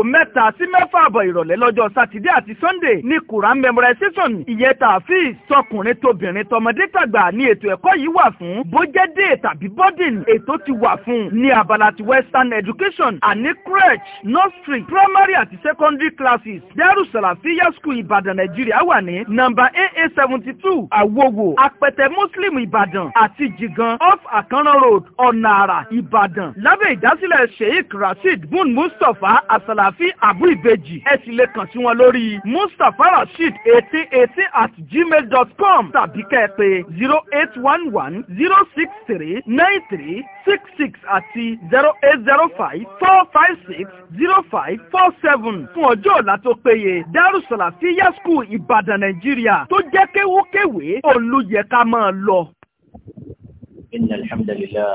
aago mẹ́ta sí mẹ́fà àbọ̀ ìrọ̀lẹ́ lọ́jọ́ sátidé àti sunday ní quran memorization ìyẹn tààfíìs tọkùnrin tóbìnrin tọmọdé tàgbà ní ètò ẹ̀kọ́ yìí wà fún bójẹ́dé tàbí boarding ètò ti wà fún ní abala ti western education àní crèche nursery primary àti secondary classes dẹ́rù sàlàfíà school ìbàdàn nàìjíríà wà ní nọ́mbà aa seventy two àwòwò apẹtẹ muslim ìbàdàn àti jigan off akanran road ọ̀nà àrà ìbàdàn lábẹ́ ìdásílẹ̀ sheikh rasheed bun mustapha asalaam. Rafi Abu Ibeji ẹ sì lè kàn sí wọn lórí Mustapha Rasheed eighteen eighteen at gmail dot com tàbí kẹ́ẹ̀pẹ́ zero eight one one zero six three nine three six six àti zero eight zero five four five six zero five four seven fún ọjọ́ ọ̀la tó péye Darusalafiya School Ìbàdàn Nàìjíríà tó jẹ́ kéwúkéwé òun ló yẹ ká máa lọ. Inna alhamdulillah.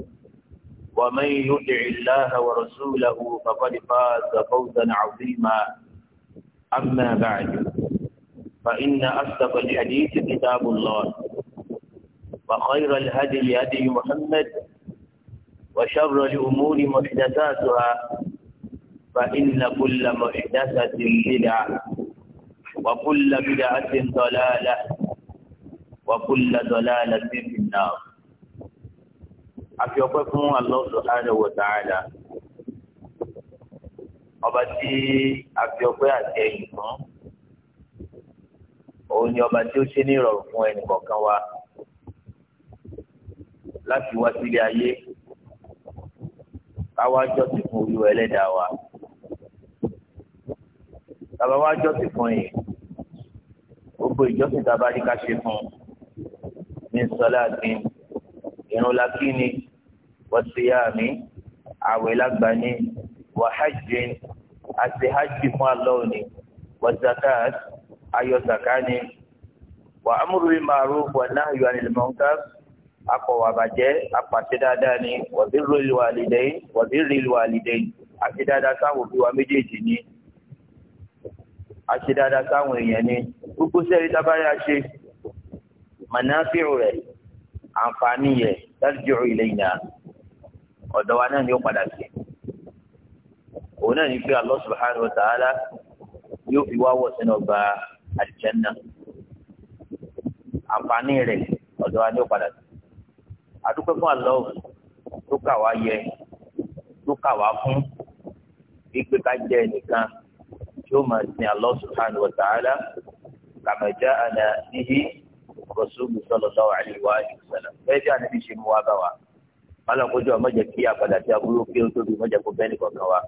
ومن يطع الله ورسوله فقد فاز فوزا عظيما أما بعد فإن أصدق الحديث كتاب الله وخير الهدي لهدي محمد وشر الأمور محدثاتها فإن كل محدثة بدعة وكل بدعة ضلالة وكل ضلالة في النار àfi ọpẹ́ fún Allah subhanahu wa ta'ala ọba tí àfi ọpẹ́ àti ẹ̀yìn fún òun ni ọba tí ó ṣe ní ìrọ̀rùn fún ẹnì kọ̀ọ̀kan wa láti wá sílé ayé káwá jọ́sìn fún olú ẹlẹ́dàá wa tàbá wá jọ́sìn fún yìí gbogbo ìjọsìn tàbá ní ká ṣe fún ní sọlá gbin ìrún la ni wasiyami àwẹ̀ lágbani wa hajjin àti hajj fún alọ́ọ̀ni wa zakat ayọ̀ zakani wa amúrú bil ma'ruf wa nahyu anil munkar akọ̀wà bàjẹ́ apàṣẹ dáadáa ni wa birrul walidayn wa birrul àti dáadáa sáwọn òbí wa méjèèjì ni àti dáadáa sáwọn èèyàn ni gbogbo sẹ́ẹ̀rí tábàárẹ̀ àṣe mànáfíù rẹ̀ àǹfààní yẹ̀ tarji'u ilayna ọ̀dọ̀ wa náà ni ó padà sí òun náà ní pé Allah subhanahu wa ta'ala yóò fi wá wọ̀ sínú ọgbà àlìjẹ́nà àǹfààní rẹ̀ ọ̀dọ̀ wa ni ó padà sí adúpẹ́ fún Allah tó kà wá yẹ tó kà wá fún ìpè ká jẹ nìkan tí ó máa sin Allah subhanahu wa ta'ala kama ja'ana bihi rasuluhu sallallahu alaihi wa sallam bẹ́ẹ̀ bí àná bí ṣe mú wá bá wa alákòjọ ọmọdé kí àpàdà tí aburú kí ó tóbi ọmọdé kó bẹ́ẹ̀ nìkankan wa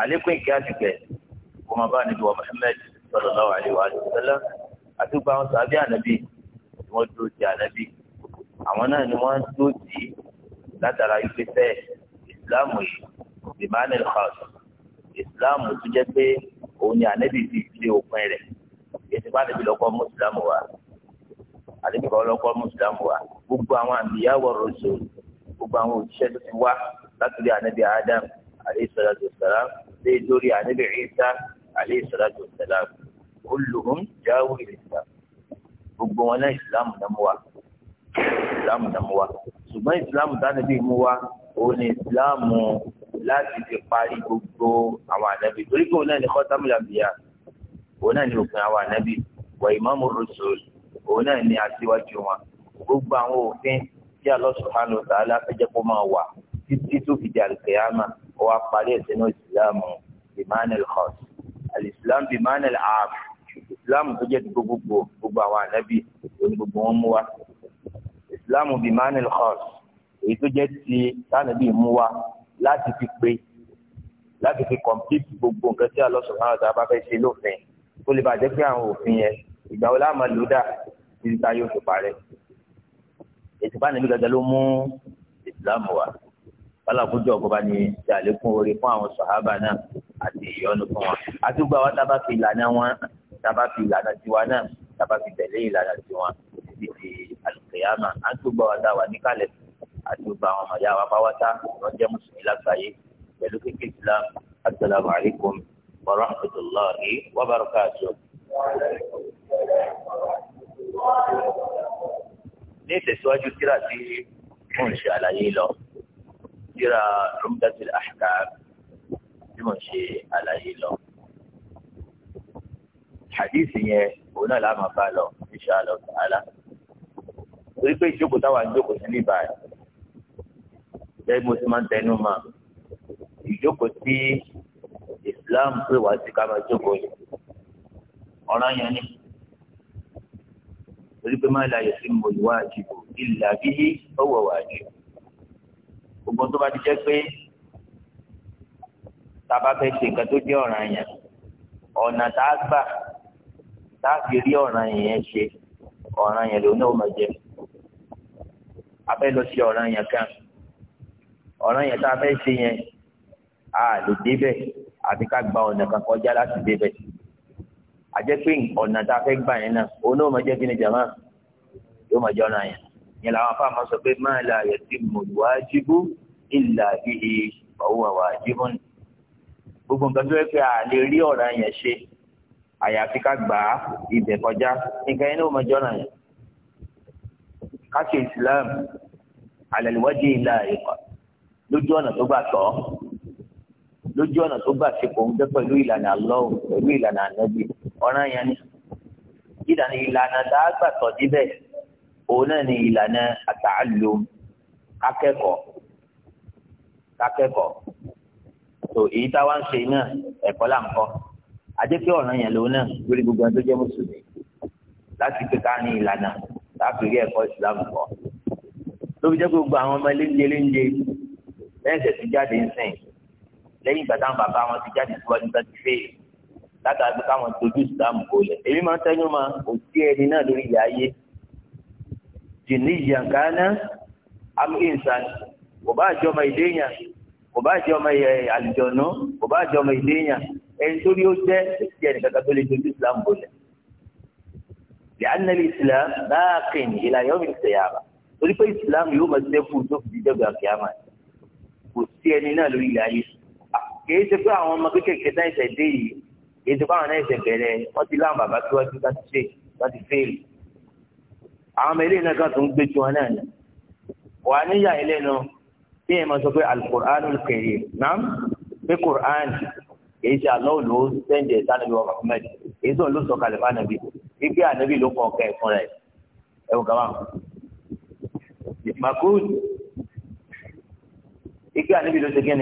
àlékún ìkí àtìkẹ́ kó máa bá níbi wa Muhammad sallallahu alaihi wa sallam àti gba àwọn sàbí ànábì tí wọ́n dúró ti ànábì àwọn náà ni wọ́n dúró tì í látara ife fẹ́ ìsìláàmù yìí bimani khas ìsìláàmù tó jẹ́ pé òun ni ànábì fi ilé òpin rẹ̀ ètò ìpàdé bí lọ́kọ́ mùsùlùmí wa àdébìkọ́ lọ́kọ́ mùsùlùmí wa gbogbo àwọn àmì yà gbogbo àwọn òṣìṣẹ́ tó ti wá láti rí ànábì Adam alayhi salatu wassalam dé lórí ànábì Isa alayhi salatu wassalam kulluhum jáwé ìrìnsà gbogbo wọn náà ìsìlámù náà mú wa ìsìlámù náà mú wa ṣùgbọ́n ìsìlámù tánàbí mú wa òun ni ìsìlámù láti fi parí gbogbo àwọn ànábì torí pé òun náà ni khatamul òun náà ni òpin àwọn ànábì wa imamur rusul òun náà ni aṣíwájú wọn gbogbo àwọn òfin tí Allah subhanahu wa ta'ala fẹ́jẹ́ kó máa wà títí tó fi di àlùkìyàmà ó wá parí ẹ̀ sínú ìsìlámù bimanil khas alìsìlám bimanil aam ìsìlámù tó jẹ́ gbogbogbò gbogbo àwọn ànábì òní gbogbo wọn mú wa ìsìlámù bimanil khas èyí tó jẹ́ ti sànàbì mú wa láti fi pé láti fi kọ̀mpìtì gbogbo nǹkan tí Allah subhanahu wa ta'ala bá ṣe lófin kó lè bàjẹ́ pé àwọn òfin yẹn ìgbà wo láàmú ètò bá nàbí gàgà ló mú ìsìlámù wa alákòjọ ọgbọba ni ìdàlékún orí fún àwọn sàhábà náà àti ìyọ́nú fún wọn àti gbogbo àwọn tábà fi ìlànà wọn tábà fi ìlànà tiwa náà tábà fi tẹ̀lé ìlànà tiwọn títí di àlùkìyàmà àti gbogbo àwọn táwa níkàlẹ̀ àti gbogbo àwọn ọmọdé àwọn apáwátá wọn jẹ́ mùsùlùmí lágbàáyé pẹ̀lú kékeré islam asalaamu alaykum wa rahmatulahi wa barakatuh ní ìtẹ̀síwájú tíra tí mò ń ṣe àlàyé lọ tíra Umdatul Ahkam tí mò ń ṣe àlàyé lọ hadisi yẹn òun náà láàmà bá lọ insha Allah ta'ala torí pé ìjókòó táwa ń jókòó sí níbà yìí bẹ́ẹ̀ mo ti máa ń tẹnu mọ́ ìjókòó tí Islam pè wá sí ká máa jókòó yìí ọ̀ràn yẹn ni torí pé máa la yatimmu al-wajibu illa bihi fahuwa wajib gbogbo tó bá ti jẹ́ pé tába fẹ́ ṣe nǹkan tó jẹ́ ọ̀ràn yẹn ọ̀nà tá a gbà tá a fi rí ọ̀ràn yẹn ṣe ọ̀ràn yẹn lòun náà máa jẹ abẹ́ lọ sí ọ̀ràn yẹn kan ọ̀ràn yẹn tá a fẹ́ ṣe yẹn a lè débẹ̀ àti ká gba ọ̀nà kan kọjá láti débẹ̀ àjẹ́ pé ọ̀nà tá a fẹ́ gbà yẹn náà òun náà máa jẹ́ kí ni jàmá yóò máa jọ́nà yẹn yẹn làwọn afá máa sọ pé máa la yẹtí mọ̀lúwájibú ìlà ìhì ọ̀húnwà wàjíbú ni gbogbo nǹkan tó yẹ pé a lè rí ọ̀ràn yẹn ṣe àyàfi ká gbà á ibẹ̀ kọjá nǹkan yẹn náà máa jọ́nà yẹn káṣí Islam alẹ́ lè wájú ìlà ìkọ̀ lójú ọ̀nà tó gbà tọ́ lójú ọ̀nà tó gbà ṣe kòun jẹ́ pẹ̀lú ìlànà Allahu pẹ̀lú ìlànà ànábì ọ̀ràn yẹn ni ìlànà ìlànà tá a gbà tọ̀ síbẹ̀ òun náà ni ìlànà at-ta'allum akẹ́kọ̀ọ́ kakẹ́kọ̀ọ́ tó èyí táwa ń ṣe náà ẹ̀kọ́ là ń kọ́ adékè ọ̀ràn yẹn lòun náà lórí gbogbo ẹni tó jẹ́ mùsùlùmí láti pé ká ní ìlànà láti rí ẹ̀kọ́ ìsìlámù kọ́ lóbi jẹ́ gbogbo àwọn ọmọ eléńjẹ eléńjẹ lẹ́yìn tẹ̀sí jáde ń sìn lẹ́yìn ìgbà táwọn bàbá wọn ti jáde síwájú tó ti fèèrè látara pé káwọn dojú ìsìlámù kò lẹ̀ èmi máa ń tẹ́yìn ma kò sí ẹni náà lórí ìyá ayé jìnnì ìyànkáná amú ìsàn kò bá àjọ ọmọ ìdè yàn kò bá àjọ ọmọ àlùjọ̀nù kò bá àjọ ọmọ ìdè yàn ẹni tó rí ó jẹ́ èsì ẹni kankan tó lè dojú ìsìlámù kò lẹ̀ lẹ́yìn náà ìsìlámù náà kìn ìlànà yọ̀ọ́ mi torí pé ìsìlámù yóò máa ṣẹ́kù tó fi jíjẹ́ gbà kíámà kò sí ẹni náà lórí ìyá ayé kìí ṣe pé àwọn ọmọ kékeré náà ṣẹ̀ dé yìí kìí ṣe pé àwọn náà ṣẹ̀ bẹ̀rẹ̀ wọ́n ti láwọn bàbá tí wọ́n ti bá ti ṣe bá ti fẹ́ẹ̀lì àwọn ọmọ eléyìí náà kan tó ń gbé ju wọn náà ni wà níyà ẹlẹ́nu bí ẹ̀ máa sọ pé alukur'anul karim náà pé kur'an kìí ṣe àlọ́ òlò sẹ́ńdì ẹ̀ sánàbí wa Muhammad kìí sọ̀rọ̀ ló sọ kalẹ̀ fún ànàbí gbígbé ànàbí ló kọ̀ fún rẹ̀ ẹ̀ wò kàwá. màkúrú gbígbé ànàbí ló ṣe kí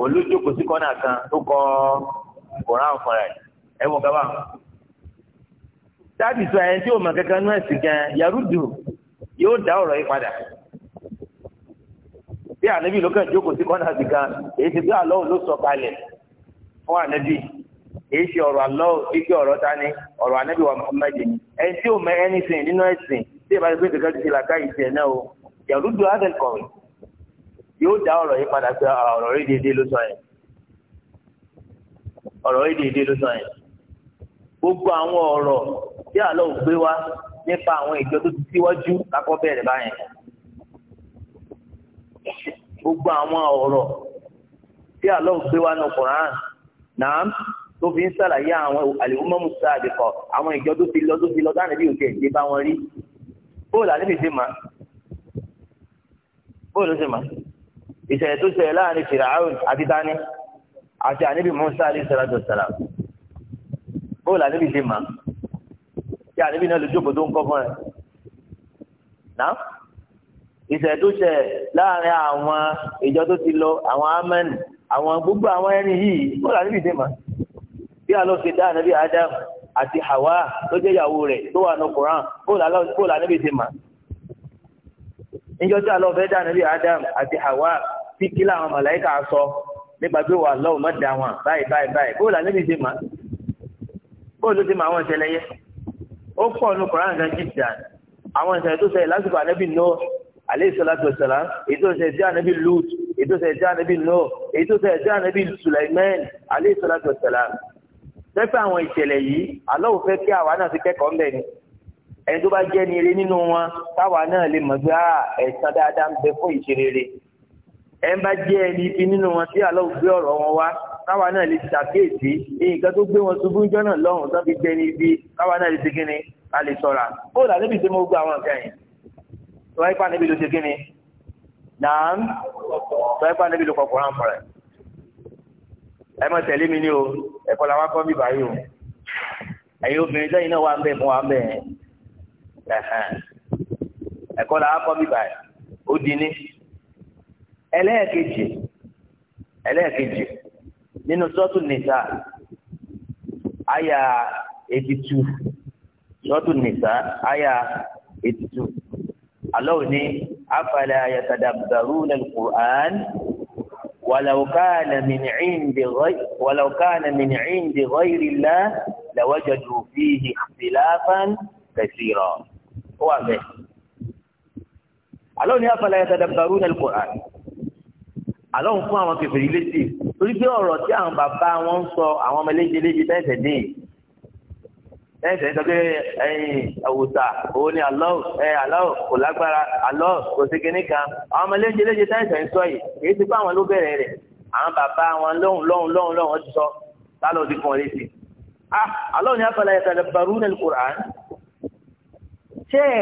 olójókòó sí kọ́nà kan tó kọ koran fún rẹ̀ ẹ wọ gaba táàbì sọ ẹni tí ó mọ kankan náà sì gan yarudu yóò dá ọ̀rọ̀ yìí padà bí ànábì ló kàn jókòó sí kọ́nà sí gan èyí ti bí àlọ́ ló sọ kalẹ̀ fún ànábì èyí ṣe ọ̀rọ̀ àlọ́ ike ọ̀rọ̀ ta ni ọ̀rọ̀ ànábì wa Muhammad ni ẹni tí ó mọ anything nínú ẹ̀sìn tí ìbáraẹni pé kankan ti ṣe làkàyè tiẹ̀ náà o yarudu adẹ́kọ̀ọ́ yóò dá ọ̀rọ̀ yìí padà pé ah, ọ̀rọ̀ yìí déédéé ló sọ yẹn ọ̀rọ̀ yìí déédéé ló sọ yẹn gbogbo àwọn ọ̀rọ̀ tí àlọ́ ò gbé wá nípa àwọn ìjọ tó ti síwájú kákọ́ bẹ̀rẹ̀ báyẹn gbogbo àwọn ọ̀rọ̀ tí àlọ́ ò gbé wá ní Qur'an náà tó fi ń ṣàlàyé àwọn àlèhùnmọ́ musa àdìkọ àwọn ìjọ tó fi lọ tó fi lọ dáná bí òkè ìdí bá wọn rí bóòlù àdébìsí mà bóòlù sí mà ìṣẹ̀lẹ̀ tó ṣẹlẹ̀ láàrin fìràhùn àti tani àti ànábì musa alayhi salatu wasalam bóòlù ànábì ṣe mà kí ànábì náà lè jókòó tó ń kọ́ fún ẹ nà ìṣẹ̀lẹ̀ tó ṣẹlẹ̀ láàrin àwọn ìjọ tó ti lọ àwọn amẹ́nì àwọn gbogbo àwọn ẹni yìí bóòlù ànábì ṣe mà bí alọ́ ṣe dá ànábì adam àti hawa tó jẹ́ ìyàwó rẹ̀ tó wà ní koran bóòlù ànábì ṣe mà ìjọ tí alọ́ fẹ́ dá ànábì adam àti hawa tí kí làwọn màláíkà sọ nípa pé wà lọ́wọ́ mọ́ da wọn báyìí báyìí báyìí bóòlù àníbi ti mà bóòlù ti mà àwọn ìṣẹ̀lẹ̀ yẹn ó pọ̀ nù Kùránì gan jìbìtà àwọn ìṣẹ̀lẹ̀ tó ṣẹlẹ̀ lásìkò ànábì nù alayhi salatu wassalam èyí tó ṣẹlẹ̀ sí ànábì Lut èyí tó ṣẹlẹ̀ ànábì nù èyí tó ṣẹlẹ̀ ànábì Sulaiman alayhi salatu wassalam pẹ́pẹ́ àwọn ìṣẹ̀lẹ̀ yìí Allahu fẹ́ kí àwa náà ti kẹ́kọ̀ọ́ mbẹ̀ ni ẹni tó bá jẹ́ ni eré nínú wọn táwa náà lè mọ̀ gbé ah, ẹ̀san dáadáa ń bẹ fún ìṣerere ẹ ń bá jẹ́ ẹni ibi nínú wọn tí àlọ́ gbé ọ̀rọ̀ wọn wá káwa náà lè ṣàkíyèsí nǹkan tó gbé wọn ṣubú níjọ́ náà lọ́hùn tó fi jẹ́ ẹni ibi káwa náà lè ṣe kíni a lè sọ̀ra ó là níbi tí mo gbọ́ àwọn nǹkan yìí tó wáyé pa níbi ló ṣe kíni náà tó wáyé pa níbi ló kọkùnrin àmọ̀ rẹ̀ ẹ mọ̀ tẹ̀lé mi ní o ẹ̀kọ́ làwọn akọ́ mi báyìí o ẹ̀yin obìnrin sẹ́yìn náà wà ń bẹ̀ fún wa ń bẹ̀ ẹ̀kọ́ làwọn akọ́ mi báyìí ẹlẹ́ẹ̀kejì ẹlẹ́ẹ̀kejì nínú sọ́tù nìta àyà eighty two sọ́tù nìta àyà eighty two alọ́wọ́ ni afala yatadabbaruna al-Qur'an walau kana min indi ghayri walau kana min indi ghayri Allah lawajadu fihi ikhtilafan kathira ó wà bẹ́ẹ̀ ni afala yatadabbaruna al-Qur'an àlọ́hùn fún àwọn kẹfẹ́ yìí létí torí pé ọ̀rọ̀ tí àwọn bàbá wọn ń sọ àwọn ọmọ eléje léje tẹ́sẹ̀ dé tẹ́sẹ̀ sọ pé ẹ̀yin àwòsà òun ni àlọ́ ẹ̀ àlọ́ kò lágbára àlọ́ kò sí kinní kan àwọn ọmọ eléje léje tẹ́sẹ̀ ń sọ yìí èyí ti pé àwọn ló bẹ̀rẹ̀ rẹ̀ àwọn bàbá wọn lọ́hùn lọ́hùn lọ́hùn lọ́hùn ti sọ lálọ́ ti fún ọ létí. àlọ́ ah, ni afẹ́lẹ́ yẹ ṣé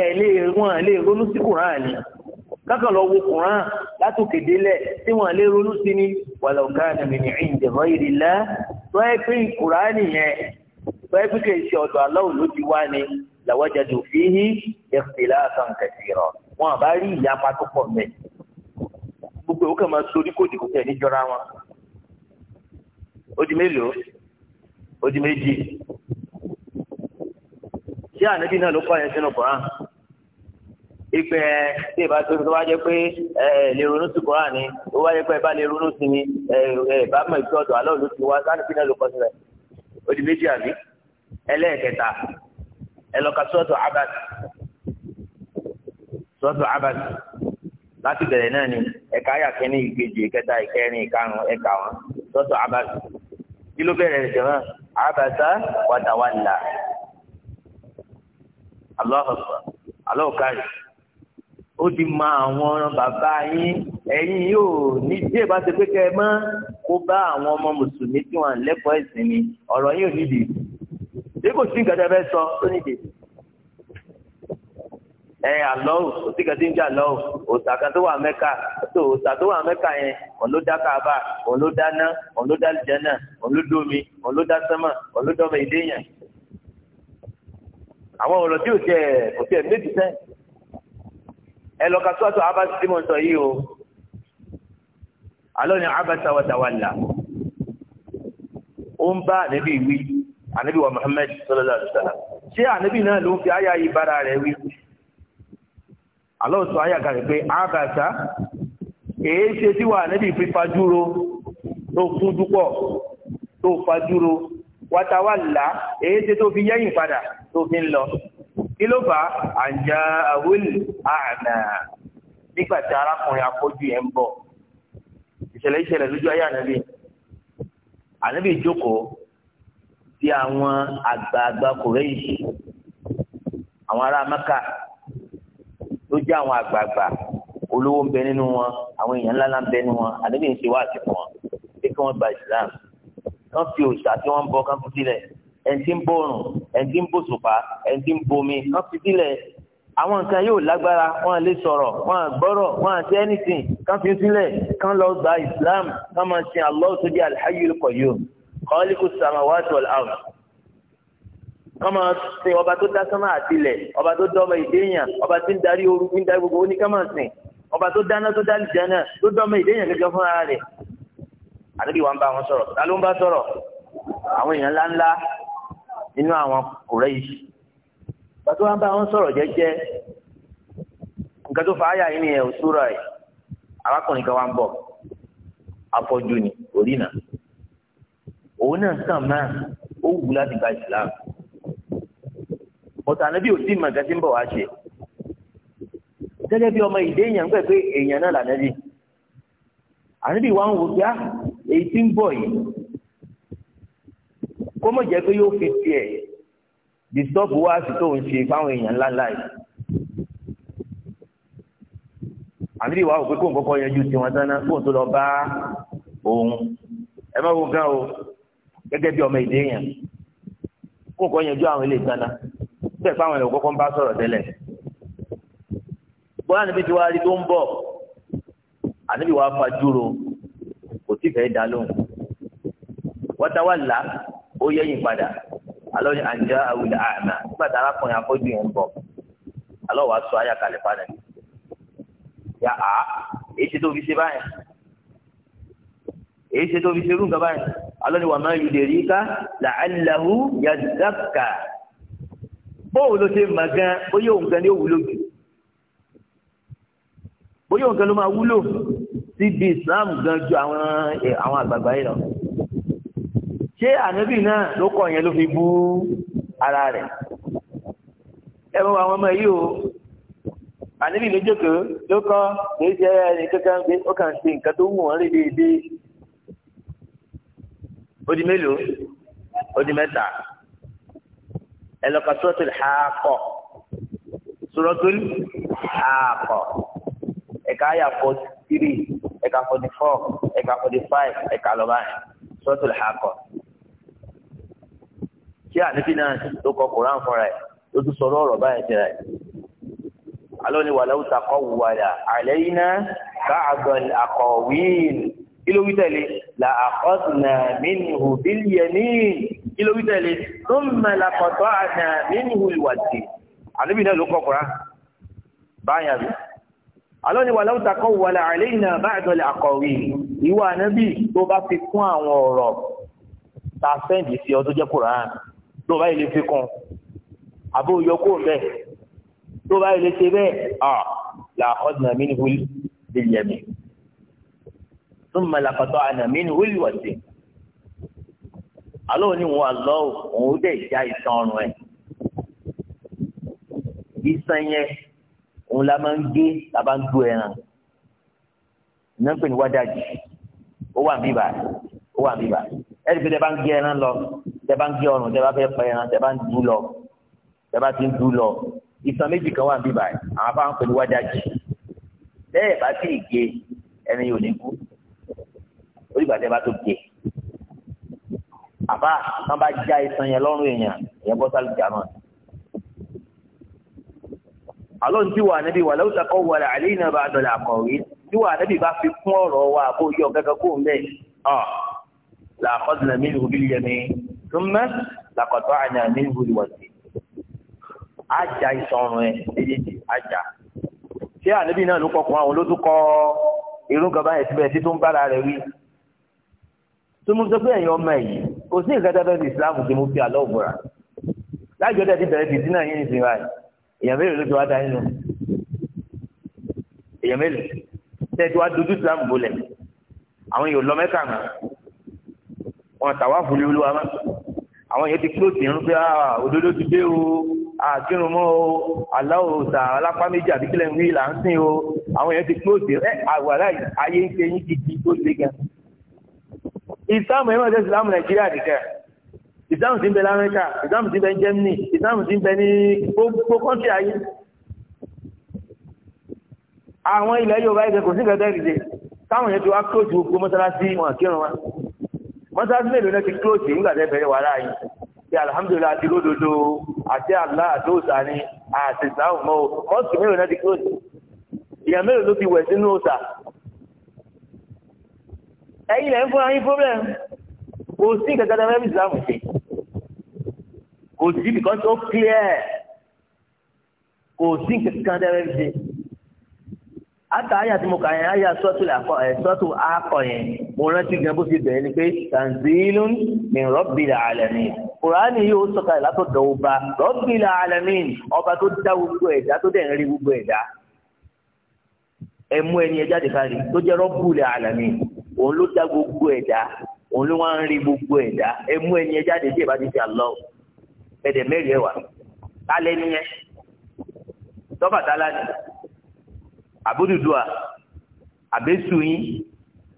ẹ̀ lè wọ́n lè ronú sí kùrán ni kákan lọ wo kùrán látòkè délẹ̀ tí wọ́n lè ronú sí ni wàlẹ̀ ọ̀gá nàmì ní ìjẹ̀bọ́ ìrìlá tó ẹ pé kùránì yẹn tó ẹ pé kìí ṣe ọ̀dọ̀ aláwọ̀ ló ti wá ni làwọ́jàdù fíhí ikhtilafan kathira wọn àbá rí ìyapa tó pọ̀ mẹ́ gbogbo ìwé kan máa sori kò dìbò tẹ̀ níjọra wọn ó mélòó ó méjì ṣé ànábì náà ló kọ́ àyẹ̀sẹ̀ náà ipe ẹ tí ìbá tó tó jẹ pé ẹ lè ronú sí koran ni ó bá jẹ pé ẹ lè ronú sí ni ẹ ẹ bá mọ ìtú ọ̀dọ̀ alọ ló ti wá sáni kí náà ló kọ sílẹ̀ ó méjì àbí ẹlẹ́ẹ̀kẹta ẹ ka abad sọ́ọ̀tù abad láti bẹ̀rẹ̀ náà ni ẹ̀ka ayàkẹ́ni ìkejì ìkẹta ìkẹrin ìkarùn ẹ̀ka wọn abad kí ló abasa ó ti mọ àwọn bàbá yín ẹ̀yin yóò ní tí èbá ṣe pé kẹ́ ẹ mọ́ kó bá àwọn ọmọ mùsùlùmí tí wọ́n lẹ́kọ̀ọ́ ẹ̀sìn ni ọ̀rọ̀ yín ò nídìí bí kò sí nǹkan tẹ́ fẹ́ sọ tó nídìí ẹ àlọ́ ò kò sí kẹ́tí ń jà lọ́ ò òòsà kan tó wà mẹ́ka tó òòsà tó wà mẹ́ka yẹn òun ló dá kaaba òun ló dáná òun ló dá jẹ́nà òun ló dómi òun ló dá sẹ́mà òun ló dọ́mọ ìdéyàn àwọn ọ̀rọ̀ tí ò tiẹ̀ ò tiẹ̀ méjì sẹ́yìn. ẹlọ́ka sọ́tọ̀ abáṣì tí mo sọ yìí o alọ́ ni abáṣà wa tawalla ó ń bá ànábì wí ànábì wa ṣé náà ló ń fi àyà yìí bára rẹ̀ wí alọ́ àyà kan pé ṣe tí wà ànábì fi fajúro tó kún dúpọ̀ tó fajúro wa tawalla ṣe tó fi yẹ́yìn padà tó fi ń lọ. kí ló fà á àjà àwílì àná nígbà tí arákùnrin afọ́jú yẹn ń bọ̀ ìṣẹ̀lẹ̀ ìṣẹ̀lẹ̀ lójú ayé ànábì ànábì jókòó sí àwọn àgbààgbà kòrẹ́yìí àwọn ará mẹ́kà ló jẹ́ àwọn àgbààgbà olówó ń bẹ nínú wọn àwọn èèyàn ńlá ńlá ń bẹ nínú wọn ànábì ń ṣe wá àti wọn pé kí wọ́n gba ìsìlámù wọ́n fi òòṣà tí wọ́n ń bọ kán sílẹ̀ ẹ̀ǹtí ń bòrùn ẹ̀ǹtí ń bòṣùpá ẹ̀ǹtí ń bomi wọ́n fi sílẹ̀ àwọn nǹkan yóò lágbára wọ́n lè sọ̀rọ̀ wọ́n gbọ́rọ̀ wọ́n àti anything kan fi sílẹ̀ kan lọ gba Islam kan máa sin Allah tó di Al-Hayyul Qayyum khaliqu samawati wal ard kan máa sin ọba tó dá sánmà àtilẹ̀ ọba tó dọ́mọ ìdéyàn ọba tí ń darí ooru ń darí gbogbo oníkàmọ̀sìn ọba tó dáná tó dálì jẹ́nà tó dọ́mọ ìdéyàn gẹ́gẹ́ fúnra rẹ̀ àdébíwá ń bá wọn sọ̀rọ̀ ta ló ń bá sọ̀rọ̀ àwọn èèyàn ńláńlá nínú àwọn Quraish pàtó wọn bá wọn sọ̀rọ̀ jẹ́jẹ́ nǹkan tó fa àyà yìí nìyẹn òṣùrọ̀ ẹ̀ arákùnrin kan wá ń bọ̀ afọ́jú ni orí náà òun náà sàn máa ó wù láti gba ìsìlámù ọ̀tà níbi òsì màgá tí ń bọ̀ wá ṣe gẹ́gẹ́ bí ọmọ ìdè èèyàn ń pẹ̀ pé èèyàn náà lànà bí àníbi wa ń wò pé á ah, èyí tí ń bọ̀ yìí kó mọ̀ jẹ́ pé yóò fi tiẹ̀ disturb wáàsí tó ń ṣe fáwọn èèyàn ńlá láì. àbílí wàá wò pé kóun kọ́kọ́ yanjú tiwọn tán náà kóun tó lọ bá òun ẹ má wo gan o gẹ́gẹ́ bí ọmọ èdè yẹn kóun kọ́ yanjú àwọn ilé ìtàn bẹ́ẹ̀ fáwọn èèyàn kọ́kọ́ ń bá sọ̀rọ̀ tẹ́lẹ̀ bọ́lá níbi tí wàá rí tó ń bọ̀ àníbi wàá fajúro kò tí fẹ́ dá lóhùn wọ́tawàlá ó yẹ̀yìn padà alọ́ ni àǹjá awùdà àmà nígbà tí arákùnrin afọ́jú yẹn ń bọ̀ alọ́ wàá sọ ayé àkàlẹ̀ padà yà á èyí ṣe tó fi ṣe báyìí èyí ṣe tó fi ṣe irú báyìí alọ́ ni wà máa yù dèrí ká làálàhù yàzàkà bóòwù ló ṣe mà gan bóyá òun gan ni ó wúlò jù bóyá òun gan ló máa wúlò síbi Islam gan ju àwọn eh, àwọn yìí lọ ṣé ànábì náà ló kọ yẹn ló fi bú ara rẹ̀ ẹ mọ àwọn ọmọ yìí o ànábì ló jókòó ló kọ kìí ṣe ẹni kankan pé ó kàn ṣe nǹkan tó wù wọ́n rí déédéé ó mélòó ó mẹ́ta ẹ lọ ka suratul Haqa suratul ẹ̀ka àyà forty three ẹ̀ka forty four ẹ̀ka forty five ẹ̀ka lọ́ba suratul Haqa tí àníbí náà tó kọ koran fúnra ẹ̀ tó tún sọ̀rọ̀ ọ̀rọ̀ báyìí fúnra ẹ̀ alọ́ ni wàlẹ́ òta kọ́ wùwàdà àlẹ́ yìí náà bá àgbọ̀ àkọ̀wìn kí ló wí tẹ̀lé là àkọ́sùnà mínú bílíọ̀nì kí ló wí tẹ̀lé tó mẹ́la kọ̀tọ́ àná mínú ìwàdì àníbí náà ló kọ koran báyà bí alọ́ ni wàlẹ́ òta kọ́ fi kún àwọn ọ̀rọ̀ ta sẹ́ǹdì sí ọ tó jẹ́ koran tó o bá yìí lè fi kàn àbó yọ kó o bẹ́ẹ̀ tó o bá yìí lè ṣe bẹ́ẹ̀ à làkọ́dùnà mí ni wúlì lè yẹ mi tó mọ làkọ́tọ̀ àná mí ni wúlì wà sí alóò ní wọn àlọ́ òun dẹ̀ já ìtàn ọrùn ẹ̀ ìsàn yẹn òun la máa ń gé la bá ń du ẹran iná ń pè ní wádàjì ó wà ń bíbà ó wà ń bíbà ẹ̀ẹ́dẹ̀gbẹ̀dẹ̀ bá ń gé ẹran lọ tẹ́bá ń gé ọrùn tẹ́bá fẹ́ pẹ́ ẹran tẹ́bá ń dú lọ tẹ́bá ti ń dú lọ ìsàn méjì kan wà ń bíbà àwọn afá ń pè ní wájájì bẹ́ẹ̀ bá sì gé ẹni yóò ní kú orí ìgbà tẹ́bá tó gé àbá wọn bá já ìsàn yẹn lọ́rùn èèyàn ìyẹn bọ́ sálù jàmọ́ àlọ́ ní tiwa níbi wà lọ́wọ́ sàkọ́ wà láàlẹ́ iná bá dọ̀lẹ̀ àkọ̀wé tiwa níbi bá fi kún ọ̀rọ̀ wa kó yọ kankan kó ń bẹ́ẹ̀ ọ̀ làkọ́sìnà mí ìhùbí túnmẹ́ làkọ̀tọ̀ àná ní ìwúrí wọ̀sí ajá ìṣọrun ẹ méjèèjì ajá ṣé ànábì náà ló kọkùn àwọn olódùkọ irun kan báyìí síbẹ̀ tí tó ń bára rẹ̀ wí tó mú sọ pé ẹ̀yin ọmọ yìí kò sí nǹkan tẹ́tẹ́ ti ìsìláàmù tí mo fi àlọ́ òbúra láìjọ́ tẹ́tí bẹ̀rẹ̀ fìdí náà yín ìsìn báyìí èèyàn mélòó ló ti wá da nínú èèyàn mélòó tẹ́tí wá dojú ìsìláàmù bolẹ̀ àwọn yóò lọ mẹ́kà náà wọn tàwa fún lulu wa má àwọn yẹn ti kúrò tìrún pé ah, òdodo ti dé o àkírun mọ́ o aláwọ̀ òsà alápá méjì àbí kílẹ̀ ń wí là ń sìn o àwọn yẹn ti kúrò tìrún ẹ àwàrà ayé ń ṣe yín ti di tó le gan. ìsáàmù yẹn wọ́n ṣe ìsìlámù nàìjíríà nìkan ìsáàmù ti ń bẹ lamẹ́ríkà ìsáàmù ti ń bẹ germany ìsáàmù ti ń bẹ ní gbogbo kọ́ńtì ayé. àwọn ilẹ̀ yorùbá ẹ̀ṣẹ̀ kò sí kẹ́tẹ́ ìdíje táwọn yẹn ti wá kúrò ju gbogbo mọ́sálásí wọn àkírun wa mọ́sáàsì mélòó náà ti kílòsì nígbà tẹ́ bẹ̀rẹ̀ wàhálà yìí ti alihamudulilayi àti lódodo àti àlá àti òsà ni àti ìsàwọn mọ́ mọ́sùkì mélòó náà ti kílòsì ìyá mélòó ló ti wẹ̀ sínú òsà ẹ̀yin lẹ́yìn fún ayín problem kò sí kankan tẹ́lẹ̀ bí ìsìlámù ṣe kò sí because ó clear kò sí kankan tẹ́lẹ̀ bí ṣe àtàyà tí mo kà yẹn àyà sọ́tù àkọ yẹn mo rántí gan bó ti bẹ̀rẹ̀ ni pé tanzilun min rabbil alamin kùránì yóò sọ̀kalẹ̀ látọ̀dọ̀ ọba rabbil alamin ọba tó dá gbogbo ẹ̀dá tó dẹ̀ ń rí gbogbo ẹ̀dá ẹ̀mú ẹni ẹja dìka rí tó jẹ́ rabbil alamin òun ló dá gbogbo ẹ̀dá òun ló wá ń rí gbogbo ẹ̀dá ẹ̀mú ẹni ẹja dìde ìbá ti fi àlọ́ ẹ̀dẹ̀ mẹ́rin ẹ̀wà tálẹ́ níyẹn tọ́bàtálá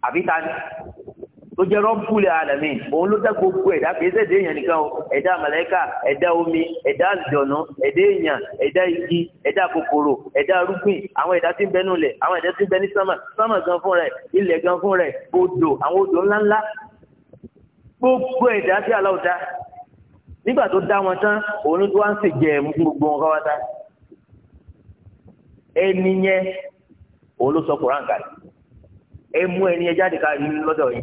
àbí ta ni tó jẹ́ rọ́pùlẹ̀ àlàmì òun ló dá gbogbo ẹ̀dá kìí ṣẹ̀dá èèyàn nìkan o ẹ̀dá màláíkà ẹ̀dá omi ẹ̀dá àlùjọ̀nù ẹ̀dá èèyàn ẹ̀dá igi ẹ̀dá kòkòrò ẹ̀dá arúgbìn àwọn ẹ̀dá tí ń bẹ nulẹ̀ àwọn ẹ̀dá tí ń bẹ ní sámà sámà gan fún rẹ̀ ilẹ̀ gan fún rẹ̀ odò àwọn odò ńláńlá gbogbo ẹ̀dá tí aláwọ̀ nígbà tó dá wọn tán òun tó wá ń ṣèjẹ gbogbo wọn káwá tá ẹni yẹn òun ló sọ kùráǹkà yìí ẹ mú ẹni ẹ jáde káàrí lọ́dọ̀ yìí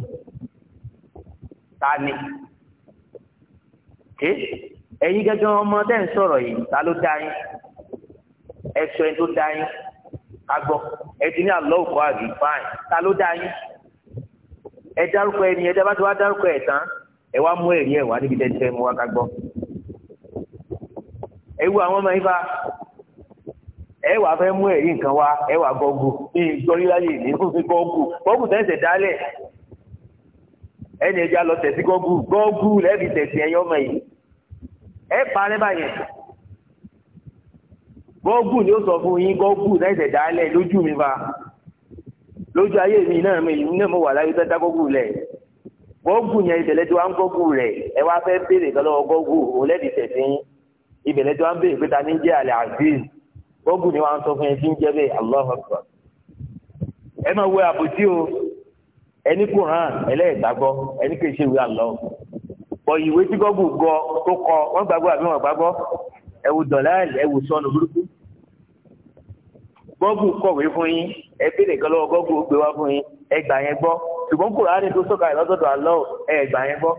ta ni ké ẹ̀yin gẹ́gẹ́ ọmọ tẹ́ ń sọ̀rọ̀ yìí ta ló dá yín ẹ sọ ẹni tó dá yín ká gbọ́ ẹ ti ní àlọ́ òkú àbí fáìn ta ló dá yín ẹ dárúkọ ẹni ẹ dábàá tó wá dárúkọ ẹ̀ tán ẹ wá mú ẹ̀rí ẹ̀ wá níbi tẹ́tẹ́ mu wá ká gbọ́ ẹ wú àwọn ọmọ yín bá ẹ wàá fẹ́ mú ẹ̀rí nǹkan wá ẹ wàá gọ́gù ní ìgbọ́nríláyè ní kò fi gọ́gù gọ́gù tẹ̀sẹ̀ dálẹ̀ ẹni ẹja lọ tẹ̀sí gọ́gù gọ́gù lẹ́bi tẹ̀sí ẹyọ ọmọ yìí ẹ parẹ́ báyẹn gọ́gù ni ó sọ fún yín gọ́gù tẹ̀sẹ̀ dálẹ̀ lójú mi fa lójú ayé mi náà mi náà mo wà láyé tẹ́tà gọ́gù lẹ̀ gọ́gù yẹn ìbẹ̀lẹ̀ tí wọ́n gọ́gù rẹ̀ ẹ wá fẹ́ béèrè lọ́wọ́ gọ́gù òun lẹ́bi tẹ̀sí ìbẹ̀lẹ̀ tí wọ́n béèrè pé ta ní jẹ́ àlẹ́ àzíz bọ́ọ̀gù ni wọ́n sọ fún yẹn tí ń jẹ́ bẹ́ẹ̀ Allahu Akbar ẹ máa wẹ àbòsí o ẹni Kùránì ẹlẹ́ẹ̀gbàgbọ́ ẹni kì í ṣe ìwé àlọ́ bọ̀ ìwé tí gọ́ọ̀gù gọ tó kọ wọ́n gbàgbọ́ àbí wọ́n gbàgbọ́ ẹ wò dọ̀láàlì ẹ wò sọnù burúkú gọ́ọ̀gù kọ̀wé fún yín ẹ béèrè kan lọ́wọ́ gọ́ọ̀gù ó gbé wá fún yín ẹ gbà yẹn gbọ́ ṣùgbọ́n Kùránì tó sọ̀kà lọ́sọ̀dọ̀ àlọ́ ẹ gbà yẹn gbọ́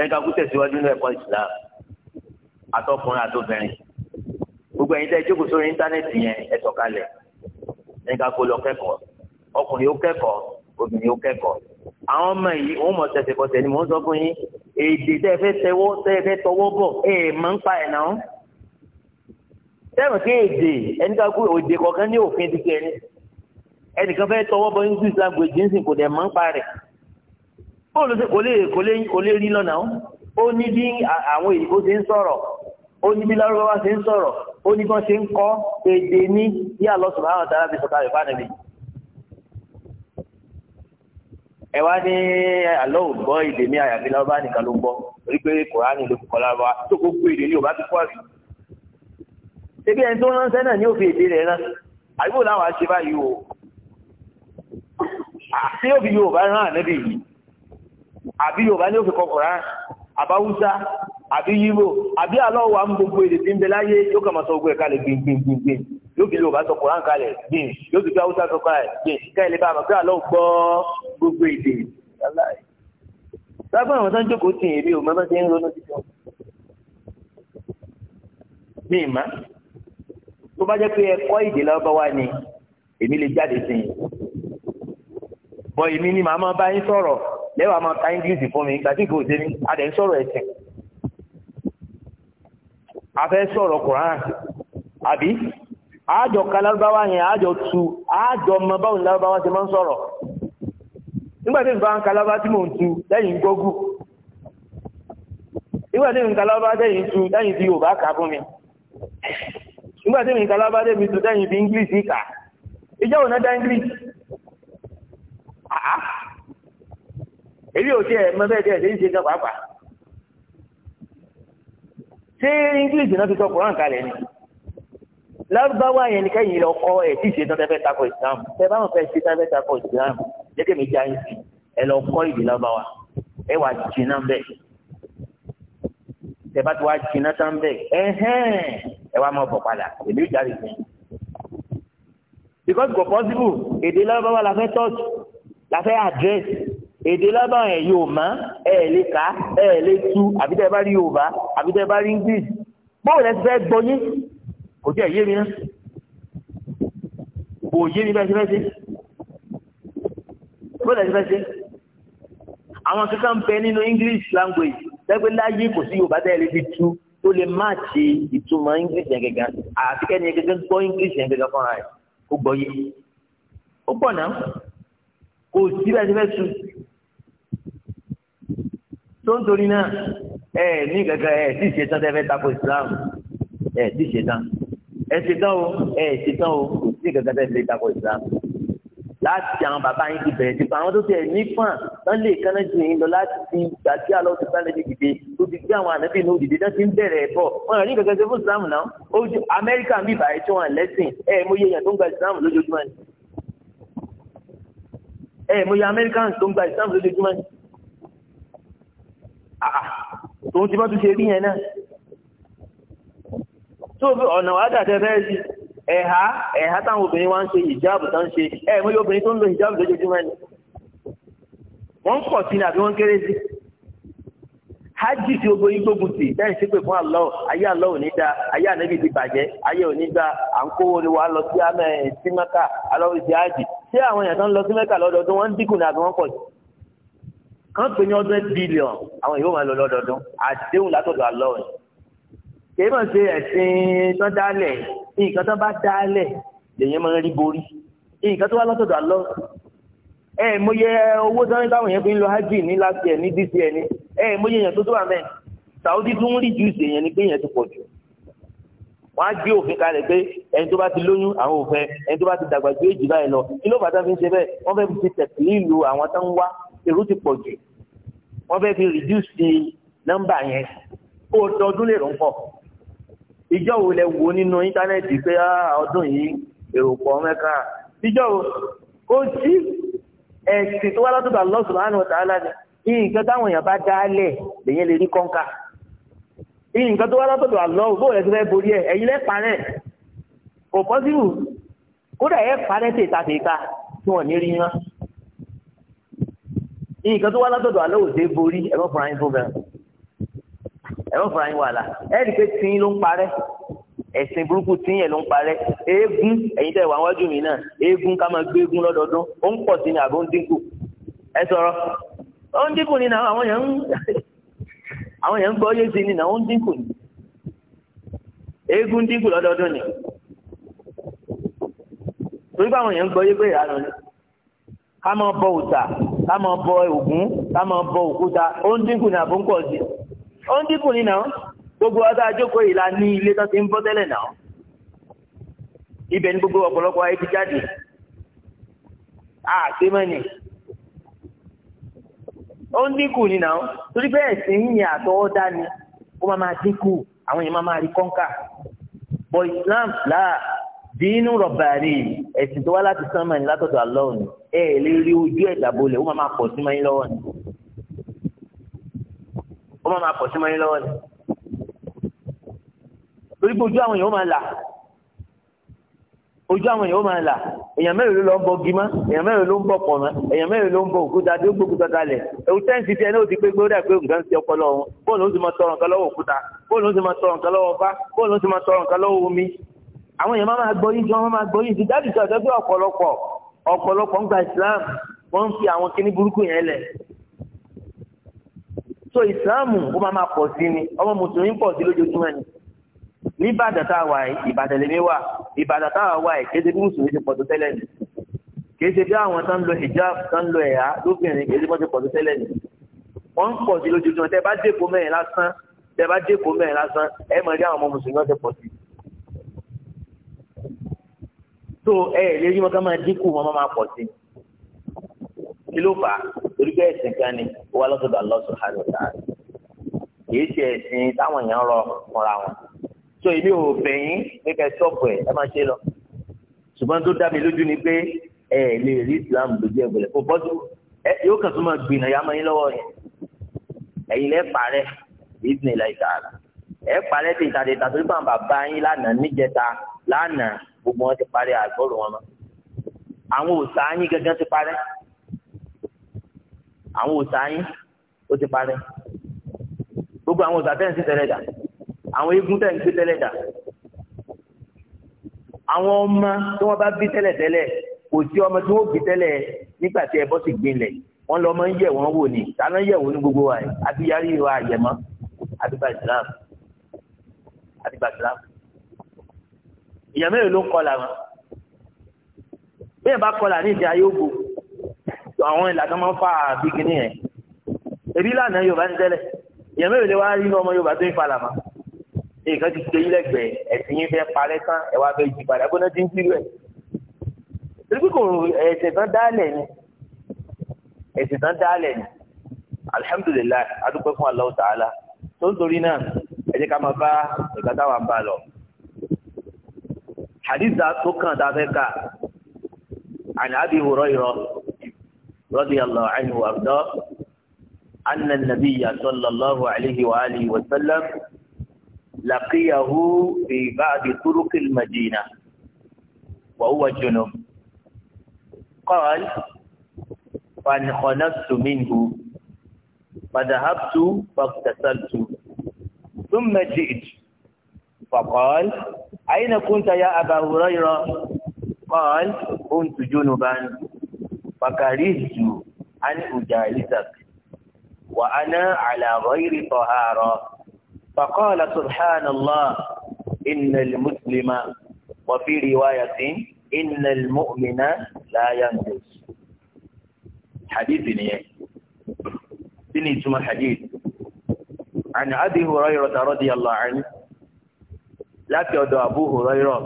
ẹ ká kú tẹ̀síwájú ní ẹ̀kọ́ ìsìlámù àtọkùnrin àtobìnrin gbogbo ẹ̀yin tẹ́ jókòó sórí íńtánẹ́ẹ̀tì yẹn ẹ sọ̀kalẹ̀ nígbà kó lọ kẹ́kọ̀ọ́ ọkùnrin ó kẹ́kọ̀ọ́ obìnrin ó kẹ́kọ̀ọ́ àwọn ọmọ yìí wọ́n mọ̀ tẹ̀sẹ̀kọsẹ̀ ni mò ń sọ fún yín èdè tẹ́ ẹ fẹ́ tẹwọ́ tẹ́ ẹ fẹ́ tọwọ́ bọ̀ ẹ mọ̀ ń pa ẹ̀ náà tẹ́wọ̀n kí èdè ẹni ká kú òde kọ̀ọ̀kan ní òfin ti kẹ́ni ẹnìkan fẹ́ tọwọ́ bọ English language ń sìn kò dẹ̀ mọ̀ ń pa rẹ̀ bóòlù lè kò lè rí lọ́nà ó ní bí àwọn èyí kó ti ń sọ̀rọ̀ ó ní bí lárúbáwá ṣe ń sọ̀rọ̀ ó ní bọ́n ṣe ń kọ́ èdè ní bí Allah subhanahu wa fi sọ̀kalẹ̀ fún ànábì. ẹ ní àlọ́ ò èdè ní àyàfi lárúbáwá nìkan ló ń gbọ́ torí pé kòránì ló fi kọ́ lárúbáwá tó kó gbé èdè ní òbá fi kọ́ àrí. ẹni o àti ah, òbí rán yìí àbí àbí yíbò àbí àlọ́wà ń gbogbo èdè tí ń bẹ láyé yóò kà máa sọ gbogbo ẹ̀ka lè gbìngbìngbìn yóò fi Yorùbá sọ Kùrán kalẹ̀ gbìn yóò fi Haúsá sọ kalẹ̀ gbìn kẹ́lẹ́ bá a máa pé àlọ́ gbọ́ gbogbo èdè sábà àwọn tó ń jókòó tì èmi ò mọ bá ṣe ń ronú títí wọn. mi ì má tó bá jẹ́ pé ẹ̀kọ́ ìdè lọ́ba wa ni èmi lè jáde sí i. bọ̀ èmi ni màá máa bá yín sọ̀rọ̀ lẹ́wàá afẹ́ sọ̀rọ̀ Quran àbí àjọ ka lárúbáwá yẹn àjọ tu àjọ mọ báwọn lárúbáwá ti máa ń sọ̀rọ̀ nígbà tí nǹkan ka lárúbáwá tí mò ń tu lẹ́yìn gógù nígbà tí nǹkan lárúbáwá lẹ́yìn tu lẹ́yìn tí Yorùbá kà fún mi nígbà tí nǹkan lárúbáwá lẹ́yìn tu lẹ́yìn tí English kà ìjọ òun náà dá English àá èyí ò tiẹ̀ mọ bẹ́ẹ̀ tiẹ̀ lè ṣe kan pàápàá ṣé english náà fi sọ koran kalẹ̀ ni lárúbáwá yẹn ni kẹ́yìn lọ kọ́ ẹ̀ tí ìṣètò tẹ́fẹ́ takò islam tẹ́ bá wọn fẹ́ ṣe tẹ́fẹ́ takò islam jẹ́kẹ́ mi já yín sí ẹ lọ kọ́ ìdí lárúbáwá ẹ wà jìnnà bẹ́ẹ̀ tẹ́ bá ti wá jìnnà tán bẹ́ẹ̀ ẹ̀hẹ́n ẹ wá máa bọ̀ padà èmi ò jáde sí i because kò possible èdè lárúbáwá la fẹ́ touch la fẹ́ address èdè lábàá yẹn yóò mọ ẹ lè kà ẹ lè tu àbí tẹ bá rí Yorùbá àbí tẹ bá rí English báwo lẹ ti fẹ́ gbọ́ yín kò jẹ́ ìyé mi náà kò yé mi bẹ́ẹ̀ ṣe fẹ́ ṣe báwo lẹ ti fẹ́ ṣe àwọn kankan bẹ nínú English language lẹ́gbẹ́ láyé kò sí Yorùbá tẹ́ ẹ lè fi tu tó lè má ṣe ìtumọ̀ English yẹn gẹ́gẹ́ àti kẹ́ni gẹ́gẹ́ gbọ́ English yẹn gẹ́gẹ́ fúnra rẹ̀ kó gbọ́ yé ó pọ̀ náà kò sí bẹ́ẹ̀ ṣe tó ń torí náà ẹ ní kankan ẹ sì ṣe tán tẹ́fẹ́ tako islam ẹ sì ṣe tán ẹ ṣe tán o ẹ ṣe tán o kò sí kankan tẹ́fẹ́ tako islam láti àwọn bàbá yín ti bẹ̀rẹ̀ sípò àwọn tó ti ẹ̀ nífàn tán lè kánná ju yín lọ láti fi ìgbà tí àlọ́ ti sáré ní dìde tó ti gbé àwọn ànábì ní òdìdí náà ti ń bẹ̀rẹ̀ ẹ̀ bọ̀ wọn rí kankan ṣe fún islam náà ó ju amẹ́ríkà ń bí ìbàyẹ̀ tí wọ́n lẹ́sìn ẹ̀ mo yẹ èèyàn tó ń gba islam lójoojúmọ́ ni ẹ̀ mo yẹ amẹ́ríkà tó ń gba islam lójoojúmọ́ ni. tòun ti bá tún ṣe rí yẹn náà tó fi ọ̀nà wàhálà tẹ fẹ́ sí ẹ̀há ẹ̀há táwọn obìnrin wá ń ṣe ìjáàbù tán ṣe ẹ̀ obìnrin tó ń lo ìjáàbù lójoojúmọ́ ni wọ́n pọ̀ sí ni àbí wọ́n kéré sí hajj tí gbogbo yín gbógun tì bẹ́ẹ̀ ṣe fún ayé àlọ́ ayé ànábì ti bàjẹ́ ayé à ń kówó ni wà lọ sí sí alọ́ hajj ṣé kàn pé ní ọdún bílíọ̀n àwọn yóò máa lọ lọ́dọọdún àdéhùn látọ̀dọ̀ àlọ́ ẹ̀. kèé mọ̀ ṣe ẹ̀sìn tán dálẹ̀ nǹkan tán bá dálẹ̀ lèyẹn máa ń rí borí nǹkan tó wá látọ̀dọ̀ àlọ́. ẹ mo yẹ owó sáré táwọn yẹn fi ń lọ hajj ní last year ní this year ni ẹ mo yẹ yẹn tó tó wà mẹ́ sàwọ́dí tó ń rí ju ìṣe yẹn ni pé yẹn ti pọ̀ jù. wọ́n á gbé òfin kalẹ̀ pé ẹni tó bá ti lóyún àwọn òfẹ́ ẹni tó bá ti dàgbà ju èjì báyìí lọ kí ló bàtà fi ń ṣe bẹ́ẹ̀ wọ́n fẹ́ fi tẹ̀sílì lu àwọn tó ń wá èrò ti pọ̀ jù wọ́n fẹ́ fi reduce the number yẹn ó tọdún lè rún pọ̀ ìjọ wo lẹ wo nínú íńtánẹ́ẹ̀tì pé ah, ọdún yìí èrò pọ̀ mẹ́ka ìjọ wo kò sí ẹ̀sìn tó wá látọ̀dọ̀ Allah subhanahu wa ta'ala ni nǹkan táwọn èèyàn bá dálẹ̀ lèyìn lè rí kọ́ńkà nǹkan tó wá látọ̀dọ̀ Allah bó rẹ̀ ti fẹ́ borí ẹ̀ ẹ̀yin lẹ́ parẹ́ kò pọ́sibù kódà ẹ̀ parẹ́ tètàtètà tí wọ́n ní rí yín náà nǹkan tó wá látọ̀dọ̀ alẹ́ òde borí ẹ̀rọ fúnra yín program ẹ̀rọ fúnra yín wàhálà ẹ̀rí pé tín ló ń parẹ́ ẹ̀sìn burúkú tín yẹn ló ń parẹ́ eégún ẹ̀yin tẹ̀ wá wájú mi náà eégún ká máa gbé eégún lọ́dọọdún ó ń pọ̀ sí ni àbó ń dínkù ẹ sọ̀rọ̀ ó ń dínkù ni àwọn yẹn ń àwọn yẹn ń gbọ́ yé sí ni àwọn ń dínkù ni eégún dínkù lọ́dọọdún ni torí pé àwọn yẹn ń gbọ́ yé pé ìyá lọ ni ká máa bọ òòtà ká máa bọ ògún ká máa bọ òkúta ó ń dínkù ní àbúkọ̀ sí ó ń dínkù ní náà gbogbo ọdọ àjókòó ìlà ní ilé tó ti ń bọ́ tẹ́lẹ̀ náà ibẹ̀ ní gbogbo ọ̀pọ̀lọpọ̀ ayé ti jáde àti mẹ́ni ó ń dínkù ní náà torí bẹ́ẹ̀ sí yìnyín àtọwọ́dá ni ó máa máa dínkù àwọn èèyàn máa máa rí kọ́ńkà bọ̀ Islam láà dínú rọ̀bàrí ẹ̀sìn tó wá láti sánmà ní látọ̀dọ̀ Allah ni ẹ ẹ lè rí ojú ẹ̀dá bolẹ̀ ó máa máa sí mọ́ yín lọ́wọ́ ni ó máa máa sí mọ́ yín lọ́wọ́ ni torí pé ojú àwọn èèyàn máa là ojú àwọn èèyàn máa là èèyàn mẹ́rin ló lọ ń bọ gímá èèyàn mẹ́rin ló ń bọ pọ̀nà èèyàn mẹ́rin ló ń bọ òkúta tó gbókúta kalẹ̀ ewu tẹ́ǹsì tiẹ̀ náà ó ti pé gbé pé nǹkan ti ọpọlọ wọn bóòlù ó sì máa tọrọ nǹkan lọ́wọ́ òkúta bóòlù ó sì máa tọrọ nǹkan lọ́wọ́ ọba bóòlù ó sì máa tọrọ nǹkan lọ́wọ́ omi àwọn èèyàn máa gbọ́ yín jọ wọ́n máa gbọ́ yín ti dáàbì ọ̀pọ̀lọpọ̀ ń gba islam wọ́n ń fi àwọn kíní burúkú yẹn lẹ̀ so islam ó máa máa pọ̀ sí ni ọmọ mùsùlùmí pọ̀ sí lójoojúmọ́ ni ní ìbàdàn tá a wà yìí ìbàdàn lèmi wà ìbàdàn tá a wà yìí kéde bí mùsùlùmí ti pọ̀ tó tẹ́lẹ̀ ni kéde bí àwọn tó ń lo hijab tó ń lo ẹ̀yà lóbìnrin kéde bọ́ ti pọ̀ tó tẹ́lẹ̀ ni wọ́n ń pọ̀ sí lójoojúmọ́ tẹ́ bá dé tó ẹ lè rí wọn ká máa dínkù wọn máa pọ̀ sí kí ló fà á torí pé ẹ̀sìn kan ni ó wá lọ́sọ̀dọ̀ Allah subhanahu wa ta'ala kì í ṣe ẹ̀sìn táwọn èèyàn rọ fúnra wọn tó ilé òfin yín ṣọ́ọ̀bù ẹ̀ ẹ máa ṣe lọ ṣùgbọ́n tó dá mi lójú ni pé ẹ lè rí Islam lójú ẹ̀ gbọ̀lẹ̀ kó bọ́dù ẹ yóò kàn tó máa gbìnà yá máa yín lọ́wọ́ yẹn ẹ̀yin lẹ́ parẹ́ ìdílé ìlà ìtàlá ẹ̀ parẹ́ ti ìtàdé ìtàdé tó bá ń yín lánàá níjẹta lánàá gbogbo wọn ti parí àgbọrò wọn mọ àwọn òsàáyín gẹ́gẹ́ ti parẹ́ àwọn òsàáyín ó ti parẹ́ gbogbo àwọn òsà tẹ̀ ń sí tẹ́lẹ̀ dà àwọn eégún tẹ̀ ń gbé tẹ́lẹ̀ dà àwọn ọmọ tí wọ́n bá bí tẹ́lẹ̀ tẹ́lẹ̀ kò sí ọmọ tí wọ́n bí tẹ́lẹ̀ nígbà tí ẹbọ sì gbinlẹ̀ wọ́n lọ máa ń yẹ̀ wọ́n wò ní tàná yẹ̀ wọ́n ní gbogbo wa yìí àti yàrá ìwà àyẹ̀mọ́ àti bàtìlámù àti bàtìlámù èèyàn mẹ́rin ló ń kọlà wọn bẹ́ẹ̀ bá kọlà ní ìdí ayé ògbò àwọn ìlànà máa ń fa àbí kínní yẹn èbí lànà Yorùbá ń tẹ́lẹ̀ èèyàn mẹ́rin lè wá rí ọmọ Yorùbá tó ń falà mọ́ nǹkan ti ṣe yín lẹ́gbẹ̀ẹ́ ẹ̀sìn yín fẹ́ parẹ́ tán ẹ̀ wá fẹ́ jí padà gbọ́dọ̀ ti ń sí rẹ̀ torí kò ẹ̀sìn tán dálẹ̀ ni ẹ̀sìn tán dálẹ̀ ni alihamudulilayi adúpẹ́ fún Allah ta'ala tó ń torí náà ẹ jẹ́ ká máa bá ìgbà táwa ń bá lọ. حديث ذات سكان ذاتك عن أبي هريرة رضي الله عنه وأرضاه أن النبي صلى الله عليه وآله وسلم لقيه في بعض طرق المدينة وهو جنب قال فانخنفت منه فذهبت فاغتسلت ثم جئت فقال أين كنت يا أبا هريرة قال كنت جنبا فكرهت أن أجالسك وأنا على غير طهارة فقال سبحان الله إن المسلم وفي رواية إن المؤمن لا ينقص حديث نيه سنة حديث عن أبي هريرة رضي الله عنه láti ọ̀dọ̀ Abu Hurairah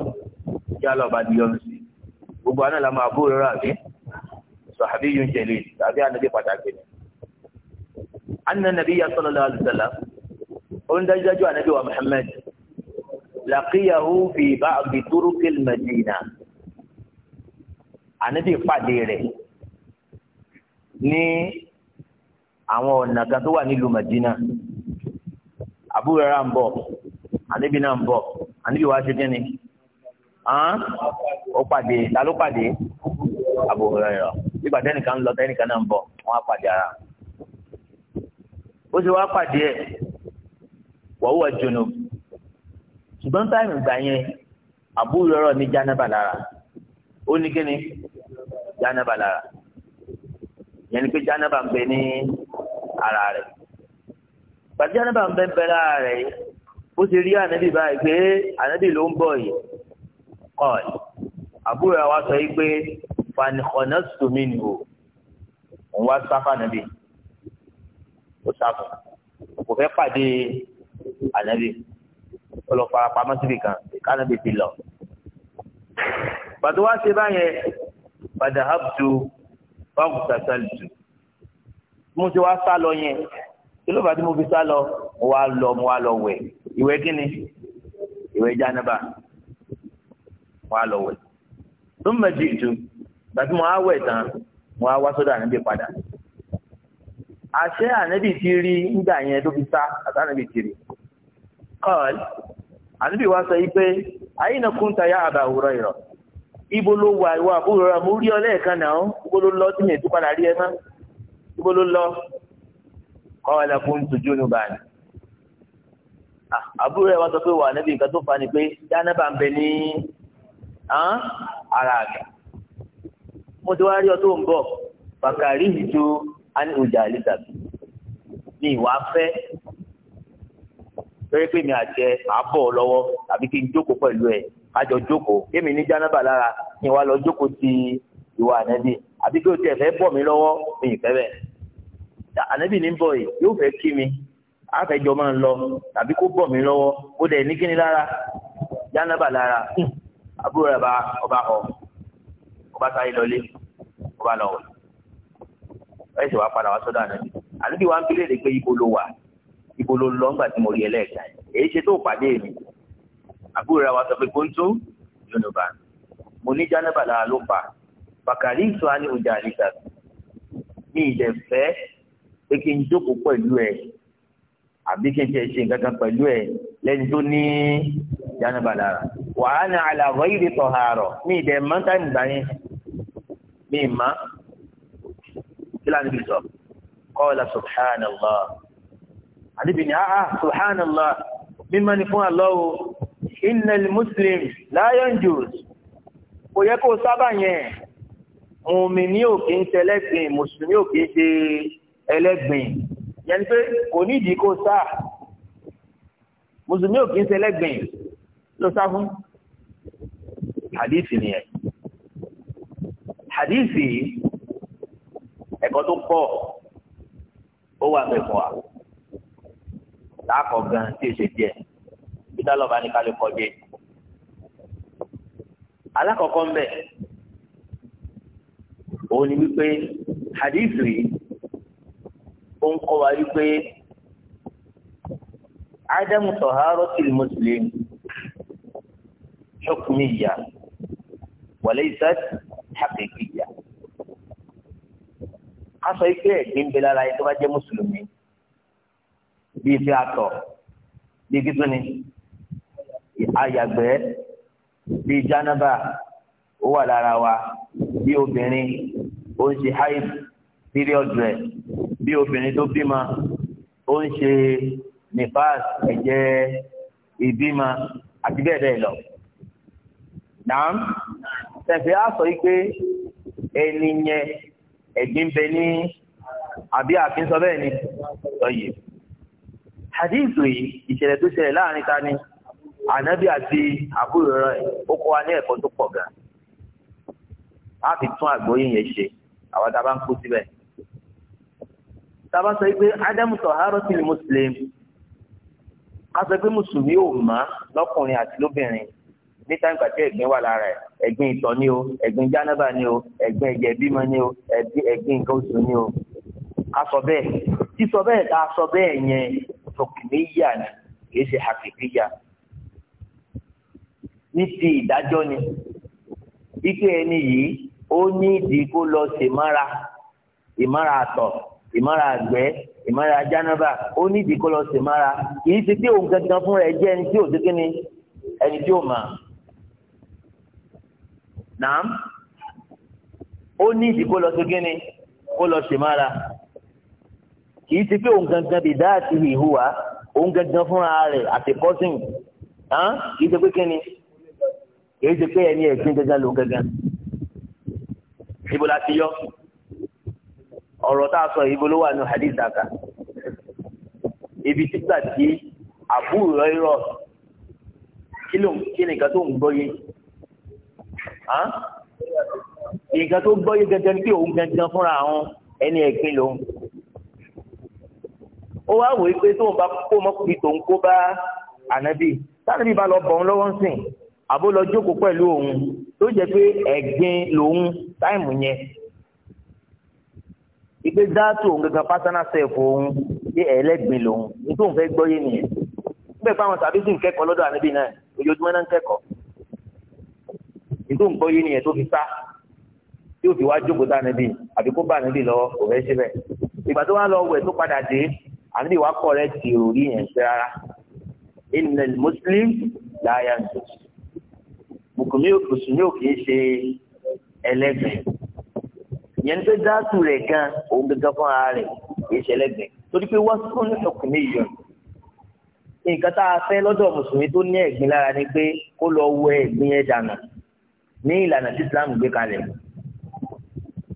kí á lọ bá di yọnu sí gbogbo àná làmú Abu Hurairah àbí sọ̀hábí yun jẹ̀lé tàbí ànábì pàtàkì ni. anna nabiyya sallallahu alaihi wasallam ó ń dájúdájú ànábì wa Muhammad laqiyahu fi ba'di turukil Madina ànábì pàdé rẹ̀ ní àwọn ọ̀nà kan tó wà nílùú Madina Abu Hurairah ń bọ̀ ànábì náà ń bọ̀ àníbi wàá ṣe kíni hàn ó pàdé ta ló pàdé Abu Hurairah nígbà tẹnìkan ń lọ tẹnìkan náà ń bọ̀ wọn á pàdé ara ó ṣe wá pàdé ẹ wọ́n wọ jùnú ṣùgbọ́n táìmù gbà yẹn Abu Hurairah ní jánábà lára ó ní kíni jánábà lára yẹn ni pé jánábà ń bẹ ní ara rẹ̀ gbàjánábà ń bẹ ń bẹ lára rẹ̀ yìí bó ṣe rí ànábì báyìí pé ànábì ló ń bọ̀ yìí kọ́ọ̀l àbúrò ẹ̀ wá sọ yìí pé fanikọ̀nà sùnmí ni o òun wá sáfà ànábì ó sáfà kò fẹ́ pàdé ànábì ó lọ fara pamọ́ síbi kan kánábì ti lọ. pàtó wá ṣe báyẹn padà hàbùtù báwùtù sàṣàlùtù mo ti wá sá lọ yẹn kí ló bá tí mo fi sá lọ mo wá lọ mo wá lọ wẹ̀. Iwe Gini, iwe Janaba, wàá lọ wẹ̀ tó ń mẹjì ìtú gbàtí mo á tán mo á wá sọ́dọ̀ padà àṣẹ ànábì ti rí nígbà yẹn tó fi sá àtànábì ti rí kọ́ọ̀l ànábì wa sọ yìí pé ayé náà kún ta yá àbá òwúrọ̀ ìrọ̀ ibo ló wà ìwà àbúrò rẹ mo rí ọ náà ibo ló lọ mi Ah, àbúrò ẹ̀ wá sọ pé wà níbi nǹkan tó fa ni pé jánábà ń bẹ ní ah, ara àgbà mo ti wá rí ọ tó ń bọ̀ bàkàrí ìjọ àní ọjà àlítàbí ní ìwà fẹ́ lórí pé mi àjẹ màá bọ̀ lọ́wọ́ tàbí kí n jókòó pẹ̀lú ẹ̀ kájọ jókòó kémi ní jánábà lára kí n wá lọ jókòó ti ìwà ànábì àbí kí o tiẹ̀ fẹ́ bọ̀ mí lọ́wọ́ mi ì fẹ́ bẹ́ẹ̀ ànábì ní bọ̀ yìí yóò fẹ́ kí mi àfẹjọ máa ń lọ tàbí kó bọ̀ mí lọ́wọ́ ó dẹ̀ ní kíni lára jánábà lára àbúrò rẹ̀ bá ọba họ ọba sáré lọlé ọba lọ wọ̀ ẹ̀ sì wá padà wá sọ́dọ̀ àná àníbi wa ń bí léde pé ibo ló wà ibo ló lọ ńgbà tí mo rí ẹlẹ́ẹ̀kan èyí ṣe tó pàdé mi àbúrò rẹ̀ wá sọ pé kóńtó yorùbá mo ní jánábà lára ló pa bàkàrí ìtọ́ á ní mi ì àbí kí n tiẹ̀ ṣe nǹkan kan pẹ̀lú ẹ̀ lẹ́ni tó ní jánaba lára wàá ní àlàbọ̀ yìí tó hàrọ̀ mí ìdẹ̀ mọ́tà nígbà yẹn mí ìmá kí láti fi sọ qala subhanallah àdébì ni àá subhanallah mímọ́ ni fún Allah o muslim la yanjuz kò yẹ kó sábà yẹn mùmí ní òkè ń tẹ́lẹ́gbìn mùsùlùmí òkè ń ṣe ẹlẹ́gbìn yẹni pé kò nídìí kó sá mùsùlùmí ò kí ń sẹlẹ́gbìn ló sá fún hadith nìyẹn hadith ẹ̀kọ́ tó pọ̀ ó wà mẹ́fọ́ wa láàkọ̀ gan tí o ṣe díẹ̀ peter lọ́ba ní kálí kọjá alákọ̀ọ́kọ́ ń bẹ̀ òun ni wípé hadith rèé ó ń kọ́ wa wípé ádámù tọ̀hárọ́ sí mùsùlùmí ṣọ́kùnmí ìyá wàlẹ́ ìsáàtì àpèkì ìyá. a sọ pé ẹ̀gbìn bẹ lára ẹni tó bá jẹ́ mùsùlùmí bíi ti àtọ̀ bíi kí tó ni àyàgbẹ́ bíi jánábà ó wà lára wa bíi obìnrin ó ń ṣe háìf píríọ̀dù ẹ̀ bí obìnrin tó bímọ ó ń ṣe nifas ẹ̀jẹ̀ ìbímọ àti bẹ́ẹ̀ bẹ́ẹ̀ lọ. dàm tẹ̀sí á sọ pé ẹni yẹn ẹ̀gbín bẹ ní àbí àfin sọ bẹ́ẹ̀ ni lọ́yè. hadithu yìí ìṣẹ̀lẹ̀ tó ṣẹlẹ̀ láàrin ta ni ànábì àti àbúrò rẹ̀ ó kọ́ wa ní ẹ̀kọ́ tó pọ̀ gan a fi tún àgbóyè yẹn ṣe àwọn tá a bá ń kú síbẹ̀ tàbá sọ pé ádámù tọ̀hárọ́tìlì mùsùlùmí a sọ pé mùsùlùmí ò mọ́ lọ́kùnrin àti lóbìnrin níta ìgbà tí ẹ̀gbin wà lára ẹ̀ ẹ̀gbin ìtọ̀ ni o ẹ̀gbin jánàbà ni o ẹ̀gbin ẹ̀jẹ̀ bímọ ni o ẹ̀gbin nǹkan oṣù ni o a sọ bẹ́ẹ̀ sísọ bẹ́ẹ̀ tá a sọ bẹ́ẹ̀ yẹn tọkìmíyà ni kìí ṣe àkìkíyà ní ti ìdájọ́ ni ike ẹni yìí ó ní ìdí kó lọ ṣèmára ìmára àtọ̀ ìmára àgbẹ̀ ìmára jánaba ó ní ìdí kó lọ sí ìmára kì í ṣe pé òun kankan fún rẹ̀ jẹ́ ẹni tí ò dé kíni ẹni tí ò mà nàám ó ní ìdí kó lọ sí kíni kó lọ sí ìmára kì ṣe pé òun gangan bìí dáàtì ìhùwà òun gangan fúnra rẹ̀ àti kọ́sìn hàn ṣe pé kíni kì í ṣe pé ẹni ẹ̀sìn gangan ló gangan níbo la ti yọ ọ̀rọ̀ tá a sọ yìí bolówó àánú hadith dàkà ibi tígbà tí àbúrò irọ́ kí ló kí nìkan tó ń gbọ́yé nǹkan tó gbọ́yé gẹ́gẹ́ ni pé òun gẹ́gẹ́ fúnra àwọn ẹni ẹ̀gbin lòun ó wá wòye pé tóun bá kó mọ́kùnrin tóun kó bá ànábì sáàbì bá lọ bọ̀ ọ́n lọ́wọ́ ń àbó lọ jókòó pẹ̀lú òun tó jẹ́ pé ẹ̀gbin lòun táìmù yẹn ìgbé dáàtò òun gangan pásánà sẹ́ẹ̀fù òun yé ẹ̀ẹ́lẹ́gbìn lòun ní tóun fẹ́ gbọ́ yé nìyẹn bẹ́ẹ̀ fáwọn tàbí sì ń kẹ́kọ̀ọ́ lọ́dọ̀ àníbì náà ojoojúmọ́ náà ń kẹ́kọ̀ọ́ ní tóun gbọ́ yé nìyẹn tó fi sá tí o fi wá jókòó tá àníbì àbí kó bá àníbì lọ kò fẹ́ ṣe bẹ́ẹ̀ ìgbà tó wá lọ wẹ̀ tó padà dé àníbì wá kọ́ rẹ ti òrí yẹn ṣe rárá innal muslim la yanjus mùsùlùmí ò kì í ṣe ẹlẹ́gbẹ̀ẹ́ yẹn tó dáàtú rẹ̀ gan òun gangan fún ara rẹ̀ ìṣẹ̀lẹ̀ gbẹ̀ torí pé wọ́n tún ní ọkùnrin yìí nǹkan tá a fẹ́ lọ́dọ̀ mùsùlùmí tó ní ẹ̀gbin lára ni pé kó lọ wọ ẹ̀gbin yẹn dànù ní ìlànà tí Islam gbé kalẹ̀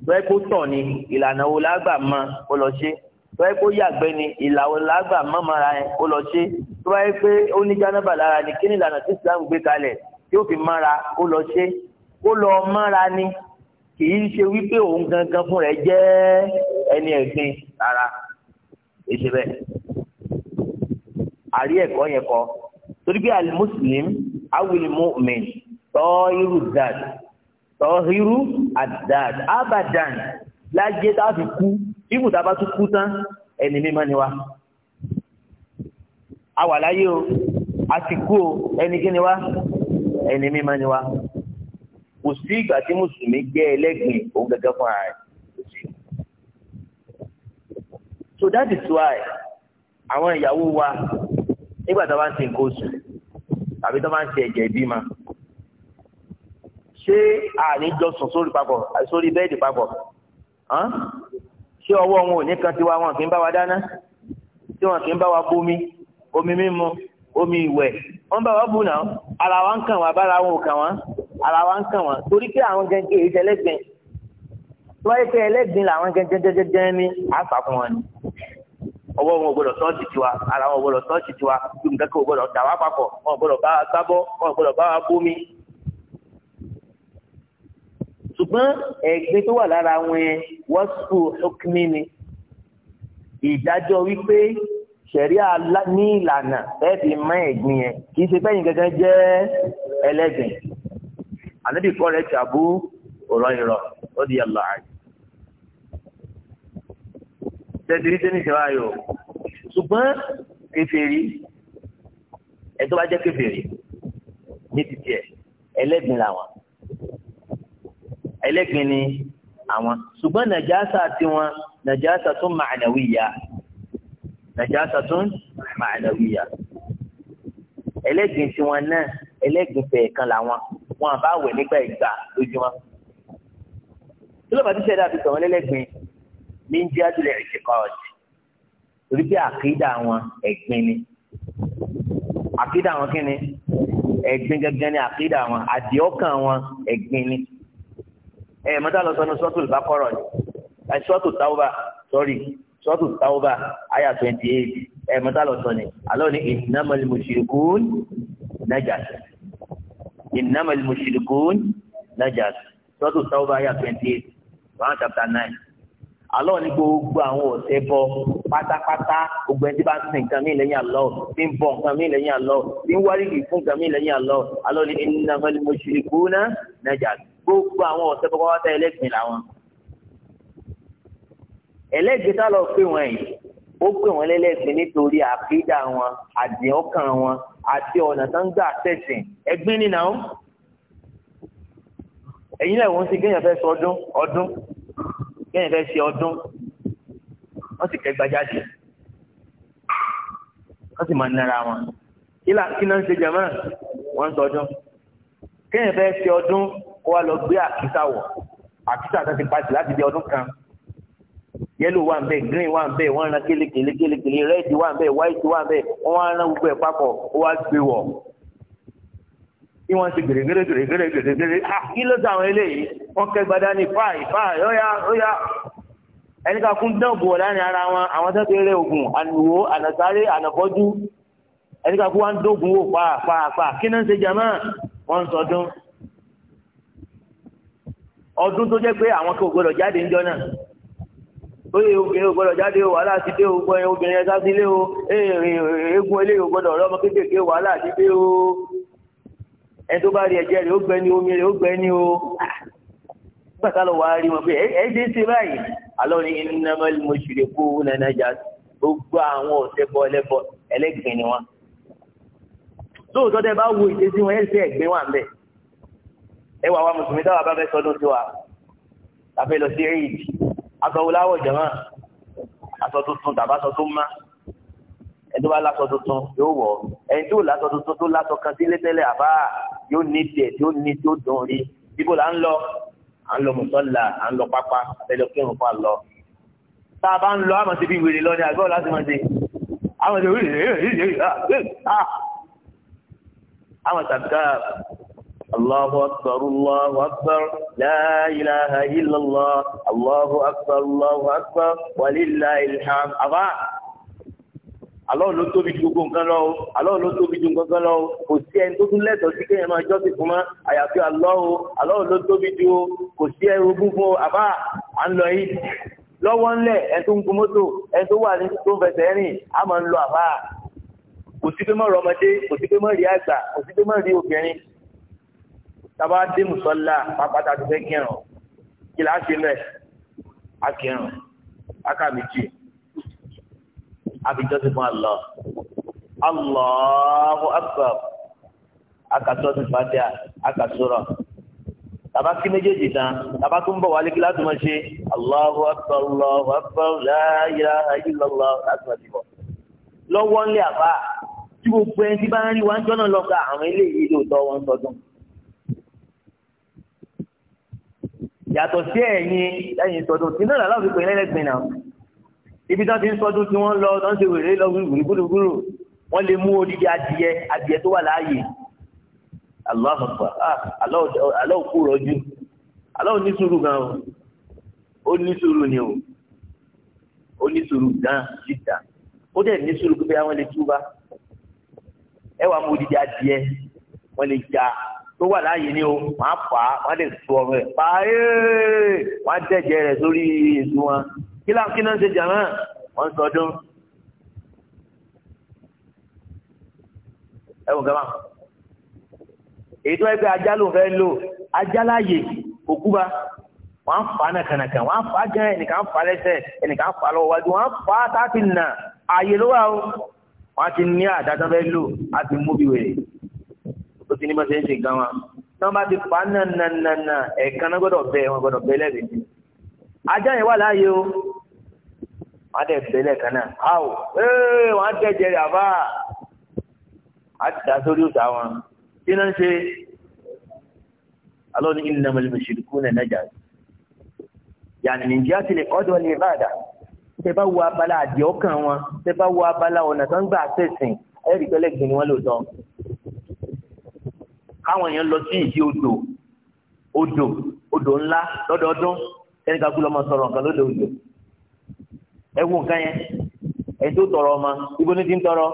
tọ́ẹ́ kó tọ̀ ni ìlànà wo lágbà mọ́ kó lọ ṣe tọ́ẹ́ kó yàgbẹ́ ni ìlàwọ̀ lágbà mọ́ mara yẹn kó lọ ṣe tọ́ẹ́ pé ó ní jánábà lára ni kí ni ìlànà tí Islam gbé kalẹ̀ tí ó fi mára kó lọ ṣe kó lọ mára ni kì í ṣe wípé òun gangan fún rẹ jẹ ẹni ẹ̀gbin rárá èsì bẹ àrí ẹ̀kọ́ yẹn kọ torí pé alimuslim awil mu'min tọ́hírù dad tọ́hírù adad abadan lájẹ tá a fi kú ibù tá a bá tún kú tán ẹni mímọ́ ni wa a wà láyé o a ti kú o ẹni kí ni wa ẹni mímọ́ ni wa kò sí ìgbà tí mùsùlùmí jẹ́ ẹlẹ́gbìn òun gẹ́gẹ́ fún ara rẹ̀ kò sí. so that is why àwọn ìyàwó wa nígbà tó bá ń ṣe nǹkan oṣù tàbí tó bá ń ṣe ẹ̀jẹ̀ ìbímọ ṣé àníjọ sùn sórí papọ̀ sórí bẹ́ẹ̀dì papọ̀ ṣé ọwọ́ wọn ò ní kan tiwa wọn kì í bá wa dáná tí wọn kì í bá wa bomi omi mímu omi ìwẹ̀ wọn bá wa bù náà ara wa ń kàn wá bára wọn ò kàn wá ara wa ń kàn wọ́n torí pé àwọn gẹ́gẹ́ èyí tẹ́lẹ́gbẹ̀ẹ́ tí pé ẹlẹ́gbìn làwọn gẹ́gẹ́gẹ́gẹ́ ní àfàkùn wọn ni ọwọ́ wọn ò gbọ́dọ̀ sọ́ọ̀tì tiwa ara wọn ò gbọ́dọ̀ sọ́ọ̀tì tiwa bí nǹkan kan ò gbọ́dọ̀ dà wá papọ̀ wọn ò gbọ́dọ̀ bá wa sábọ́ wọn ò gbọ́dọ̀ bá wa bómi. ṣùgbọ́n ẹ̀gbin tó wà lára wọn yẹn wọ́n sùn ọkùnmí ni ìdájọ́ wípé ṣẹ̀ríà ní ìlànà ẹ̀ fi mọ́ ẹ̀gbin yẹn kì í ṣe pẹ́yìn gẹ́gẹ́ jẹ́ ẹlẹ́gbin ànábì kọ́ rẹ̀ ti àbú ọ̀rọ̀ ìrọ̀ ó di yàrá àyè. tẹ̀sírí tẹ́ni ìṣẹ́ wa yòó ṣùgbọ́n kèfèrí ẹ̀ tó bá jẹ́ kèfèrí ní ti tiẹ̀ ẹlẹ́gbin làwọn ẹlẹ́gbin ni àwọn ṣùgbọ́n nàjásà tiwọn nàjásà tún màánàwíyà nàjásà tún màánàwíyà ẹlẹ́gbin tiwọn náà ẹlẹ́gbin fẹ̀ẹ̀kan làwọn wọn àbá wẹ̀ nígbà ìgbà lójúmọ́. tí lóba ti ṣe dàbí tọ̀wọ́n lẹ́lẹ́gbin ní ń jẹ́ àdúlẹ̀ ìṣèkọ́ọ̀tì torí pé àkídà wọn ẹ̀gbin ni àkídà wọn kí ni ẹ̀gbin gẹ́gẹ́ ni àkídà wọn àdìọ́kàn wọn ẹ̀gbin ni. ẹ mọ́tà lọ sọ́nu sọ́tù ìbákọ́rọ̀ ni sọ́tù táwọ́bà sọ́rí sọ́tù táwọ́bà àyà twenty eight ẹ mọ́tà lọ sọ́ni àlọ́ ni ìnámọ́lì mùsùlùkùn nájà innamal mushrikun najas sọ́tù sáwọ́bà yà twenty eight one chapter nine alọ́ ní gbogbo àwọn ọ̀sẹ̀ bọ pátápátá gbogbo ẹni tí bá ń sin nǹkan mìíràn lẹ́yìn àlọ́ tí ń bọ nǹkan mìíràn lẹ́yìn àlọ́ tí ń wárìrì fún nǹkan mìíràn lẹ́yìn àlọ́ alọ́ ní innamal mushrikuna najas gbogbo àwọn ọ̀sẹ̀ bọ pátá ẹlẹ́gbìn làwọn. ẹlẹ́gbìn tá lọ pé wọ́n yìí ó pè wọ́n lẹ́lẹ́gbìn nítorí àkídà wọn àdìọ́kàn wọn àti ọ̀nà tó ń gbà tẹ̀sìn ẹgbín nínà ó ẹ̀yin náà wọ́n ti kéèyàn fẹ́ sọ ọdún ọdún kéèyàn fẹ́ ṣe ọdún wọ́n sì kẹgbà jáde wọ́n sì máa nára wọn kílà kí náà ń ṣe jẹ̀mọ́ wọ́n sọdún kéèyàn fẹ́ ṣe ọdún kó wa lọ gbé àkísà wọ̀ àkísà kan ti pàṣẹ láti di ọdún kan yellow wà nbẹ green wà nbẹ wọn ran kelekele kelekele red wà nbẹ white wà nbẹ wọn ran gbogbo ẹ papọ̀ wọn gbé wọ bí wọn ti gèrègèrè gèrègèrè gèrègèrè ha kí ló dé àwọn eléyìí wọn kẹgbà dání fáì fáì óyá óyá ẹni ká kún dánwò wọ láàrin ara wọn àwọn tó ti rẹ oògùn ànúwò ànàsáré ànàfọjú ẹni ká kún wá dógun wò pa pa pa kí náà ń ṣe jàmá wọn ń sọdún ọdún tó jẹ pé àwọn kò gbọdọ̀ jáde ńjọ́ náà oye obìnrin ò jáde o wàhálà ti dé o gbọ́ ẹ obìnrin ẹ̀sá sílé o eégún eléyìí ò gbọ́dọ̀ ọlọ́mọ kéékèèké wàhálà ti dé o ẹ tó bá rí ẹ̀jẹ̀ rẹ̀ ó gbẹ ní omi rẹ̀ ó gbẹ ní o ah! gbàtà lọ wàá rí wọn pé ẹ ẹ ṣe ń ṣe báyìí alọ́ ní innamal mushrikuna najas gbogbo àwọn òṣèbọ ẹlẹ́bọ ẹlẹ́gbìn ni wọn lóòótọ́ tẹ bá wo ìṣesí wọn ẹ̀ ṣe ẹ̀gbin wà ń ẹ wà wá mùsùlùmí táwa bá fẹ́ sọdún tiwa tàbí lọ sí ẹ̀yìn aṣọ wòláwọ̀ jẹ̀mọ́ aṣọ tuntun tàbí aṣọ tó má ẹni tó bá láṣọ tuntun yóò wọ̀ ẹni tó láṣọ tuntun tó láṣọ kan sílé tẹ́lẹ̀ àbá yóò ní tiẹ̀ tí ó ní tí ó dùn rí bíbó là ń lọ à ń lọ mùsọ́là à ń lọ pápá abẹ́lẹ́ kírun fún àlọ́ tá a bá ń lọ àmọ̀ sí bí wèrè lọ ni àgbẹ̀ ọ̀la sì máa ṣe àmọ̀ sí wèrè àwọn sàbíkà الله أكبر الله أكبر لا إله إلا الله الله أكبر الله أكبر ولله الحمد أبا Allah ló tóbi ju gbogbo nǹkan lọ o Allah ló tóbi ju nǹkan kan lọ o kò sí ẹni tó tún lẹ́tọ̀ọ́ sí kéèyàn máa jọ́sìn fún mọ́ àyàfi Allah o Allah ló tóbi ju o kò sí ẹrú ogún fún o àbá à ń lọ yìí lọ́wọ́ ńlẹ̀ ẹni tó ń gun mọ́tò ẹni tó wà ní tó ń fẹsẹ̀ rìn á máa ń lọ àbá kò sí pé mọ́ rọmọdé kò sí pé mọ́ rí àgbà kò sí pé mọ́ rí obìnrin tàbá dé mùsọ́lá pápátá tó fẹ́ kírun kí là á ṣe mẹ́ akírun akábíjì àfijọ́sí fún Allah Allahu akbar akatọ́sí fàtíà akasúrọ̀ tàbá kí méjèèjì tán tàbá tó ń bọ̀ wálé kí láti máa ṣe Allahu akbar Allahu akbar la ilaha illallah láti máa ti bọ̀ lọ́wọ́ ńlẹ̀ àbá tí gbogbo ẹni tí bá ń rí wájú náà lọ́ka àwọn eléyìí lóòótọ́ wọn sọdún. yàtọ̀ sí ẹ̀yin ẹ̀yin sọdún tí náà làwọn òfin ẹlẹ́gbẹ̀ẹ́ náà ibi tó ti ń sọdún tí wọ́n lọ tó ń ṣe wèrè lọ gbúgbúrú wọ́n lè mú odidi adìyẹ adìyẹ tó wà láàyè aláhùnfà ah, aláwọ̀ kú rọjú aláwọ̀ ní sùúrù gan o ó ní sùúrù ni o ó ní sùúrù gan síta ó dẹ̀ ní sùúrù pé àwọn lè túbà ẹ wàá mú odidi adìyẹ wọ́n lè ja tó wà láàyè ni o máa fà á wọn lè tu ọmọ rẹ pa ee wọn dẹjẹ rẹ sórí èso wọn kí láwọn kí náà ń ṣe jàmọ wọn sọdún ẹ wò gàmà èyí tó yẹ pé ajá ló fẹ́ lò ajá láàyè òkú bá wọn fa nàkànàkàn wọn fa gan ẹnìkan fa lẹ́sẹ̀ ẹnìkan fa lọ́wọ́ wájú wọn fa tá a ti nà ààyè ló wà o wọn ti ní àdájọ́ fẹ́ lò a ti mú bí wèrè ó ti ní bá ṣe ń ṣe gan wa tí wọ́n bá ti pa nànànànà ẹ̀ẹ̀kan náà gbọ́dọ̀ bẹ wọn gbọ́dọ̀ bẹ lẹ́bi ajá yẹn wà láàyè o wọ́n á dẹ̀ bẹ lẹ́ẹ̀kan náà áwò ee wọ́n á dẹ̀ jẹrẹ àbá á ti dá sórí òòṣà wọn kí náà ń ṣe alóni innamal mushrikuna najas yàní nìjíríà ti lè kọ́dọ̀ ní ìbàdà tẹ bá wo abala àdìọ́kàn wọn tẹ bá wo abala ọ̀nà tó ń gbà sẹ̀sìn ẹ̀rí káwọn èèyàn lọ sí ìdí odò odò odò ńlá lọ́dọọdún ẹni ká gbúlọ́mọ sọ̀rọ̀ nǹkan lóde odò ẹ wo nǹkan yẹn ẹ tó tọrọ ọmọ ibo ní ti ń tọrọ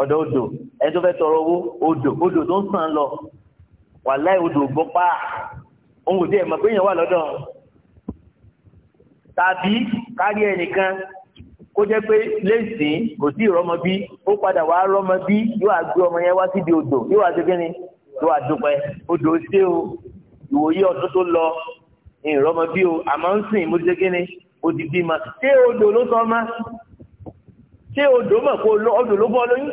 ọ̀dọ̀ odò ẹ tó fẹ́ tọrọ owó odò odò tó ń sàn lọ wàláì odò gbọ́ pa òun kò tiẹ̀ mọ̀ pé èèyàn wà lọ́dọ̀ tàbí kárí ẹnìkan kó jẹ́ pé lẹ́sìn kò sí ìrọmọbí ó padà wá rọmọbí yóò àgbé ọmọ yẹn wá síbi odò yóò àti kínni tó wà dúpẹ́ odò sí o ìwòye ọdún tó lọ ìrọmọ bí o àmọ́ ń sìn mo ti ṣe kíni o ti bí ma ṣé odò ló sọ ma ṣé odò mọ̀ kó odò ló bọ́ lóyún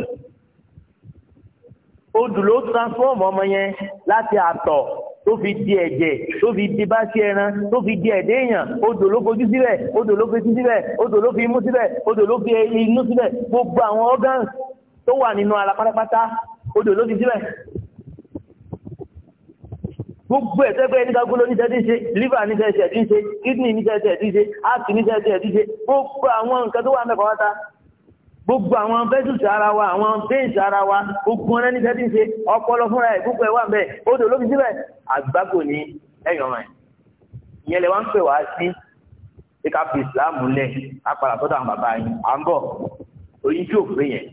odò ló transform ọmọ yẹn láti àtọ̀ tó fi di ẹ̀jẹ̀ tó fi di bá ṣe ẹran tó fi di ẹ̀dẹ́ èèyàn odò ló fojú síbẹ̀ odò ló fetí síbẹ̀ odò ló fi imú síbẹ̀ odò ló fi inú síbẹ̀ gbogbo àwọn organs tó wà nínú ara pátápátá odò ló fi síbẹ̀ gbogbo ẹ̀ tẹ́gbẹ́ ní kagbóló ní tẹ́tí ṣe liver ní tẹ́tí ẹ̀tí ṣe kidney ní tẹ́tí ẹ̀tí ṣe heart ní tẹ́tí ẹ̀tí ṣe gbogbo àwọn nǹkan tó wà mẹ́fà wá ta gbogbo àwọn vessels ara wa àwọn veins ara wa gbogbo ọ̀rẹ́ ní tẹ́tí ṣe ọpọlọ fúnra ẹ̀ gbogbo ẹ̀ wà bẹ́ẹ̀ odò ló fi síbẹ̀ àgbákò ní ẹ̀yọ̀mọ̀ ẹ̀ ìyẹn lè wá ń pè wá sí pé ká fi ìsìláàmù lẹ̀ ká padà sọ́dọ̀ àwọn bàbá yìí à ń bọ̀ oyin tí ò pé yẹn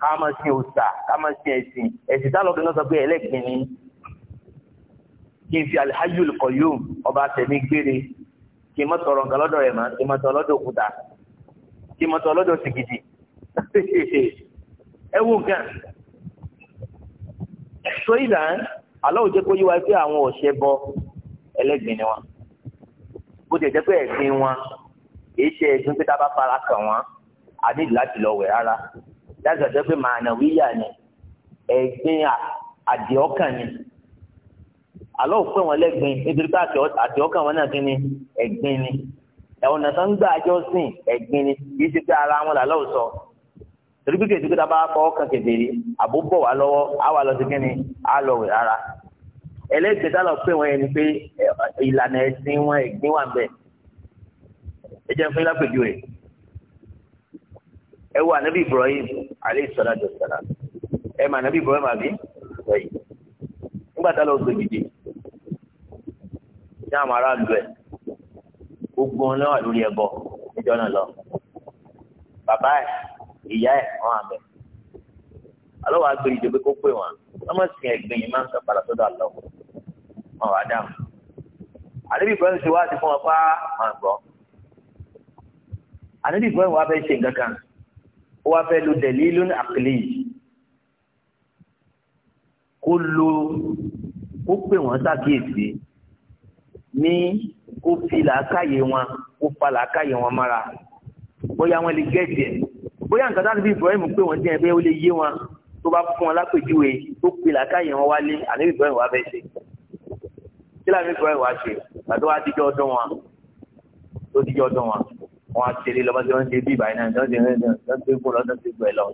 ká sọ pé ẹlẹ́gbìn ni kí n fi alihajul kọyum ọba tẹ̀mí gbére kí n má tọrọ nǹkan lọ́dọ̀ rẹ̀ mọ́ kí n má tọrọ lọ́dọ̀ òkúta kí n má tọrọ lọ́dọ̀ sìgìdì ẹ wù nǹkan. sọ ìlà aláwọ̀ jẹ́ kó yí wa pé àwọn ọ̀ṣẹ́ bọ ẹlẹ́gbìn ni wọn bó ti jẹ́ pé ẹ̀sìn wọn kìí ṣe ẹ̀sìn pé tá fara kàn wọn a láti lọ wẹ̀ rárá yàtọ̀ jẹ́ pé màánà wíyà ni ẹ̀gbìn àdìọ́kàn ni àlọ́ òpè wọn lẹ́gbin nítorí pé àti ọkàn wọn náà ti ní ẹ̀gbin ni ọ̀nà tó ń gbà àjọ sìn ẹ̀gbin ni kì í ṣe pé ara wọn làlọ́ sọ torí pé kèsì kíta bá kọ́ ọkàn kedere àbó bọ̀ wá lọ́wọ́ á wà lọ sí kínní á lọ wẹ̀ rárá ẹlẹ́gbẹ̀ta lọ pé wọn yẹn ni pé ìlànà ẹ̀sìn wọn ẹ̀gbin wà bẹ́ẹ̀ ẹ jẹ́ fún yín lápèjú ẹ wo ànábì Ibrahim alayhi salatu wassalam ẹ mà ànábì Ibrahim àbí ìgbà tá lọ gbèdìdì ní àwọn aráàlú ẹ̀ gbogbo wọn náà lórí ẹbọ níjọ́ náà lọ bàbá ẹ̀ ìyá ẹ̀ wọn àbẹ̀ alọ́wọ́ agbèrè ìjọba kó pè wọ́n wọ́n mọ̀ sí ẹ̀gbìn yìí máa ń sọ̀pàlà sọ́dọ̀ àlọ́ wọn wà dáhùn àdébí ìbọn ti wá ti fún wọn pa máa gbọ́ àdébí ìbọn wa fẹ́ ṣe nǹkan kan ó wá fẹ́ lo dalilun aqli kó lo kó pè wọ́n sàkíyèsí ní kó fi làákàyè wọn kó fa làákàyè wọn mára bóyá wọn lè gẹ̀ẹ́dì ẹ̀ bóyá nǹkan táwọn bí Ibrahim pé wọ́n dín ẹ bẹ́ẹ̀ ó lè yé wọn tó bá fún wọn lápèjúwe tó pe làákàyè wọn wálé àní Ibrahim wá bẹ́ẹ̀ ṣe kí láàmì Ibrahim wá ṣe àti wá díjọ́ ọdún wọn tó díjọ́ ọdún wọn wọn á ṣeré lọ́wọ́ tí wọ́n ṣe bí ìbàyìí náà lọ́dún tó ń gbó lọ́dún tó gbẹ lọ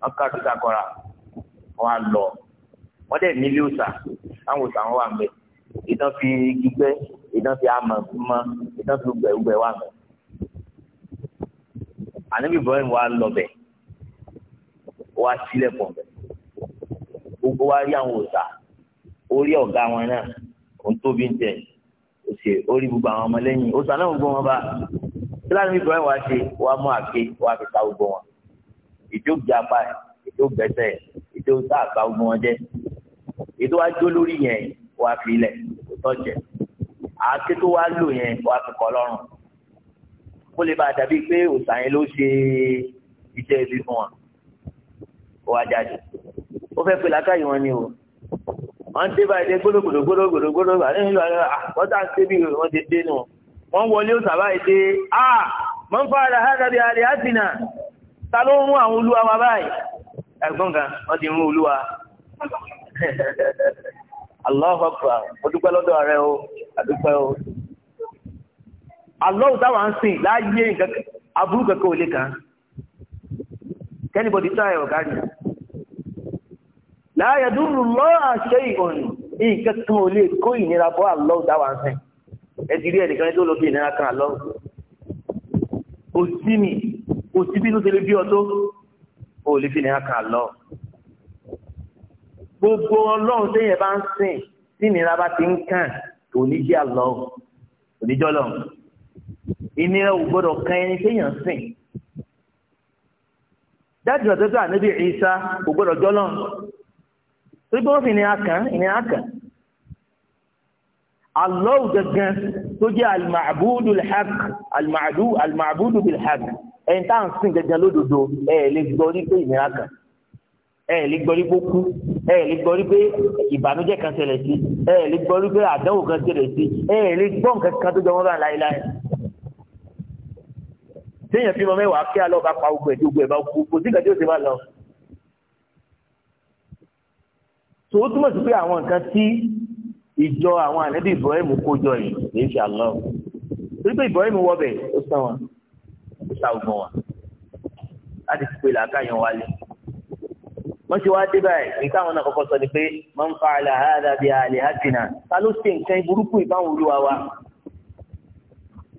wọn ká tó sàkọra wọn á lọ wọn dẹ̀ nílé òòsà àwọn òòsà wọn wà ń bẹ́ẹ̀ ìdán fi gbígbẹ ìdán fi amọ̀ mọ ìdán fi gbẹ̀gbẹ̀ wà mọ̀ ànábì Ibrahim wa lọ bẹ̀ wa sílẹ̀ pọ̀ bẹ̀ gbogbo wa rí àwọn òòṣà orí ọ̀gá wọn náà òun tóbi ń tẹ̀ òsè orí gbogbo àwọn ọmọlẹ́yìn òòṣà náà gbogbo wọn bá sílẹ̀ Ibrahim wa ṣe wa mú àké wa fi ta gbogbo wọn ìjó gbé apá ẹ̀ ìjó gbẹ́sẹ̀ ìjó tá àgbà gbogbo wọn jẹ́ ètò wa jó lórí yẹn wá fi ilẹ̀ kò tọ̀jẹ̀ àáké tó wá lò yẹn wá fi kọ́ lọ́rùn kó lè bá a dàbí pé òòsàn yẹn ló ṣe iṣẹ́ ibi fún wa kó wá jáde ó fẹ́ pe làákàyè wọn ni o wọ́n ń dé báyìí dé gbólógbòdò gbólógbòdò àti nílò àwọn àwọn ń ṣe bí wọ́n ti dé nù wọ́n wọlé ó sábà yìí dé a ah, máa ń fa ara ha dàbí àlè àsìnà ta ló ń mú àwọn olúwa wa báyìí ẹ̀gbọ́n kan wọ́n ti mú olúwa Allahu Akbar mo dúpẹ́ lọ́dọ̀ rẹ o àdúpẹ́ o Allah táwa ń sìn láàyè aburú kankan ò lè kàn kẹ́nìbọ̀dì táyà ọ̀gá ni láàyè dúró lọ́ àṣẹ nǹkan kan ò lè kó ìnira bọ́ Allah ń sìn tó lọ bí ìnira kan mi ṣe bí ọtó ò lè fi ìnira kan Allah. gbogbo ọlọ́run téèyàn bá ń sìn tí ìnira bá ti ń kàn kò ní jẹ́ àlọ́ kò ní jọ́lọ́ ìnira ò gbọ́dọ̀ kan ẹni téèyàn sìn dájú ọ̀tọ́ tó ànábì Ìsá kò gbọ́dọ̀ jọ́lọ́ torí pé wọ́n fi ìnira kàn ìnira kàn àlọ́ gangan tó jẹ́ al-ma'budu al-haq al-ma'budu al sìn gangan lódodo ẹ̀ lè gbọ́ ní ìnira kàn ẹ lè gbọ́ rí pé ó kú ẹ lè gbọ́ rí pé ìbànújẹ́ kan ṣẹlẹ̀ sí ẹ lè gbọ́ rí pé àdánwò kan ṣẹlẹ̀ sí ẹ lè gbọ́ nǹkan kan tó jọ wọ́n bá láéláé. téèyàn fi mọ mẹ́wàá kí alọ́ bá pa ogun ẹ̀ tí ogun ẹ̀ bá kú kò sí ìgbà tí ó ti máa lọ. tó o túmọ̀ sí pé àwọn nǹkan tí ìjọ àwọn ànábì Ibrahim kó jọ yìí kì í ṣe àlọ́ torí pé Ibrahim wọ bẹ̀ ó sàn wọn ó wọ́n ṣe wá dé báyìí nǹkan àwọn náà kọ́kọ́ sọ ni pé man fa'ala hadha bi alihatina ta ló ṣe nǹkan burúkú ìbáwọn olúwa wa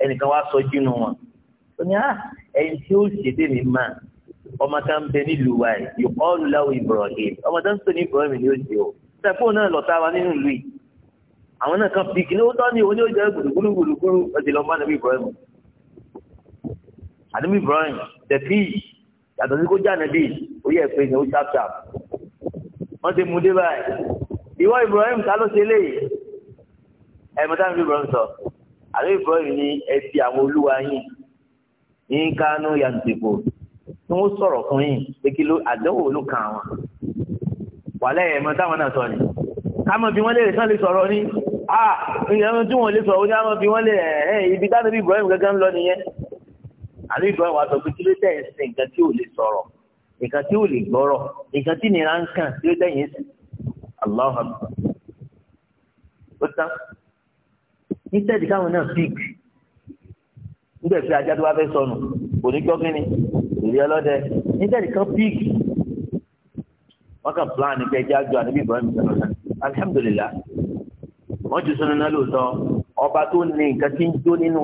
ẹnìkan wá sọ jínú wọn ó ní ah, ẹni tí ó ṣe dé mi mà ọmọ tá ń bẹ nílùú wa yìí yuqalu lahu Ibrahim ọmọ tá ń pè ní Ibrahim ni ó ṣe o sẹ́fóònù náà lọ́ta wa nínú ìlú yìí àwọn náà kan fi kìnìún tọ́ ni òun yóò jẹ́ gbùdùgbùdù gbùdùgbùdù ọ̀sẹ̀ lọ́mọ àdàbí Ibrahim àdàbí Ibrahim tẹ̀fíì yàtọ̀ sí kó jáde bíi orí ẹ̀ pé ní ó ṣàpṣà wọ́n ti mú dé báyìí ìwọ Ibrahim ta ló ṣe léyìí ẹ̀mọ́tà ní Ibrahim sọ àlọ́ Ibrahim ní ẹbí àwọn olúwa yìí yín kánú yàtìkò tí wọ́n sọ̀rọ̀ fún yín pé kí ló àdánwò ló kàn wọ́n wàlẹ́ ẹ̀mọ́tà wọn náà sọ ni kámọ́ bí wọ́n lè sàn lè sọ̀rọ̀ ni ah ìyẹn tí wọ́n lè sọ̀rọ̀ ni kámọ́ bí wọ́n lè ẹ̀ ibi táwọn Ibrahim gẹ́gẹ́ ń lọ nìyẹn àbí ìgbà wà sọ pé kí ló tẹ̀yìn sí nǹkan tí ò lè sọ̀rọ̀ nǹkan tí ò lè gbọ́rọ̀ nǹkan tí nira ń kàn tí ó tẹ̀yìn sí Allahu Akbar ó tán instead káwọn náà pick nígbà tí ajá tó bá fẹ́ sọnù kò ní gbọ́ kínní ọlọ́dẹ wọ́n kàn plan nípa ẹja jọ àníbí ìbọn mi sọ̀rọ̀ náà wọ́n ti lóòótọ́ ọba tó ní nǹkan tí ń jó nínú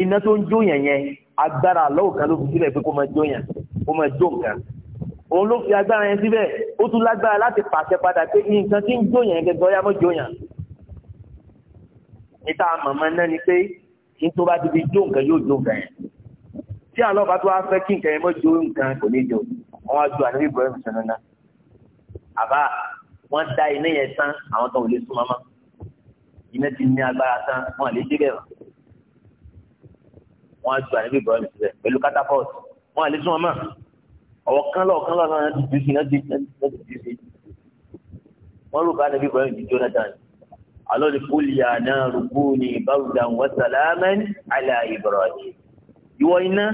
iná tó ń jó yẹn yẹn agbára àlọ́wọ̀ kan ló fi síbẹ̀ pé kó máa jó yẹn kó máa jó nǹkan òun ló fi agbára yẹn síbẹ̀ ó tún lágbára láti pàṣẹ padà pé nǹkan tí ń jó yẹn gẹ́gẹ́ ọyá mọ́ jó yẹn níta mọ̀mọ́ náà ni pé kí n tó bá ti fi jó nǹkan yóò jó nǹkan yẹn tí àlọ́ba tó wá fẹ́ kí nǹkan yẹn mọ́ jó nǹkan kò ní jó wọ́n á ju àníbí ìbọn ẹ̀rù sẹ́nu náà àbá wọ́n da iná yẹn tán àwọn kan lè súnmọ́ mọ́ iná ti ní agbára tán wọ́n à wọn á ju ànábì Ibrahim síbẹ̀ pẹ̀lú catapult wọn à lè sún wọn mọ́ ọ̀wọ́ kánlọ̀ kánlọ̀ náà ti ju sí náà ti ju sí wọn rò bá ànábì Ibrahim ti Jonathan alọ́ ni kúlì àná rukuni bawdan wa salaman ala Ibrahim ìwọ iná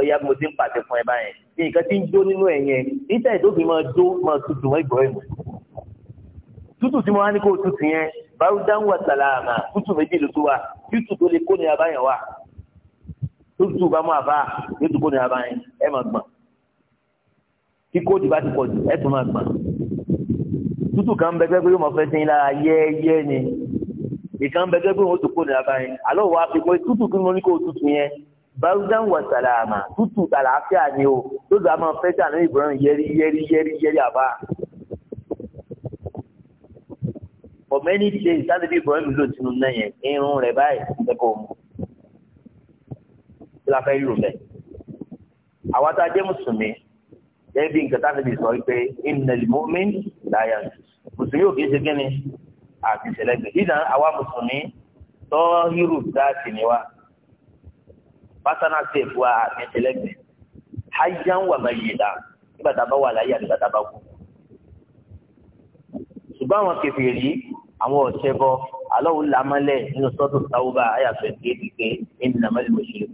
ọ̀yà mo ti ń pàṣẹ fún ẹ báyẹn ní nǹkan tí ń jó nínú ẹ̀ yẹn níta ìdókè máa jó máa tutù wọn Ibrahim tútù tí mo wá ní kó tutù yẹn báwo dáhùn wa sàlámà tútù méjì ló tó wa tútù tó lè kó ní abáyàn wa tó tutù bá mú àbá yóò tún kó ẹ máa gbọ̀n kí kóòtù bá ti pọ̀ jù ẹ tún máa gbọ̀n tútù kan bẹ gbẹgbẹ yóò máa fẹ́ sẹ́yìn lára yẹ́ẹ́yẹ́ ni ìkan bẹ gbẹgbẹ yóò tún kó ní àbá yẹn àlọ́ fi pé tútù kí mo ní kó tútù yẹn barudan wa salama tútù àlàáfíà ni o lóòtú a máa fẹ́ sí àná ìbúrán yẹ́rí yẹ́rí yẹ́rí yẹ́rí àbá for many days sáà níbi ìbúrán mi lò sínú náà yẹn irun rẹ̀ báyìí ẹ̀kọ́ òun la fẹ́ lò mẹ́. àwa tá a jẹ́ mùsùlùmí gẹ́gẹ́ bí nǹkan táwọn ti sọ pé innal mu'min la yanjus mùsùlùmí ò kì í ṣe kí ni àti ìṣẹ̀lẹ̀gbẹ̀ ìdá àwa mùsùlùmí tọ́ hírù dáàtì ni wa personal safe wa àti ìṣẹ̀lẹ̀gbẹ̀ hajjan wa mayyida nígbà tá a bá wà láyé àti bàtà bá kú. ṣùgbọ́n àwọn kèfèrí àwọn ọ̀sẹ̀ bọ́ alọ́wọ́ làmọ́lẹ̀ nínú sọ́tò sáwùbà àyàfẹ́ kéèké ẹ̀ńdínlámọ́lẹ̀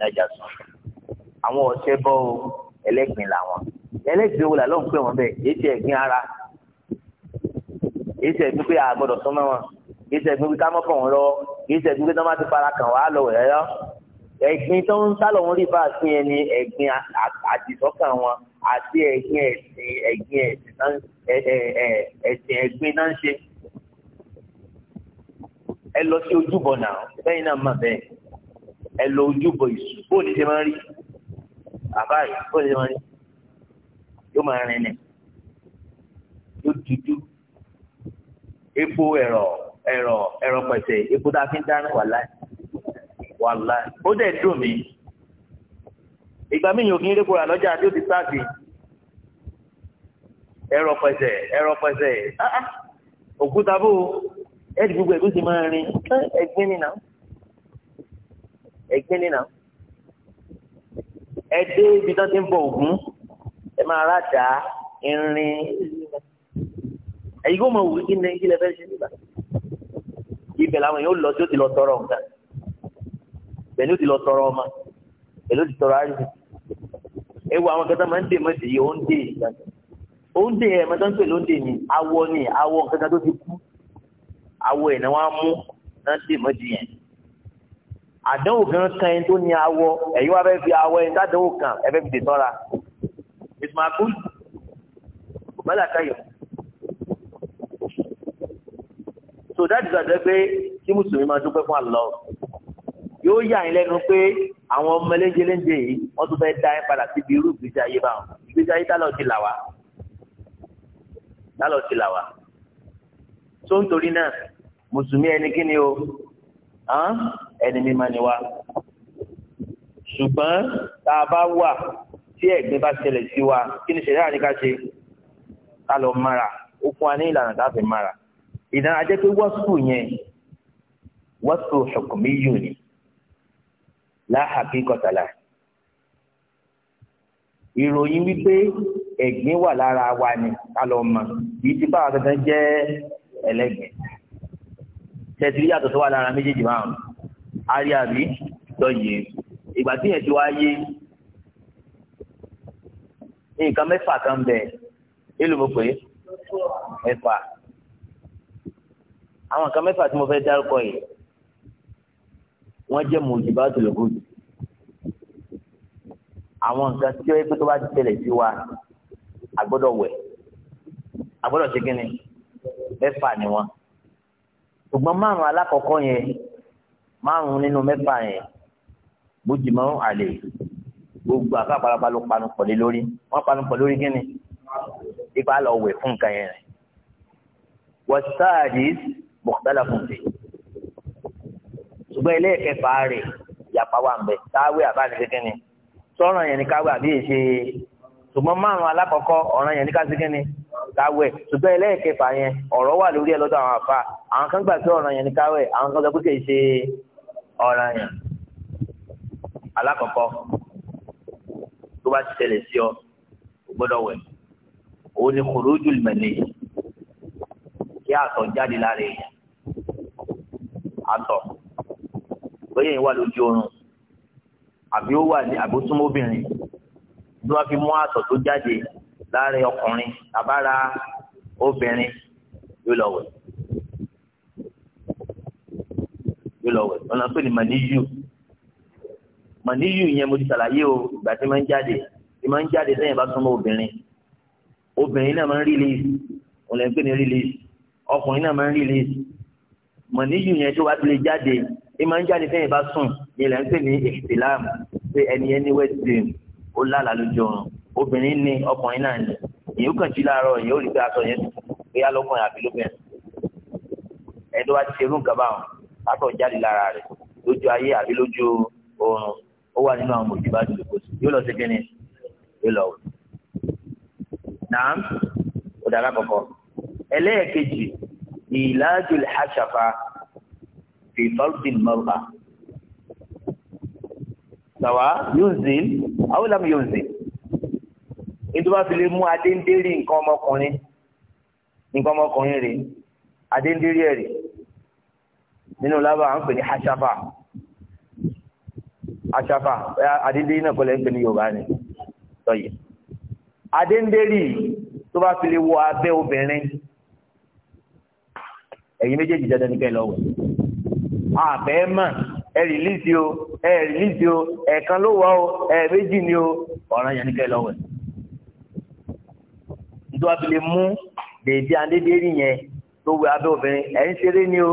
nájà sọ àwọn ọ̀sẹ̀ bọ́ o ẹlẹ́gbìn làwọn ẹlẹ́gbìn wo làlọ́ ń pè wọ́n bẹ́ẹ̀ èyí ti ẹ̀gbìn ara èyí ti ẹ̀gbìn pé a gbọ́dọ̀ súnmọ́ wọn èyí ti ẹ̀gbìn pé ká mọ́ pọ̀ wọn lọ́wọ́ èyí ti ẹ̀gbìn pé tó má ti fara kàn wá lọ ẹ̀yọ́ ẹ̀gbìn tó ń sálọ̀ wọn rí bá a sí ẹni ẹ̀gbìn àdìsọ́kàn wọn àti ẹ̀gbìn ẹ̀sìn ẹ̀gbìn ẹ̀sìn ẹ̀gbìn náà ń ṣe ẹ lọ sí ojúbọ náà bẹ́ẹ̀ ẹ lọ ojúbọ ìṣù bó ní ṣe máa ń rí bàbá rẹ̀ bó ní ṣe máa ń rí yóò máa rìn ní yóò dúdú epo ẹ̀rọ ẹ̀rọ ẹ̀rọ pẹ̀sẹ̀ epo tá a fi ń dáná wà láì wà láì ó dẹ̀ dùn mí ìgbà míì yóò kí n rí kóra lọ́jà tí ó ti sáàsì ẹ̀rọ pẹ̀sẹ̀ ẹ̀rọ pẹ̀sẹ̀ òkúta bò ẹ̀dì gbogbo ẹ̀ tó ti máa rìn ẹ̀gbin nìyà ẹ̀gbin nínà ẹ dé ibi tó ti ń bọ ògún ẹ máa rà dá irin ẹ̀yin kò mọ̀ wí kí ni kí lè fẹ́ ṣe nígbà ibẹ̀ làwọn èèyàn lọ tí ó ti lọ tọrọ nǹkan pẹ̀lú ti lọ tọrọ ọmọ pẹ̀lú ti tọrọ ayé ewu àwọn kẹta máa ń dè mọ́tì yìí ó ń dè ìgbà ó ń dè ẹ̀ mọ́tò ń pè ló ń dè ní awọ ní awọ kẹta tó ti kú awọ ẹ̀ náà wọ́n mú náà dè mọ́tì yẹn àdánwò gan kan ẹni tó ní awọ ẹ̀yin wá fẹ́ fi awọ ẹni tádánwò kan ẹ fẹ́ fi dè tọ́ra ìsìnkú mọ́lá káyọ̀. so dájú dájú pé kí mùsùlùmí máa dúpẹ́ fún àlọ́ yóò yà yín lẹ́nu pé àwọn ọmọ eléńjẹléńjẹ yìí wọ́n tún fẹ́ dá ẹ padà síbi irú ìgbésí ayé báwọn ìgbésí ayé tálọ̀ ti là wá tálọ̀ ti là wá tó ń torí náà mùsùlùmí ẹni kí ni o ẹni mímọ́ ni wá ṣùgbọ́n tá a bá wà tí ẹ̀gbin bá ṣẹlẹ̀ sí wa kí ni ṣẹlẹ̀ àníká ṣe ká lọ mara ó fún wa ní ìlànà tá a fi mara ìdáná ajẹ́ pé wọ́sù yẹn wọ́sù ṣọ̀kùnmí yù ni láhàbí kọtàlá ìròyìn wípé ẹ̀gbin wà lára wa ni ká lọ mọ kì ti bá wa dandan jẹ́ ẹlẹ́gbẹ̀ẹ́ tẹ̀síríyàtọ̀ tó wà lára méjèèjì márùn-ún arí àbí lọ́yẹ̀ ìgbà tí yẹn ti wá yé nǹkan mẹ́fà kan bẹ̀ èlò mo pè é mẹ́fà àwọn nǹkan mẹ́fà tí mo fẹ́ dárúkọ yìí wọ́n jẹ́ mòjìbá tòlógójì àwọn nǹkan tí ó yẹ pé tó bá tẹ̀lẹ̀ sí wa àgbọ́dọ̀ wẹ̀ àgbọ́dọ̀ ṣe kí ni mẹ́fà ni wọ́n ṣùgbọ́n márùn-ún alákọ̀ọ́kọ́ yẹn márùn nínú mẹ́fà yẹn bójúmọ́ àlè gbogbo àkàpàràpà ló panu pọ̀ lé lórí wọ́n panu pọ̀ lórí kíni ipa lọ wẹ̀ fún nǹkan yẹn rẹ̀ wọ́sáàdì bọ̀kútàlà fún mi ṣùgbọ́n ilé ìkẹfà rẹ̀ yàpá wà ń bẹ káwé àbáni kíni sọ̀rọ̀ yẹn ni káwé àbí èṣe ṣùgbọ́n márùn alákọ̀ọ́kọ́ ọ̀ràn yẹn ní ká sí kíni káwé ṣùgbọ́n ẹlẹ́ẹ̀kẹfà yẹn ọ̀rọ̀ wà lórí ẹ lọ́dọ̀ àwọn àfa àwọn kan gbà sí ọ̀ràn yẹn ní káwé àwọn kan sọ pé kì í ṣe ọ̀ràn yẹn alákọ̀ọ́kọ́ tó bá ti tẹ̀lé sí ọ kò gbọ́dọ̀ wẹ̀ òun ni kòrójú ìmẹ̀lẹ̀ kí àtọ̀ jáde lára èèyàn àtọ̀ bóyá ìwà lójú oorun àbí ó wà ní àbótúmọ́bìnrin bí wọ́n fi mú àtọ̀ tó jáde lára ọkùnrin tàbára obìnrin yóò lọ wẹ̀ gbé lọ wẹ̀ ọ̀nà pé ní màníyù màníyù yẹn mo ti ṣàlàyé o ìgbà tí máa ń jáde tí máa ń jáde sẹ́yìn bá súnmọ́ obìnrin obìnrin náà máa ń release òun lè ń pè ní release ọkùnrin náà máa ń release màníyù yẹn tó wá ti lè jáde ẹ máa ń jáde sẹ́yìn bá sùn ní ilẹ̀ ń pè ní ìsìlám pé ẹni ẹni west dream ó lálàá lójú oorun obìnrin ní ọkùnrin náà ní èyí kàn jí láàárọ̀ èyí ò rí pé aṣọ yẹn bóyá lọ́kùnrin àbí lóbìnrin ẹ̀dọ́ wa ti ṣerú nǹkan báwọn kátọ̀ jáde lára rẹ̀ lójú ayé àbí lójú oorun ó wà nínú àwọn mòjì bá dùn kó sí yóò lọ sí kíni yóò lọ wò. naam ó dára kọ̀kọ́ ẹlẹ́ẹ̀kejì ìlàjù àṣàfà fi fọ́lùdì mọ́ra sàwá yóò zèé nítorí fi lè mú adéǹdérì nǹkan ọmọkùnrin nǹkan ọmọkùnrin rè adéǹdérì ẹ̀ rè nínú lábà à ń pè ní aṣáfà aṣáfà adédé náà kọ́lẹ̀ ń pè ní yorùbá ni lọ́yẹ̀ adéǹdérì tó bá fi lè wọ abẹ́ obìnrin ẹ̀yin méjèèjì dandan ní kẹ́ lọ́wọ́ àbẹ́ mọ̀ ẹ rìlíìsì o ẹ rìlíìsì o ẹ̀ẹ̀kan ló wà o ẹ̀ẹ̀méjì ni o ọ̀ràn yẹn ní lọ́wọ́ nítorí wàá fi lè mú dèédé adéǹdérì yẹn tó wẹ abẹ́ obìnrin ẹ̀ ń ṣeré ni o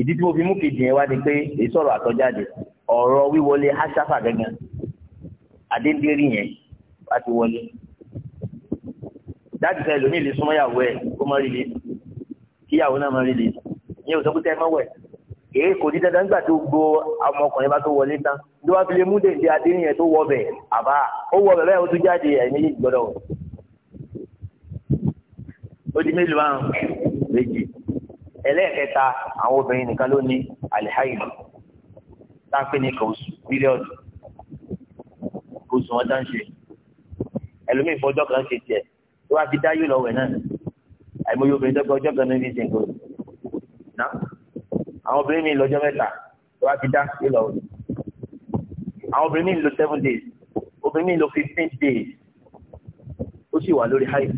ìdí tí mo fi mú kejì yẹn wá ni pé èyí sọ̀rọ̀ àtọ́jáde ọ̀rọ̀ wíwọlé aṣáfà gẹ́gẹ́ adédèrè yẹn wá ti wọlé dáàbì sẹ́yìn lómi ìlú súnmọ́ yàwó ẹ̀ kó mọ́ rí le kíyàwó náà mọ́ rí le ìyẹn ò sọ pé tẹ́ ẹ mọ́ wẹ̀ èyí kò ní dandan nígbà tó gbó ọmọkùnrin bá tó wọlé tán ló wá fi lè mú dèndé adé yẹn tó wọ bẹ̀ àbá ó wọ bẹ̀ báyìí ó ẹlẹ́ẹ̀kẹta àwọn obìnrin nìkan ló ní alihaidu táǹpé ní kan oṣù bílíọ̀nù oṣù wọn dá ń ṣe ẹlòmíì fọjọ́ kan ṣe tiẹ̀ tó wá fi dá yóò lọ́wọ́ ẹ̀ náà àìmọye obìnrin tó gbọ́ ọjọ́ kan ní ibi ìsìnkú ná àwọn obìnrin mi lọ́jọ́ mẹ́ta tó wá fi dá yóò lọ́wọ́ àwọn obìnrin mi lò seven days obìnrin mi lò fifteen days ó sì wà lórí high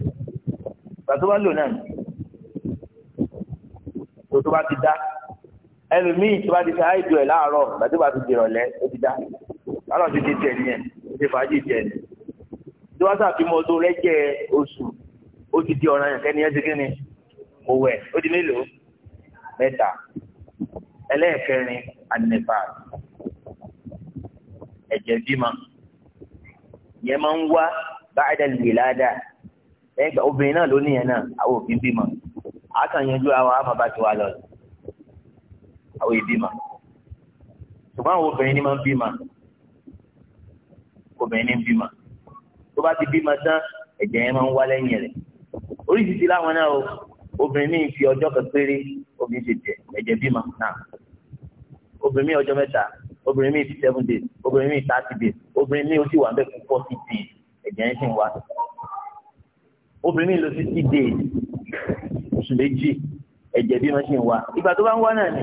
gbàtọ́ bá lò náà kò tó bá ti dá ẹlòmíì tó bá ti ṣe àìjọ ẹ̀ láàárọ̀ gbàtí bá ti dèrò lẹ́ ó ti dá láàárọ̀ ti ti tẹ̀ nìyẹn ó ti fàájì tẹ̀ ní. tó bá sàfihàn ọdún rẹ́jẹ̀ oṣù ó ti di ọ̀ràn yẹn kẹ́ni ẹ́ ti kí ni mo wẹ̀ ó di mélòó mẹ́ta ẹlẹ́ẹ̀kẹrin ànífà ẹ̀jẹ̀ bímọ yẹn máa ń wá báyìí dàlùwẹ̀ ládàá ẹgbẹ́ obìnrin náà ló níyẹn náà àwọn òbí bímọ àkànyẹjú àwọn àmàbá ti wà lọ àwọn ìbímọ ṣùgbọ́n àwọn obìnrin ni máa ń bímọ obìnrin ni ń bímọ tó bá ti bímọ tán ẹ̀jẹ̀ yẹn máa ń wá lẹ́yìn rẹ̀ oríṣiríṣi láwọn náà o obìnrin míì fi ọjọ́ kan péré obìnrin ṣe jẹ ẹ̀jẹ̀ bímọ náà obìnrin míì ọjọ́ mẹ́ta obìnrin míì seven days obìnrin míì thirty days obìnrin míì ó sì wà ń bẹ̀ fún forty days ẹ̀jẹ̀ yẹn sì ń wá obìnrin míì lọ sí six days oṣù méjì ẹ̀jẹ̀ bí wọ́n ṣe ń wá ìgbà tó bá ń wá náà ni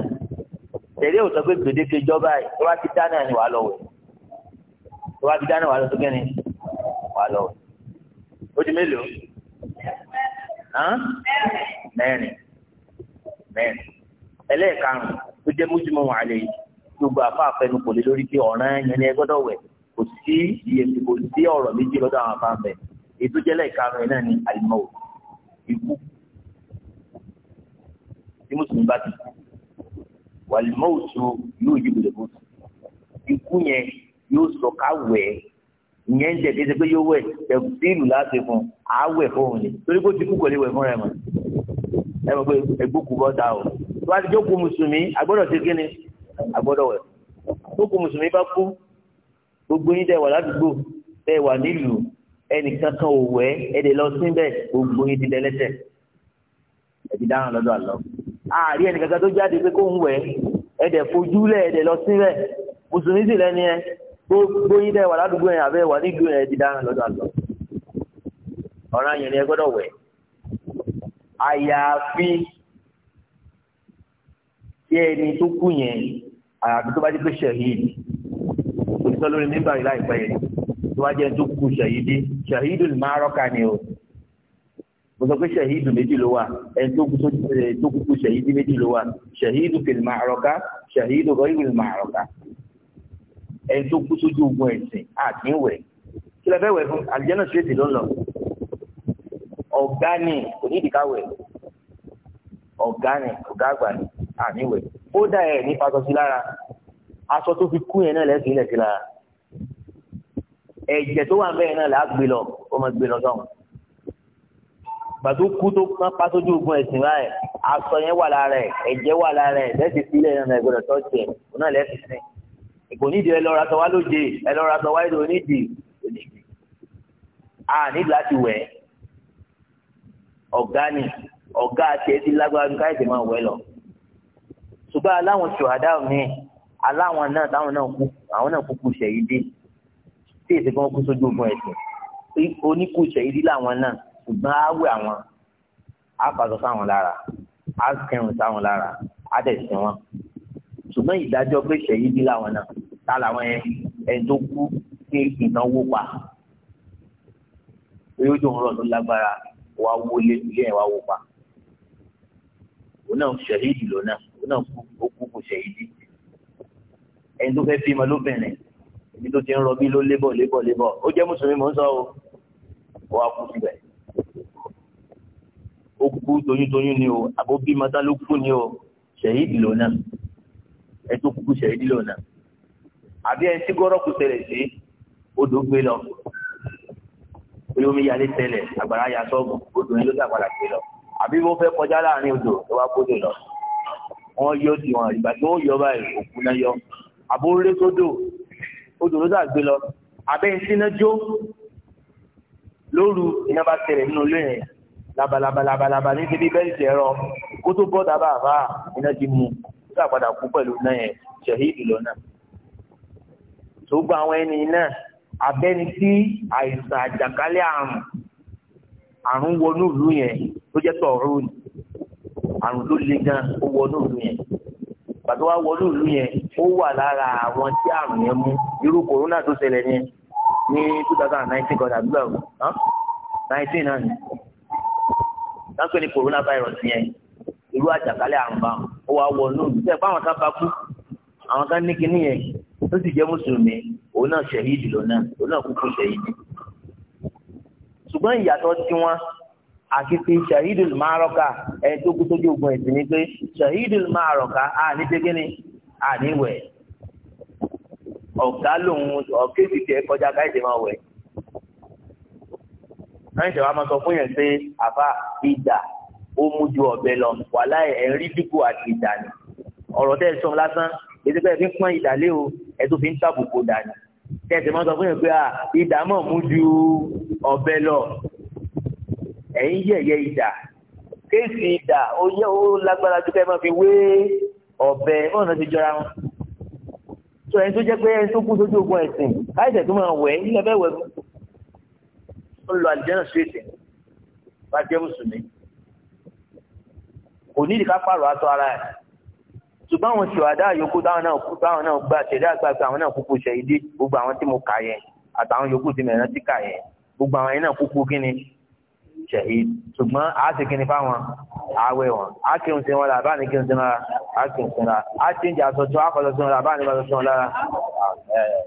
tẹ̀lé ò sọ pé gbèdéke jọba yìí tó bá ti dá náà ni wàá lọ wẹ̀ tó bá ti dá náà wàá lọ tó kẹ́ni wàá lọ wẹ̀ ó di mélòó mẹ́rin mẹ́rin ẹlẹ́ẹ̀karùn-ún tó jẹ́ mújúmọ́ wọn àlẹ́ yìí gbogbo àfa àfẹnu kò lè lórí pé ọ̀ràn yẹn ni ẹ gbọ́dọ̀ wẹ̀ kò sí iyèsí kò sí ọ̀rọ̀ méjì lọ́dọ̀ àwọn afáfẹ́ ètò jẹ́lẹ̀ ìkarùn-ún náà ni àlùmọ́ọ̀ ikú tí mùsùlùmí bá ti kú wàlímọ́ọ̀tù yóò yí gbèdébò ikú yẹn yóò sọ ká wẹ̀ ìyẹn ń jẹ kí ẹ ṣe pé yóò wẹ̀ tẹ̀síìlù láti fún àwẹ̀ fóun ni torí kó ti kú kọ́lé wẹ̀ fúnra ẹ̀ mọ̀ ẹ mọ̀ pé ẹgbókù bọ́ ta o tó a ti jókòó mùsùlùmí agbọ́dọ̀ ṣe kí ni agbọ́dọ̀ wẹ̀ jókòó mùsùlùmí bá kú gbogbo yín tẹ wà ládùúgbò tẹ wà nílùú ẹnìkan kan ò wẹ̀ ẹ̀ dẹ̀ lọ sí bẹ́ẹ̀ gbogbo yín ti dẹ́lẹ́tẹ̀ ẹ̀ ti dáhùn lọ́dọ̀ àlọ́ àárí ẹnìkankan tó jáde pé kó ń wẹ̀ ẹ̀dẹ̀ fojú lẹ̀ ẹ̀dẹ̀ lọ sílẹ̀ mùsùlùmí sì lẹ́ni ẹ gbogbo yín dẹ̀ wà ládùúgbò yẹn àbẹ́ wà nílùú yẹn ti dáhùn lọ́dọ̀ àlọ́ ọ̀ràn yẹn ni ẹ gbọ́dọ̀ wẹ̀ àyàfi tí ẹni tó kú yẹn àyàfi tó bá dé pé ṣẹ̀hídì òṣìṣẹ́ lórí nígbà yìí láìpẹ́ yẹn tó bá jẹ́ tó kú ṣẹ̀hídì ṣẹ̀hídì márọ́kà ni mo sọ pé ṣahidu méjì ló wà ẹni tó kúkú ṣahidi méjì ló wà ṣahidu fil ma'araka ṣahidu ghayril ma'araka ẹni tó kú sójú ogun ẹ̀sìn àtìwẹ̀ kí lè fẹ́ wẹ̀ fún àlùjànnà ṣèṣì ló ń lọ ọ̀gá ni onídìíkáwẹ̀ ọ̀gá ni ọ̀gá àgbà ni àníwẹ̀ ó dà ẹ̀ ní pàtó sí lára aṣọ tó fi kú yẹn náà lẹ́sìn ilẹ̀ sí lára ẹ̀jẹ̀ tó wà bẹ́ẹ̀ náà làá gbé lọ ó gbé lọ sọ́hùn gbàtó kú tó kán pátójú ogun ẹ̀sìn báyìí aṣọ yẹn wà lára ẹ̀ ẹ̀jẹ̀ wà lára ẹ̀ lẹ́sìn sílẹ̀ náà ẹ̀gbọ́dọ̀ tọ́jú ẹ̀ òun náà lẹ́sìn sí kò nídìí ẹ lọ́ra sọ wá lóje ẹ lọ́ra sọ wá ìdò nídìí onídìí a nídìí láti wẹ̀ ọ̀gá ni ọ̀gá àti ẹtí lágbára ju káyọ̀tì máa wẹ̀ lọ ṣùgbọ́n aláwọn ṣòhádà mi aláwọn náà táwọn náà kú àwọn náà kúkú ṣẹ̀yí dé tí èsì kan kú sójú ogun ẹ̀sìn oníkú ṣẹ̀yí dé láwọn náà ṣùgbọ́n àwẹ̀ àwọn àfàṣọ sáwọn lára àkẹrùn sáwọn lára àdẹ̀sìn wọn ṣùgbọ́n ìdájọ́ pé ṣẹ̀yí bí làwọn náà ta làwọn yẹn ẹni tó kú sí ìnáwó pa oyún tó ń rọ̀ ló lágbára wàá wọlé ilé ẹ̀ wàá wó pa òun náà ṣẹ̀yí lónà òun náà kú kú kò ṣẹ̀yí dì ẹni tó fẹ́ bímọ lóbìnrin ibi tó ti ń rọbí ló lébọ̀ lébọ̀ lébọ̀ ó jẹ́ mùsùlùmí mò ń sọ o wàá kú síbẹ̀ ó kú ni o àbó bímọ tá ni o ṣèyídì lónà ẹ tó kú ṣèyídì lónà àbí ẹ tí gbọ́rọ̀ kù tẹ̀lẹ̀ sí odò gbé lọ pé omi yalé tẹ̀lẹ̀ àgbàrá ya sọ́ọ̀bù odò yẹn ló dà padà gbé lọ àbí wọ́n fẹ́ kọjá láàrin odò ló wá bóde lọ wọ́n yọ di wọn ìgbà tí wọ́n yọ báyìí òkú náà yọ àbó rẹ sódò odò ló dà gbé lọ abẹ́ ìsínájó lóru iná bá tẹ̀lẹ̀ nínú ilé yẹn labalabalabalaba ní síbi bẹ́ẹ̀ ṣe ẹ̀rọ kó tó bọ́ dábàá àbá iná ti mú kó tó àpàdà kú pẹ̀lú náà yẹn ṣẹ̀hídì lọ́nà. tó gba àwọn ẹni náà abẹ́ni tí àìsàn àjàkálẹ̀ àrùn àrùn wọnú ìlú yẹn tó jẹ́ tọ̀ọ̀rù ni àrùn ló le gan ó wọnú ìlú yẹn pàtó wá wọnú ìlú yẹn ó wà lára àwọn tí àrùn yẹn mú irú kòrónà tó ṣẹlẹ̀ ní two thousand nineteen kọ́dà bí nineteen náà ni sáńpé ni corona virus yẹn irú àjàkálẹ̀ àrùn bá ó wàá wọ inú ìlú tẹ́ fáwọn kan bá kú àwọn kan ní kinní yẹn tó sì jẹ́ mùsùlùmí òun náà ṣẹ̀hídì lọ́nà òun náà kúkú ṣẹ̀hídì ṣùgbọ́n ìyàtọ̀ tiwọn àti ti shahidul maroka ẹni tó kú sójú ogun ẹ̀sìn ni pé shahidul maroka a ní pégé ni a ní wẹ̀ ọ̀gá lòun ọ̀kéjì tẹ kọjá káyọ̀dé máa wẹ̀ náà ìṣẹ̀wá máa sọ fún yẹn pé àbá ìdà ó mú ju ọ̀bẹ lọ wàhálà ẹ̀ ń rí dípò àti ìdà ni ọ̀rọ̀ tẹ́ ẹ sọ lásán ètò bẹ́ẹ̀ fi ń pọ́n ìdà lé o ẹ tó fi ń tàbùkù dà ni tẹ́sí máa sọ fún yẹn pé ìdà mọ̀ mú ju ọ̀bẹ lọ ẹ̀ yẹ̀yẹ́ ìdà kéèsì ìdà ó yẹ ó lágbára ju kẹ́ máa fi wé ọ̀bẹ wọn náà ti jọra wọn tó ẹni tó jẹ́ pé ẹni tó kú sójú ogun ẹ̀sìn káyọ̀tẹ̀ tó máa wẹ̀ nílẹ̀ fẹ́ wẹ̀ ń lọ àlìjẹ́nà ṣèṣe bá jẹ́ mùsùlùmí kò ní ìdíkà pààrọ̀ àtọ̀ ara ẹ̀ ṣùgbọ́n àwọn ṣùwádà yòókù táwọn náà kú táwọn náà gbà ṣẹlẹ̀ àgbàgbà àwọn náà kúkú ṣe ìdí gbogbo àwọn tí mo kà yẹn àtàwọn yòókù tí mẹ̀rán ti kà yẹn gbogbo àwọn yẹn náà kúkú kí ni ṣe ìdí ṣùgbọ́n a ti kí ni fáwọn àwẹ̀ wọn a kì ń sin wọn lára báyìí kì ń sin wọn lára a kì ń sin lára a ti ń jà sọtọ akọsọ sin wọn lára báyìí kọsọ sin wọn lára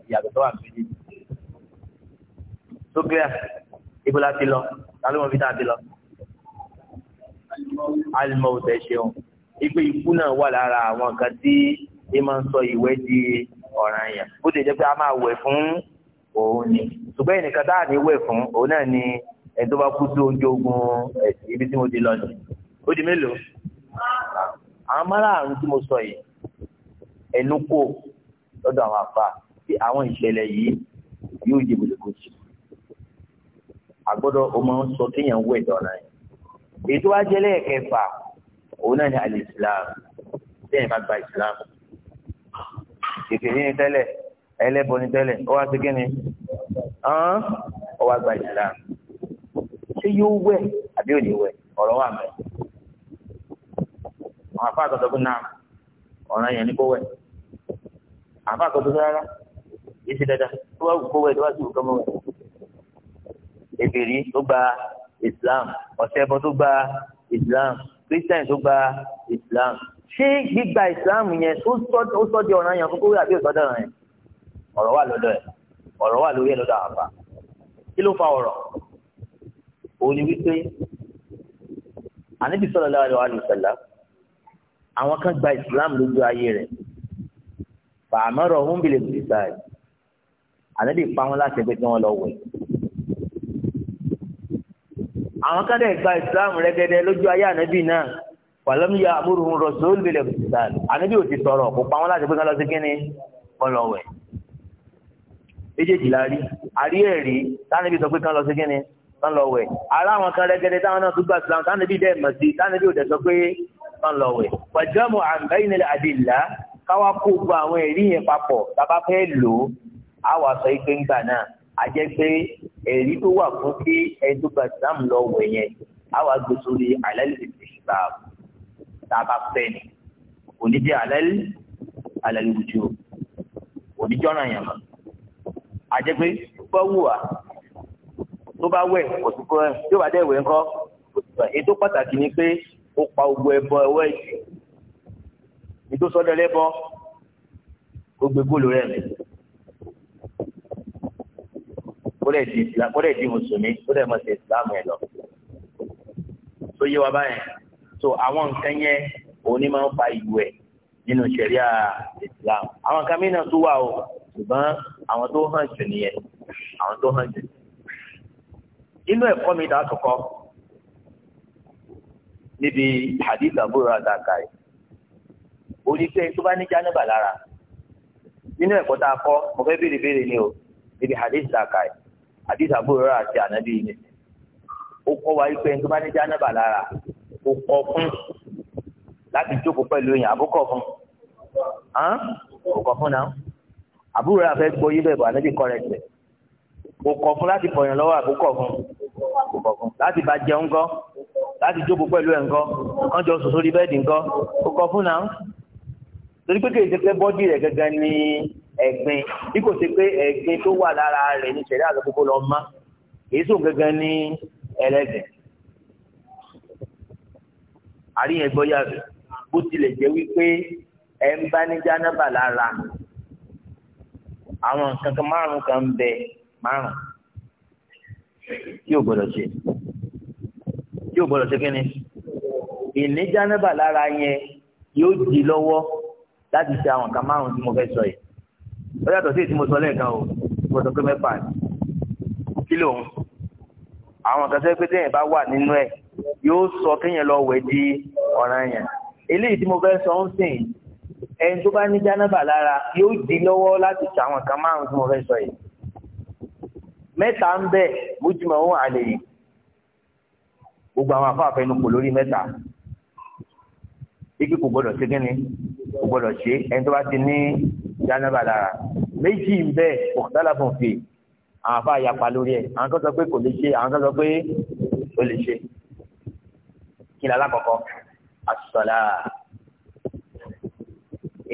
ìyàtọ̀ tó wà méjì ibo la ti lọ tàbí wọn fi tá ti lọ. alimọ̀ ọ̀sẹ̀ ṣeun ipe ikú náà wà lára àwọn kan tí ẹ máa ń sọ ìwẹ̀ di ọ̀ràn yẹn bó ti jẹ́ pé a máa wẹ̀ fún òun ni ṣùgbọ́n ẹnìkan tá ní wẹ̀ fún òun náà ni ẹni tó bá kú sí oúnjẹ ogun ibi tí mo ti lọ nìyí ó di mélòó àwọn márààrún tí mo sọ yìí ẹnu kò lọ́dọ̀ àwọn àfa tí àwọn ìṣẹ̀lẹ̀ yìí yóò jẹ́ bòlòbòlò agbọ́dọ̀ o máa ń sọ kéèyàn wẹ̀ dọ̀nà yẹn ètò ajẹ́lẹ̀ ẹ̀kẹfà òun náà ni alìsílám bẹ́ẹ̀ má gba ìsìlám ìfìdí ni tẹ́lẹ̀ ẹlẹ́bọ ni tẹ́lẹ̀ ó wá sí kí ni ó wá gba ìsìlám ṣé yóò wẹ̀ àbí ò ní wẹ̀ ọ̀rọ̀ wà mẹ́ àwọn afá àtọ̀tọ̀ fún náà ọ̀ràn yẹn ni kó wẹ̀ àfá àtọ̀tọ̀ rárá yìí ṣe dáadáa tó wá kó wẹ̀ tó wá sí òkú kọ́mọ́ wẹ̀ kèfèrí tó gba islam ọ̀sẹ̀bọ tó gba islam christian tó gba islam ṣé gbígba islam yẹn ó sọ di ọ̀ràn yẹn kókó àbí òsọdọ̀ ọ̀ràn yẹn ọ̀rọ̀ wà lọ́dọ̀ ẹ̀ ọ̀rọ̀ wà lórí ẹ̀ lọ́dọ̀ àwọn àfa kí ló fa ọ̀rọ̀ òun ni wípé ànábì sallallahu alaihi wasallam àwọn kan gba islam lójú ayé rẹ̀ fàmọrọ ọhún bìlẹ bìlẹ báyìí ànábì pa wọn láti ẹgbẹ tí wọn lọ wẹ àwọn kan dẹ̀ gba ìsìlámù rẹ́gẹ́dẹ́ lójú ayé ànábì náà wàlámù ya amúrùhùn rọ̀sọ́ọ̀lù bẹ̀rẹ̀ bùsùlùmí ànábì ò ti sọ̀rọ̀ kò pa wọn láti pé kán lọ sí kínní ọlọ́wẹ̀ méjèèjì la rí àrí ẹ̀rí tánàbí sọ pé kán lọ sí kínní kán lọ wẹ̀ ará àwọn kan rẹ́gẹ́dẹ́ táwọn náà tún gba ìsìlámù tánàbí dẹ̀ mọ̀ sí tánàbí ò dẹ̀ sọ pé kán lọ wẹ̀ ẹ̀rí tó wà fún pé ẹni tó gba islam lọ wẹ̀ yẹn á wà gbé sórí àlàlẹ́ ìṣìbà tá a bá fẹ́ ni kò ní jẹ́ àlàlẹ́ àlàlẹ́ ìwùjú kò ní jọ́ràn yẹn mọ́ àjẹpé bọ́ wù wá tó bá wẹ̀ kò sí kọ́ ẹ̀ tí ó bá dẹ̀ wẹ̀ ńkọ́ ètò pàtàkì ni pé ó pa ogbó ẹbọ ẹwọ́ ẹ̀jẹ̀ ètò sọ́dọ̀ lẹ́bọ ó gbé góòlù rẹ̀ mẹ́rin kódẹ̀ di islam kódẹ̀ di mùsùlùmí kódẹ̀ mọ̀ sí islam yẹn lọ. tó yé wa báyẹn tó àwọn nǹkan yẹn òun máa ń fa ìlú ẹ̀ nínú ṣẹ̀ríà islam àwọn nǹkan mìíràn tó wà o ṣùgbọ́n àwọn tó hàn jù nìyẹn àwọn tó hàn jù. inú ẹ̀kọ́ mi dá kọ́kọ́ níbi hadith àbúrò àtàkà yìí oníṣẹ́ tó bá ní jánábà lára nínú ẹ̀kọ́ tá a kọ́ mo fẹ́ béèrè béèrè ni o níbi hadith àtàkà àdìsá búrò rà àti ànábì ni ó kọ́ wa ipe tó bá ní jánábà lára ó kọ́ fún láti jókòó pẹ̀lú èèyàn àbúkọ fún án ó kọ́ fún náà àbúrò rà fẹ́ gbọ́ yíbẹ̀ bọ̀ ànábì kọ́rẹ́tẹ̀ ó kọ́ fún láti fọyàn lọ́wọ́ àbúkọ fún ó kọ́ fún láti bá jẹun gọ́ láti jókòó pẹ̀lú ẹ̀ ńkọ́ wọ́n jọ sòsò rí bẹ́ẹ̀dì ńkọ́ ó kọ́ fún náà torí pé kèké bọ́dì rẹ̀ gẹ́gẹ́ ní ẹ̀gbin bí kò sí pé ẹ̀gbin tó wà lára rẹ̀ ní ìṣẹ̀lẹ̀ àti kókó lọ mọ́ èyí sùn gangan ní ẹlẹ́dẹ̀ àríyàn gbọ́yà rẹ̀ bó tilẹ̀ jẹ́ wípé ẹ̀ ń bá ní jánábà lára àwọn nǹkan kan márùn kan ń bẹ márùn tí ò gbọdọ̀ ṣe tí ò gbọdọ̀ ṣe kí ni ìní jánábà lára yẹn yóò di lọ́wọ́ láti ṣe àwọn nǹkan márùn tí mo fẹ́ sọ yìí ó yàtọ̀ sí èyí mo sọ lẹ́ẹ̀kan o mo sọ pé mẹ́fà ni kí lòun àwọn kan sẹ́yìn pé téèyàn bá wà nínú ẹ̀ yóò sọ kéèyàn lọ wẹ̀ di ọ̀ràn yẹn eléyìí tí mo fẹ́ sọ ń sìn ẹni tó bá ní jánábà lára yóò di lọ́wọ́ láti ṣe àwọn kan márùn-ún tí mo fẹ́ sọ yìí mẹ́ta ń bẹ mújúmọ̀ ohun àlè yìí gbogbo àwọn afáàfẹ́ nukò lórí mẹ́ta ikú kò gbọdọ̀ ṣe kí ni kò gbọdọ̀ ṣe ẹni tó bá ti ní jánábà lára méjì ń bẹ òkútàlà fún fi àwọn afa yapa lórí ẹ àwọn kan sọ pé kò lè ṣe àwọn kan sọ pé ó lè ṣe kí ni alákọ̀ọ́kọ́ asọ̀lá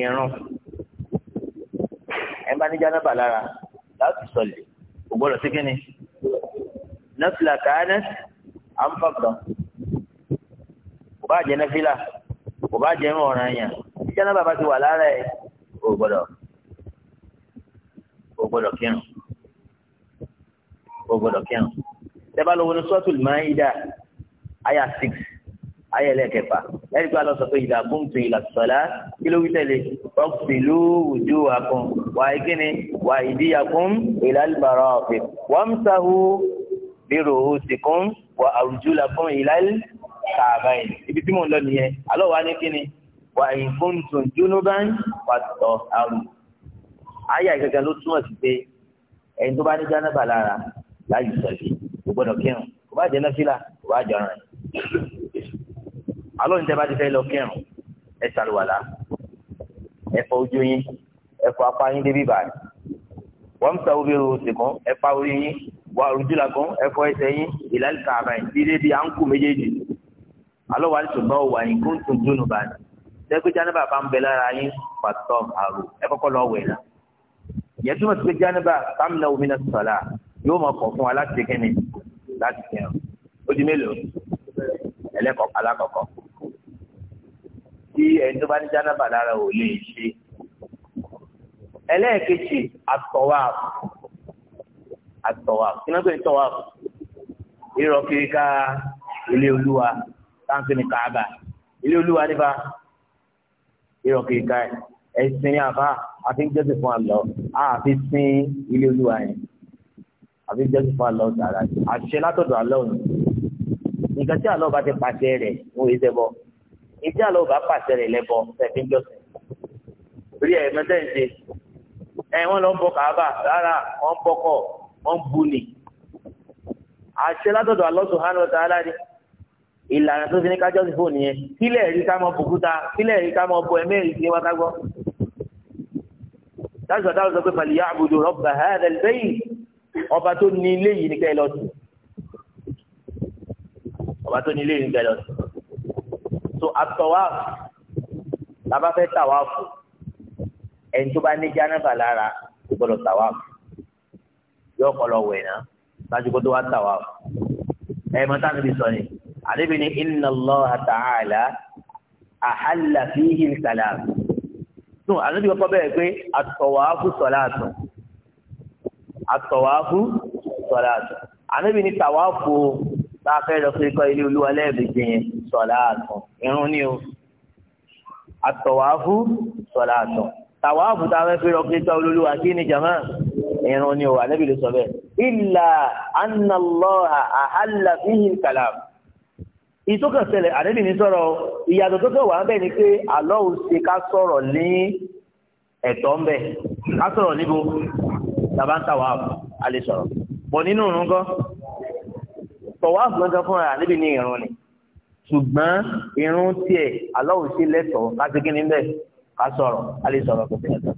irun ẹ bá ní jánábà lára láti sọlẹ̀ kò gbọ́dọ̀ sí kínní nọ́fìlà káánẹ́ à ń fọ̀gbọ́n kò bá jẹ nọ́fìlà kò bá jẹ ń ọ̀ràn yàn jánábà bá ti wà lára ẹ kò gbọ́dọ̀ kò gbọdọ̀ kírun kò gbọdọ̀ kírun tẹ́bá lọ wọnú sọ́ọ̀tù Maida àyà six àyà ẹlẹ́kẹfà lẹ́yìn pé a lọ sọ pé ìlà bùntù ìlà sọ̀lá kí ló wí tẹ̀lé ọ̀pẹ̀lú ojú àkùn wà á kíni wà á ìdí àkùn ìlà àlùbàrà ọ̀fẹ́ wọ́n ń sahu bírò òsìkún wà àrùjú làkùn ìlà kààbà yìí ibi tí mò ń lọ nìyẹn alọ́ wa ní kíni wà ìfúntùn júnúbà wà tọ̀ àrùn àyà ìgangan ló túmọ̀ sí pé ẹni tó bá ní jánábà lára láyé sọ̀lẹ̀ kò gbọ́dọ̀ kírun kò bá jẹ́ náfìlà kò bá jẹ́ ọ̀ràn alóòní tẹ́ bá ti fẹ́ lọ kírun ẹ ṣàlùwàlá ẹ fọ ojú yín ẹ fọ apá yín débi báyìí wọ́n ń ta orí oṣù kan ẹ pa orí yín wà rúdúlà kan ẹ ẹsẹ̀ yín ìlàlí kààbà yín dídé bíi à ń kú méjèèjì alọ́wà ní ṣùgbọ́n yín kó ń tún dúnú ìyẹn túmọ̀ sí pé jánibà sámúnà omi náà sọ̀la yóò máa kọ̀ fún wa láti kí ni láti kí ọ ó di mélòó ẹlẹ́kọ̀ọ́ alákọ̀ọ́kọ́ tí ẹni tó bá ní jánibà lára ò lè ṣe ẹlẹ́ẹ̀kejì àtọ̀wà àtọ̀wà kí ló ń pè ilé olúwa táǹkì ní káàbà ilé olúwa nípa ìrọ̀ kiri ká ní àbá a fi ń jọ́sìn fún àlọ́ a fi sin ilé olúwa yẹn a fi ń jọ́sìn fún àlọ́ tààrà àṣẹ látọ̀dọ̀ àlọ́ ni nǹkan tí àlọ́ bá ti pàṣẹ rẹ̀ ń wòye sẹ́bọ̀ ìdí àlọ́ bá pàṣẹ rẹ̀ lẹ́bọ tẹ̀sí ń jọ́sìn torí ẹ̀ mẹ́tẹ́ ń ṣe ẹ̀ wọ́n lọ ń bọ kàába rárá wọ́n ń bọ́kọ̀ wọ́n ń bu nì àṣẹ látọ̀dọ̀ àlọ́ subhanahu wa ta'ala ni ìlànà tó fi ní ká jọ́sìn fóònù yẹn kílẹ̀ rí ká mọ bùkúta kílẹ̀ rí láti sọ̀tà lọ sọ pé pàlì ya'budu rabba hadha al-bayt ọba tó ní ilé yìí ní kẹ́ ẹ lọ sí ọba tó ní ilé yìí ní kẹ́ ẹ lọ sí so at-tawaf tàbá fẹ́ tawaf ẹni tó bá ní jánábà lára kò gbọdọ̀ tawaf yóò kọ́ lọ wẹ̀ náà láti kó tó wá tawaf ẹ̀ mọ́tà níbi sọ ni àdébìnrin inna Allah ta'ala ahalla fihi al-kalam nù ànábì kọ́kọ́ bẹ̀rẹ̀ pé àtọ̀wáfù sọ̀láàtù àtọ̀wáfù sọ̀láàtù ànábì ní tàwáfù tá a fẹ́ lọ sí ikọ́ ilé olúwa lẹ́ẹ̀mejì yẹn sọ̀láàtù irun ni o àtọ̀wáfù sọ̀láàtù tàwáfù tá a fẹ́ fi lọ sí ikọ́ olúwa kí ni jama irun ni o ànábì ló sọ bẹ́ẹ̀ illa anna Allaha ahalla fihi ìtókàn ṣẹlẹ̀ àdébì ní sọ̀rọ̀ ìyàtọ̀ tó kẹwàá bẹ́ẹ̀ ni pé àlọ́ ò ṣe ká sọ̀rọ̀ ní ẹ̀tọ́ ń bẹ̀ ká sọ̀rọ̀ níbo tàbá ń tàwa a lè sọ̀rọ̀ bọ̀ nínú ìrún gan tọ̀wá gbọ̀ngàn fúnra àdébì ní ìrún ni ṣùgbọ́n ìrún tiẹ̀ àlọ́ ò ṣe lẹ́tọ̀ọ́ láti kí ni ká sọ̀rọ̀ a lè kò sí ẹ̀tọ́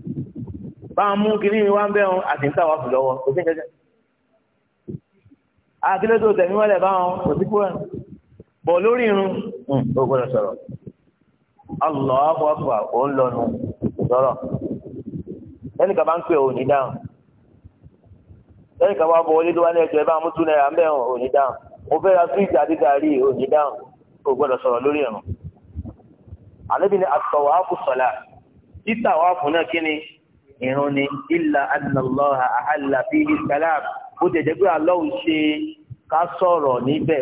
bá a mú kiri wá ń bẹ́ẹ̀ àti ń tàwa fìlọ́wọ́ kò sí kẹ́kẹ́ àkílẹ̀ tó tẹ̀mí wọlé báwọn kò sí kúrò bọ̀ lórí irun ó hmm, gbọ́dọ̀ sọ̀rọ̀ Allahu Akbar ó ń lọnu sọ̀rọ̀ ẹnì kan bá ń pè ò ní dáhùn ẹnì kan bá bọ̀ wọlé ló wá ní ẹjọ́ ẹ bá mú tún náírà mẹ́ ò ní dáhùn mo fẹ́ ra fíìsì àti gàrí ò ní dáhùn ó gbọ́dọ̀ sọ̀rọ̀ lórí irun àlébi ni àtọ̀wá fún sọ̀lá títà wá fún náà kí irun ni ilà anàlọ́ha àhàlà bíi bó tẹ̀ jẹ́ pé alọ́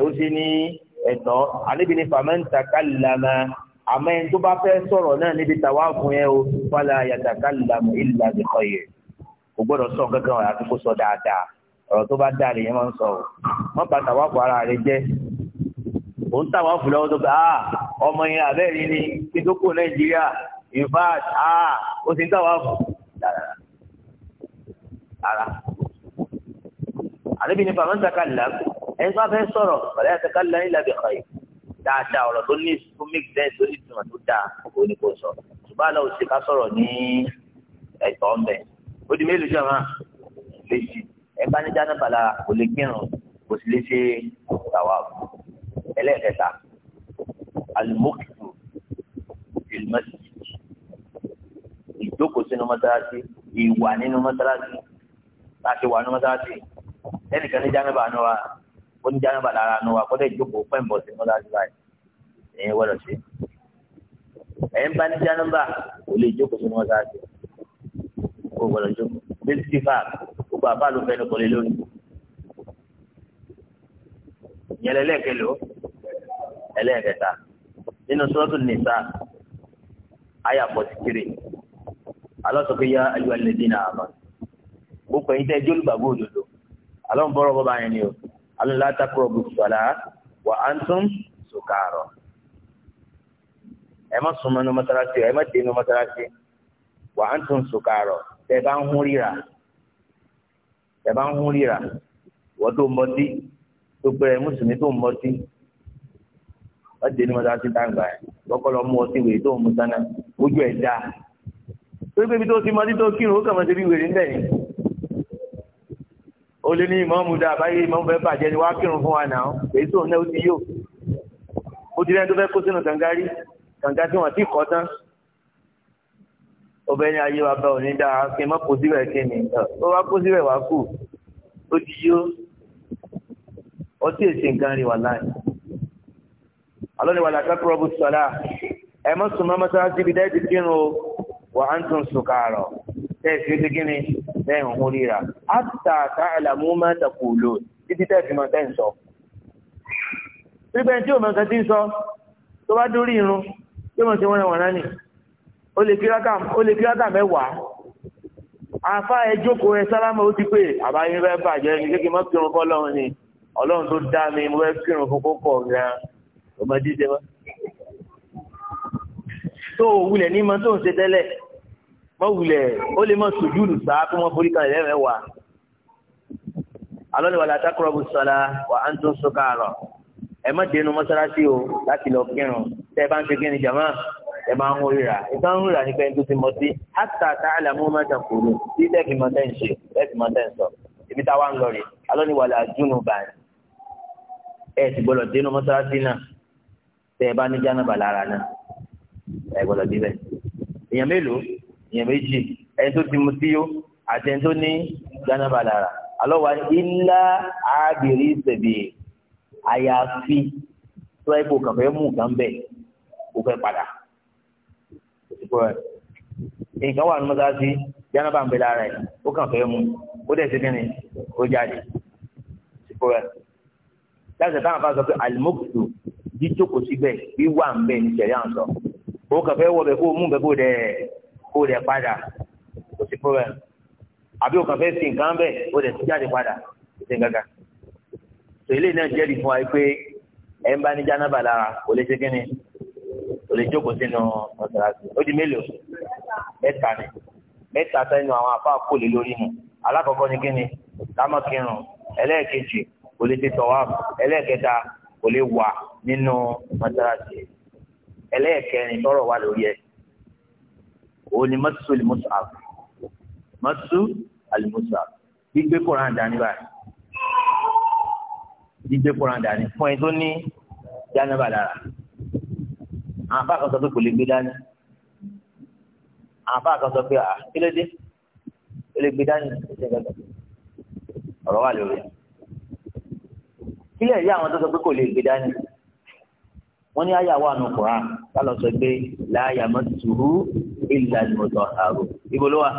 ò ẹ̀tọ́ àníbi ní fàmẹ́ǹtàkà làmà àmọ́ ẹni tó bá fẹ́ sọ̀rọ̀ náà níbi tàwa fún ẹ o fàlà yàtàkà làmà ìlà nìkan yẹ kò gbọ́dọ̀ sọ kankan ọ̀rọ̀ àti kó sọ dáadáa ọ̀rọ̀ tó bá dáa lèyẹn máa ń sọ o wọ́n bá tàwa fún ara rẹ jẹ́ òun tàwa fún lọ́wọ́ tó bá a ah, ọmọ yẹn àbẹ́rẹ́ ni kí tó kó nàìjíríà in a ah, ó ti ń tàwa fún ara àníbi ní ẹni tó bá fẹ́ sọ̀rọ̀ ọ̀rẹ́ àtẹ̀ká lẹ́yìn làbẹ̀ ọ̀rọ̀ yìí dáadáa ọ̀rọ̀ tó ní tó make sense tó ní ìtumọ̀ tó dáa kò ní kò sọ ṣùgbọ́n àlọ́ òṣèká sọ̀rọ̀ ní ẹ̀tọ́ ń bẹ̀ ó di mélòó jọ̀ọ́ máa lè ṣì ẹ̀ bá ní jáná bàlá kò lè kírun kò sì lè ṣe tàwa ẹlẹ́ẹ̀kẹta alimokitu ilmasi ìjókòó sínú mọ́sálásí ìwà ó ní jáde bàlára nu wa kọ́dọ̀ ìjókòó pẹ́ǹbọ̀ sí mọ́tò àti báyìí ẹ̀yin wọ́dọ̀ sí ẹ̀yin bá ní jáde bá kò lè jókòó sí mọ́tò àti kò gbọ́dọ̀ jókòó bí sífà gbogbo àbá ló fẹ́ ní kọ́lé lórí ìyẹn lẹ́lẹ́kẹ̀ló ẹlẹ́ẹ̀kẹta nínú sọ́ọ̀tù nìsa àyà pọ̀tìkiri alọ́sọ̀kẹ́ yá ayọ̀ alẹ́dínà àmà gbogbo ẹ̀yin tẹ́ jólúgbàgbọ́ òdodo alọ́ ń bọ́rọ̀ bọ́ba yẹn ni o alala takorobu sọla wa antum sukaarọ ẹ má súnmọ́ ní mọ́sálásí ẹ má dé ní mọ́sálásí wa antum sukaarọ tẹ bá ń hún ríra tẹ bá ń hún ríra wọ́n tó mọtí tó pẹ́rẹ́ mùsùlùmí tó mọtí wọ́n dé ní mọ́sálásí dáńgbà ẹ̀ kọ́kọ́ lọ mú ọtí wèé tó mú sánà ojú ẹ̀ dáa pé bí tó ti mọtí tó kírun ó kàn mọ́ débi wèrè ń bẹ̀ ó lé ní ìmọ̀ọ́mù dá báyìí ìmọ̀ọ́mù fẹ́ bàjẹ́ ni wàá kírun fún wa nà ó èyí tó ń ná ó ti yó ó ti rẹ́ni tó fẹ́ kó sínú kànga rí kànga tí wọ́n ti kọ́ tán ọbẹ̀ ni ayé wa bá òní dáa kí n má kó síbẹ̀ kí ni ó wá kó síbẹ̀ wá kù ó ti yó ọtí èsì nǹkan rí wà láì alóni wà láti kúrọ́bù sọ́lá ẹ̀ mọ́ sùn mọ́ dẹ́ẹ̀tì kírun wà á ń tún sùn kààrọ̀ tẹ́ẹ̀sì ti gíní bẹ́ẹ̀ ń hún ríra áfíta àtàlàmú máa tàkù lò títí tẹ́ẹ̀sì máa tẹ́ ń sọ. síbẹ̀ tí òun kan ti ń sọ tó bá dórí irun tí wọ́n ti wọ́n wọn náà nì ó lè kíráàkà mẹ́wàá afá ẹ jókòó ẹ sálámà ó ti pé àbáyé bẹ́ẹ̀ bàjẹ́ ní kékeré mọ́ kírun kọ́ lọ́run ni ọlọ́run tó dá mi mo fẹ́ kírun kókó kọ̀ gan ọmọdé jẹ wá. tó o wulẹ̀ ní mọ́ tó ń ṣe tẹ́lẹ̀ mọ́wulẹ̀ ó lè mọ́ sùjúdù gbà á kó forí kan ẹ̀rẹ́ wa alọ́ ni wàlá takurabu sọlá wà á ń tún sọ́kà rọ̀ ẹ má dénú mọ́sálásí o láti lọ kírun tẹ́ ẹ bá ń ṣe kírun jàmá ẹ máa ń rira ìtàn ń rira nípa ẹni tó ti mọ sí hàtà tá a là mú má jàn kúrò sí tẹ́ẹ̀fì mọ́ tẹ́ ń ṣe tẹ́ẹ̀fì mọ́ tẹ́ ń sọ ibi táwa ń lọ rè alọ́ ni wàlá ẹ ti èèyàn méjì ẹni tó ti mu sí yó àti ẹni tó ní gánàbà lára alọ́wà ilá ábìrí ìsẹ̀bì àyàfi tó ẹ̀ kó kàfẹ́ mú nǹkan bẹ́ẹ̀ kó fẹ́ padà nǹkan wà nínú sáàsì gánàbà ń bẹ lára ẹ̀ ó kàn fẹ́ mú ó dẹ̀ sí kínní ó jáde láti ṣe táwọn afá alimokutu jíjókòó síbẹ̀ wíwà ń bẹ ní sẹ̀rí à sọ ó kàfẹ́ wọ bẹ kó mú bẹ kó dẹ̀ ẹ́. o rẹ̀ padà kò sí problem àbí o kàn fẹ́ sin nǹkan bẹ́ẹ̀ o rẹ̀ tún jáde padà kò sí nǹkan tó ilé náà jẹ́rìí fún wa pé ẹ̀ ń bá ní jánábà lára kò lè ṣe kí ni kò lè jókòó sínú ó di mélòó mẹ́ta ni mẹ́ta sẹ́nu àwọn afá kò lè lórí mu ni kí ni ẹlẹ́ẹ̀kejì kò lè tọ̀wá ẹlẹ́ẹ̀kẹta kò lè wà nínú ẹlẹ́ẹ̀kẹrin tọrọ wà lórí ẹ̀ ó ní mọ́tò al-mushaf mọ́tò al-mushaf gbígbé koran dání báyìí gbígbé koran dání fún ẹ tó ní jánábà lára àwọn afá kan sọ pé kò lè gbé dání àwọn afá kan sọ pé à kí ló dé kí lè gbé dání ẹsẹ̀ gbàgbà ọ̀rọ̀ wà lórí kílẹ̀ yí àwọn tó sọ pé kò lè gbé dání wọ́n ní àyà wà nù ká lọ sọ pé láyà mọ́tò illa al-mutahharun ibo ló wà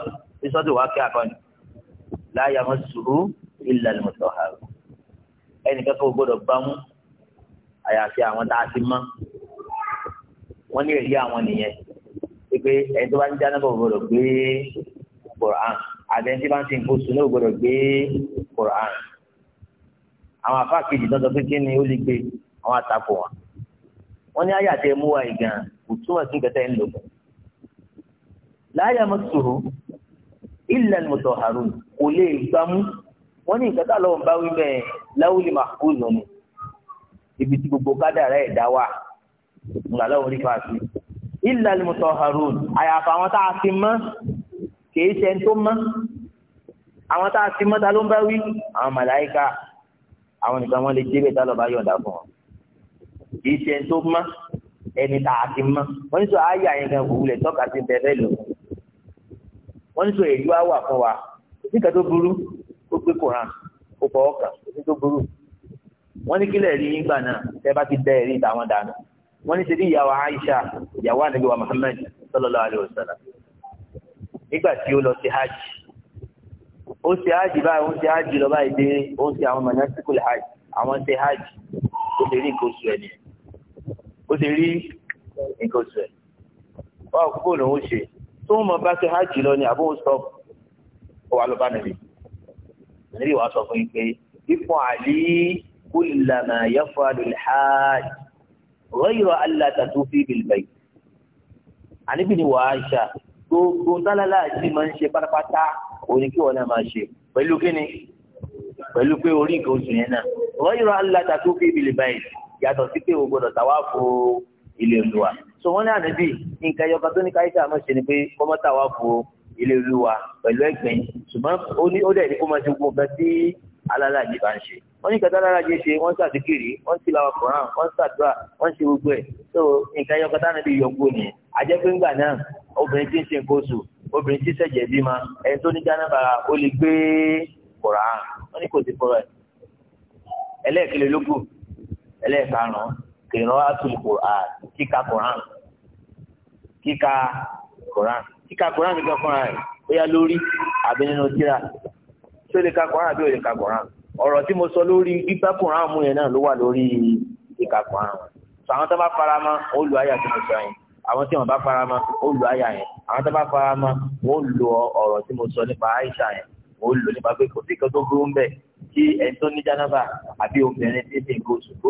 ní sọ́tò wá kí àkọ́ni la yamassuhu illa al-mutahharun ẹnì kẹ́kọ̀ọ́ gbọ́dọ̀ bá mú àyàfi àwọn tá a ti mọ́ wọ́n ní èyí àwọn nìyẹn pé ẹni tó bá ń jáná bọ̀ gbọ́dọ̀ gbé Qur'an àtẹnudí bá ń sin kó náà gbọ́dọ̀ gbé Qur'an àwọn afá kejì tó ń sọ pé kí ni ó lè gbé àwọn àtakò wọn wọ́n ní àyà tẹ mú wa ìgàn kò túmọ̀ sí kẹtẹ́ ń lò fún un láyà mọ́ sòrò ilẹ̀ mọ̀tọ̀ àrùn kò lè gbámú wọ́n ní nǹkan táà lọ́wọ́ bá wí bẹ́ẹ̀ láwùlì màkúùnù ni ibi tí gbogbo kádàrá ẹ̀dá wà ńlá lọ́wọ́ rí fàásì ilẹ̀ mọ̀tọ̀ àrùn àyàfà àwọn tá a ti mọ́ kìí ṣe tó mọ́ àwọn tá a ti mọ́ ta ló ń bá wí àwọn màláìka àwọn nìkan wọn lè débẹ̀ tá lọ́ọ́ bá yọ̀ǹda fún wọn kìí ṣe tó mọ́ ẹni tá a ti mọ́ wọ́n ní sọ ayé àyẹ̀kẹ́ òwúlẹ̀ tọ́ka sí bẹ́ẹ̀ bẹ́ẹ̀ wọ́n ní sọ èyí wá wà fún wa nígbà tó burú ó gbé koran ó fọwọ́ kàn ní tó burú wọ́n ní kílẹ̀ rí yín gbà náà tẹ́ bá ti dẹ́ ẹ̀rí táwọn dànù wọ́n ní sẹ́dí ìyàwó Aisha ìyàwó wa nígbà tí ó lọ sí hajj ó ṣe hajj báyìí ó hajj lọ báyìí dé ó ṣe àwọn hajj àwọn ṣe hajj ó rí nǹkan oṣù ẹ̀ nìyẹn ó rí nǹkan oṣù ẹ̀ tó ń mọ bá ṣe hajj lọ ni àbó stop ó wà ló bá nàbí nàbí wàá sọ fún yín pé ipò àlí kullama yaf'alu al-hajj ghayra alla tatufi bil-bayt àníbi ni wàá ṣá gbogbo ntálálà àti máa ń ṣe pátápátá òní wọn náà máa ṣe pẹ̀lú kíni pẹ̀lú pé orí nǹkan oṣù yẹn náà ghayra alla tatufi bil-bayt yàtọ̀ sí pé o gbọdọ̀ tàwa fún o ilé olúwa so wọ́n ní ànábì nǹkan ẹyọ kan tó ní káyíṣà máa ṣe ni pé kọ́mọ́tà wà fún ilé olúwa pẹ̀lú ẹ̀gbìn ṣùgbọ́n ó ní ó dẹ̀ ní kó máa ṣe gbogbo nǹkan tí alálàjì bá ń ṣe wọ́n ní nǹkan tí alálàjì ṣe wọ́n ṣàdíkìrì wọ́n ti làwọn kọ̀ọ̀ràn wọ́n ṣàdúrà wọ́n ṣe gbogbo ẹ̀ so nǹkan ẹyọ kan tánàbí yọkú ni àjẹpé ńgbà náà obìnrin tí ń ṣe nǹkan oṣù obìnrin tí ṣẹ̀jẹ̀ bímọ ẹni tó ní jánábà ó lè gbé kọ̀ọ̀ràn wọ́n ní kò sí kọ̀ọ̀ràn ẹlẹ́ẹ̀kẹlẹ́ lógún ẹlẹ́ẹ̀karùn-ún qira'atul Qur'an kíka Qur'an kíka Qur'an kíka Qur'an nìkan fúnra rẹ̀ bóyá lórí àbí nínú tírà tí ó lè ka Qur'an àbí ó lè ka Qur'an ọ̀rọ̀ tí mo sọ lórí gbígbá Qur'an mú yẹn náà ló wà lórí kíka Qur'an sọ àwọn tó bá fara mọ́ ó lu àyà tó mo sọ yẹn àwọn tí wọn bá fara mọ́ ó lu àyà yẹn àwọn tó bá fara mọ́ wọn ó lo ọ̀rọ̀ tí mo sọ nípa Aisha yẹn wọn ó lo nípa pé kò sí kí ẹni tó ní jánábà àbí obìnrin tí ń fi nǹkan oṣù tó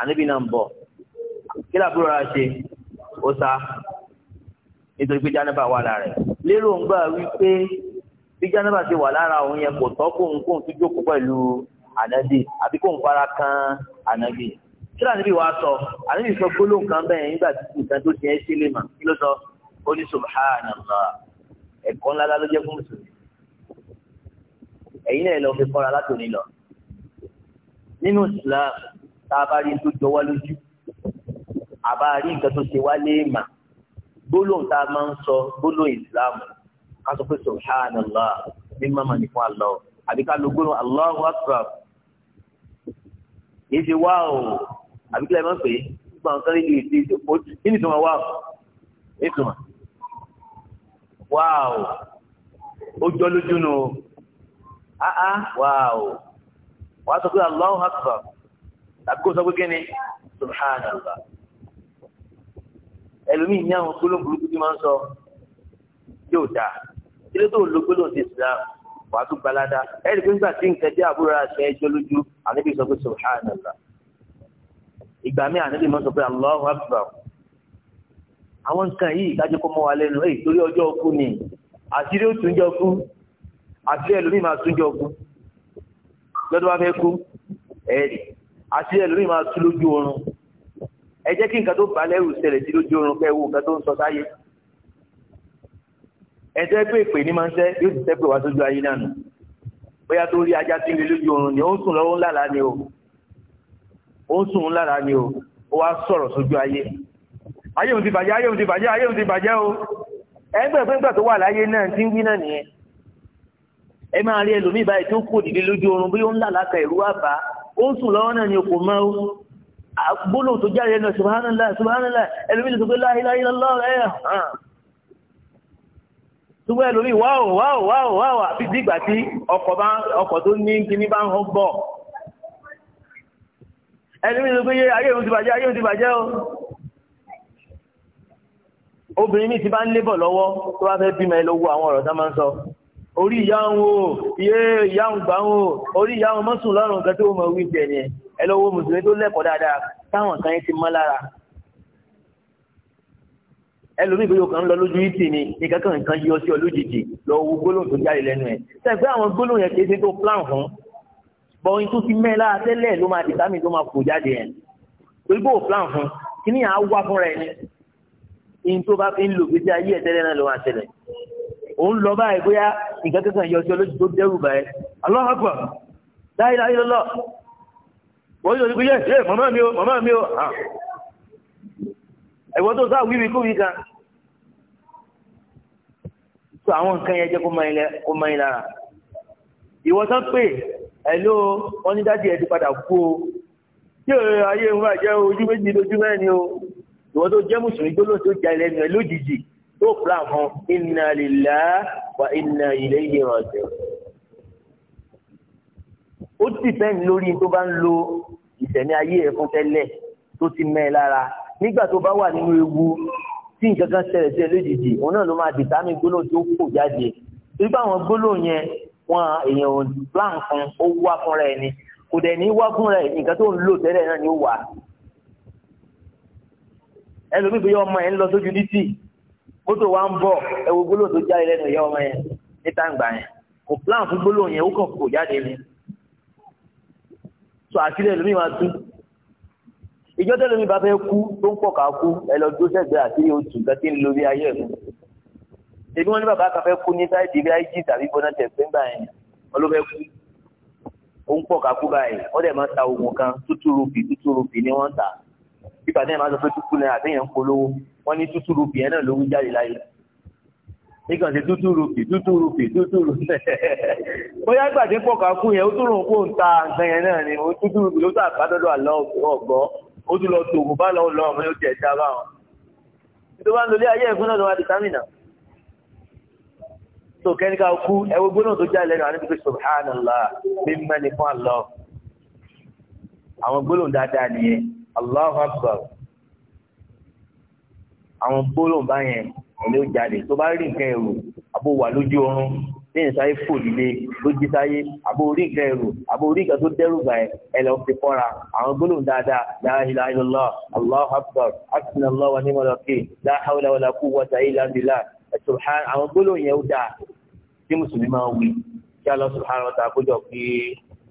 ànábì náà ń bọ̀ kí làbúrò rà ṣe ó sá nítorí pé jánábà wà lára rẹ̀ lérò ń gbà wípé bí jánábà ṣe wà lára òun yẹn kò tọ́ kóun kóun tó jókòó pẹ̀lú ànábì àbí kóun fara kan ànábì kí làbúrò wa sọ ànábì sọ gbólóhùn kan bẹ́ẹ̀ nígbà tí nǹkan tó ti ẹ́ ṣe lè mà kí ló sọ ó ní subhanallah ẹ̀kọ́ ńlá ló jẹ́ fún mùsùlùmí ẹ̀yin náà lọ fi kọ́ra látòní lọ nínú Islam tá a bá rí tó jọ wá lójú àbá rí nǹkan tó ṣe wá léèmà gbólóhùn tá a máa ń sọ gbólóhùn ìsìláàmù ká sọ pé subhanallah mímọ́ mà ní fún àlọ́ àbí ká lo gbólóhùn Allahu akbar kì í ṣe wá o àbí kílẹ̀ máa ń pè é gbogbo àwọn kan nílùú ìdí ìdòkó kí ni ìtumọ̀ wá o ìtumọ̀ wá o ó jọ lójú nu o áá wá o wàá sọ pé Allahu akbar tàbí kó sọ pé kí ni subhanallah ẹlòmíì ní àwọn gbólóburúkú tí máa ń sọ yóò dáa ilé tó lo gbólóhùn ti islam wà á tún gbalada ẹni pé nígbà tí nǹkan jẹ́ àbúrò àṣẹ ẹjọ́ lójú ànábì sọ pé subhanallah ìgbà mi ànábì máa sọ pé allahu akbar àwọn nǹkan yìí ìdájọ́ kọ́ mọ́ wa lẹ́nu èyí torí ọjọ́ ọkú ni àṣírí ó tún jọ kú àṣírí ẹlòmíì máa tún jọ kú lọ́dún wa fẹ́ kú ẹ̀ẹ́dì àti ẹlòmíì máa tú lójú oorun ẹ jẹ́ kí nǹkan tó bá lẹ́rù ṣẹlẹ̀ sí lójú oorun pé ewu nǹkan tó ń sọ sáyé ẹ̀jẹ̀ pé ìpè ní máa ń sẹ́ yóò ti sẹ́ pé wá sójú ayé náà nù bóyá tó rí ajá tí ń lé lójú oorun ni ó ń sùn lọ́wọ́ ńlára ni o ó ń sùn ńlára ni o ó wá sọ̀rọ̀ sójú ayé ayé òun ti bàjẹ́ ayé òun ti bàjẹ́ ayé òun ti bàjẹ́ o ẹgbẹ́ pẹ́ńgbà tó wà láyé náà ti ń wí náà nìyẹn ẹ máa rí ẹlòmíì báyìí tó kò dìde lójú oorun bí ó ń lálàkà ìrú àbá ó sùn lọ́wọ́ náà ni kò mọ́ gbólò tó jáde náà subhanallah subhanallah ẹlòmí lè tó pé la ilaha illallah ẹ̀yà hàn túbọ̀ ẹlòmí wáwò wáwò wáwò wáwò àfi dìgbà tí ọkọ̀ tó ní kíní bá ń hàn bọ̀ ẹlòmí lè tó pé ayé òun ti bàjẹ́ ayé òun orí ìyáhùn o iye ìyáhùn gbáhùn o orí ìyáhùn mọ́sùn lọ́rùn kan tó mọ̀ wípé ẹni ẹ lọ́wọ́ mùsùlùmí tó lẹ́kọ̀ọ́ dáadáa táwọn kan ti mọ́ lára ẹlòmíì pé yóò kàn ń lọ lójú ìtì ni nǹkan kan nǹkan yọ sí ọ lójijì lọ wo gbólóhùn tó jáde lẹ́nu ẹ̀ sẹ́gbẹ́ àwọn gbólóhùn yẹn kìí ṣe tó plan fún bọ́yìn tó ti mẹ́la tẹ́lẹ̀ ló máa dìtámì tó máa fò jáde yẹn torí bó plan fún kíní àá wá fúnra ẹni ìyìn tó bá fi ń lò gbèsè ayé ẹ̀ tẹ́lẹ̀ náà ló máa ṣẹlẹ̀ òun lọ báyìí bóyá nǹkan kẹsàn-án yọ sí olójú tó dẹ́rù báyìí Allahu Akbar la ilaha illallah wọ́n yóò ní pé yẹ yẹ màmá mi o màmá mi o ah. ẹ̀wọ́n tó sáà wíwí kú wí kan tó àwọn nǹkan yẹn jẹ́ kó mọ ilẹ̀ rà ìwọ́sán pé ẹ̀ló wọn ní dájú ẹ̀ ti padà kú o tí ò ayé ń jẹ́ ojú méjì lójú mẹ́rin o ìwọ́n tó jẹ́ mùsùlùmí gbólóhùn tó jà ẹ̀ lójijì tó fura fún inna lillahi wa inna ilayhi raji'un. ó ti fẹ́ẹ̀ lórí tó bá ń lo ìsẹ̀mí ayé ẹ̀ fún tẹ́lẹ̀ tó ti mẹ́ ẹ lára nígbà tó bá wà nínú ewu tí nǹkan kan ṣẹlẹ̀ sí ẹ lójijì òun náà ló máa dìtámì gbólóhùn tó kò jáde nígbà àwọn gbólóhùn yẹn wọn èèyàn ò plan fún ó wá fúnra ẹ ni kò dẹ̀ ní wá fúnra ẹ nǹkan tó ń lò tẹ́lẹ̀ náà ni ó wà ẹlòmíì pé ọmọ ẹ ń lọ sójú títì mọ́tò wa ń bọ̀ ẹ wo gbólóhùn tó jáde lẹ́nu ìyá ọmọ yẹn níta ìgbà yẹn kò plan fún gbólóhùn yẹn ó kàn kò jáde ni sọ àṣírí ẹlòmíì máa tú ìjọ tẹ́lẹ̀ mi bá fẹ́ kú tó ń pọ̀ ká kú ẹ lọ dúró sẹ́gbẹ́ àṣírí oṣù kẹ́kẹ́ ń lo bí ayé ẹ̀kú èmi wọn ní bàbá kan fẹ́ kú ní sáìdì bí ig tàbí bọ́nà tẹ̀sán gbà yẹn wọn fẹ́ kú ó ń pọ̀ ká kú báyìí wọ́n ni wọ́n bíbá náà máa sọ pé tútù náà àtẹ̀yàn ń polówó wọ́n ní tútù rúpì ẹ̀ náà ló ń jáde láyé nígbà tí tútù rúpì tútù rúpì tútù rúpì bóyá gbàdé pọ̀ ká kú yẹn ó tún rò pò ń ta nǹkan yẹn náà ni ó tútù rúpì ló tà bá dọ́dọ̀ àlọ́ ọ̀gbọ́ ó tún lọ tòògùn bá lọ́wọ́ lọ́wọ́ mi ó tiẹ̀ dá báwọn. tó bá ń lò lé ayé ẹ̀fún náà ló wá di támìnà. tó kẹ́ríkà kú ẹ̀wọ́ gbóná tó já lẹ́nu àní pípé subhanallah mímẹ́ni Allahu Akbar àwọn gbólóhùn báyẹn ẹni ó jáde tó bá rí nǹkan ẹrù àbò wà lójú oorun tí n sáyé fò líle lójú sáyé àbò orí nǹkan ẹrù àbò orí nǹkan tó dẹrù gbà ẹ ẹ lọ fi kọ́ra àwọn gbólóhùn dáadáa la ilaha illallah Allahu Akbar hasbunallahu wa ni'mal wakeel la hawla wala quwwata illa àwọn gbólóhùn yẹn ó dáa tí mùsùlùmí máa wí kí Allah subhanahu wa ta'ala kójọ pé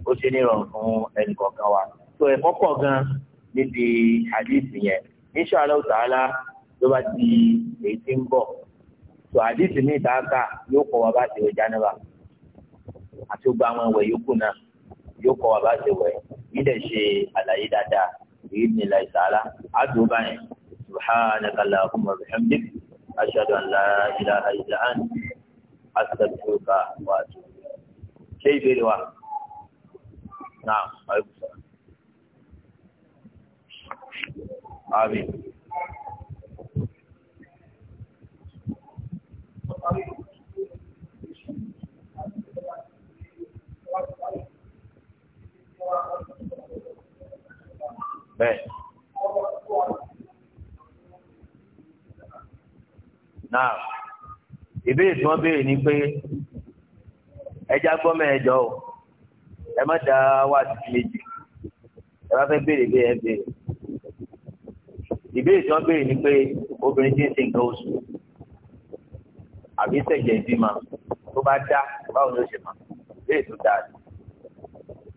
ó ṣe ní ìrọ̀rùn fún ẹnì kọ̀ọ̀kan wa tó ẹ̀kọ́ pọ̀ gan-an níbi hadith yẹn insha Allah ta'ala ló bá ti èyí tí ń bọ̀ tó hadith mi ta ká yóò kọ́ wa bá ti wẹ̀ jánaba àti gbogbo àwọn ìwẹ̀ yòókù náà yóò kọ́ wa bá ti wẹ̀ yídẹ̀ ṣe àlàyé dáadáa èyí ni láì ta'ala àdùn báyìí subhanaka allahumma wa bihamdik ashhadu an la ilaha illa ant astaghfiruka wa atubu ṣé ìbéèrè wa náà. amin bẹ́ẹ̀ náà ìbéèrè tí wọ́n béèrè o ẹ má da wá sí méjì ẹ bá ìbéèrè tí wọ́n béèrè ni pé obìnrin tí ń ṣe nǹkan oṣù àbí ṣẹ̀jẹ̀ ìbímọ tó bá dá báwo ni ó ṣe mọ̀ ìbéèrè tó dáa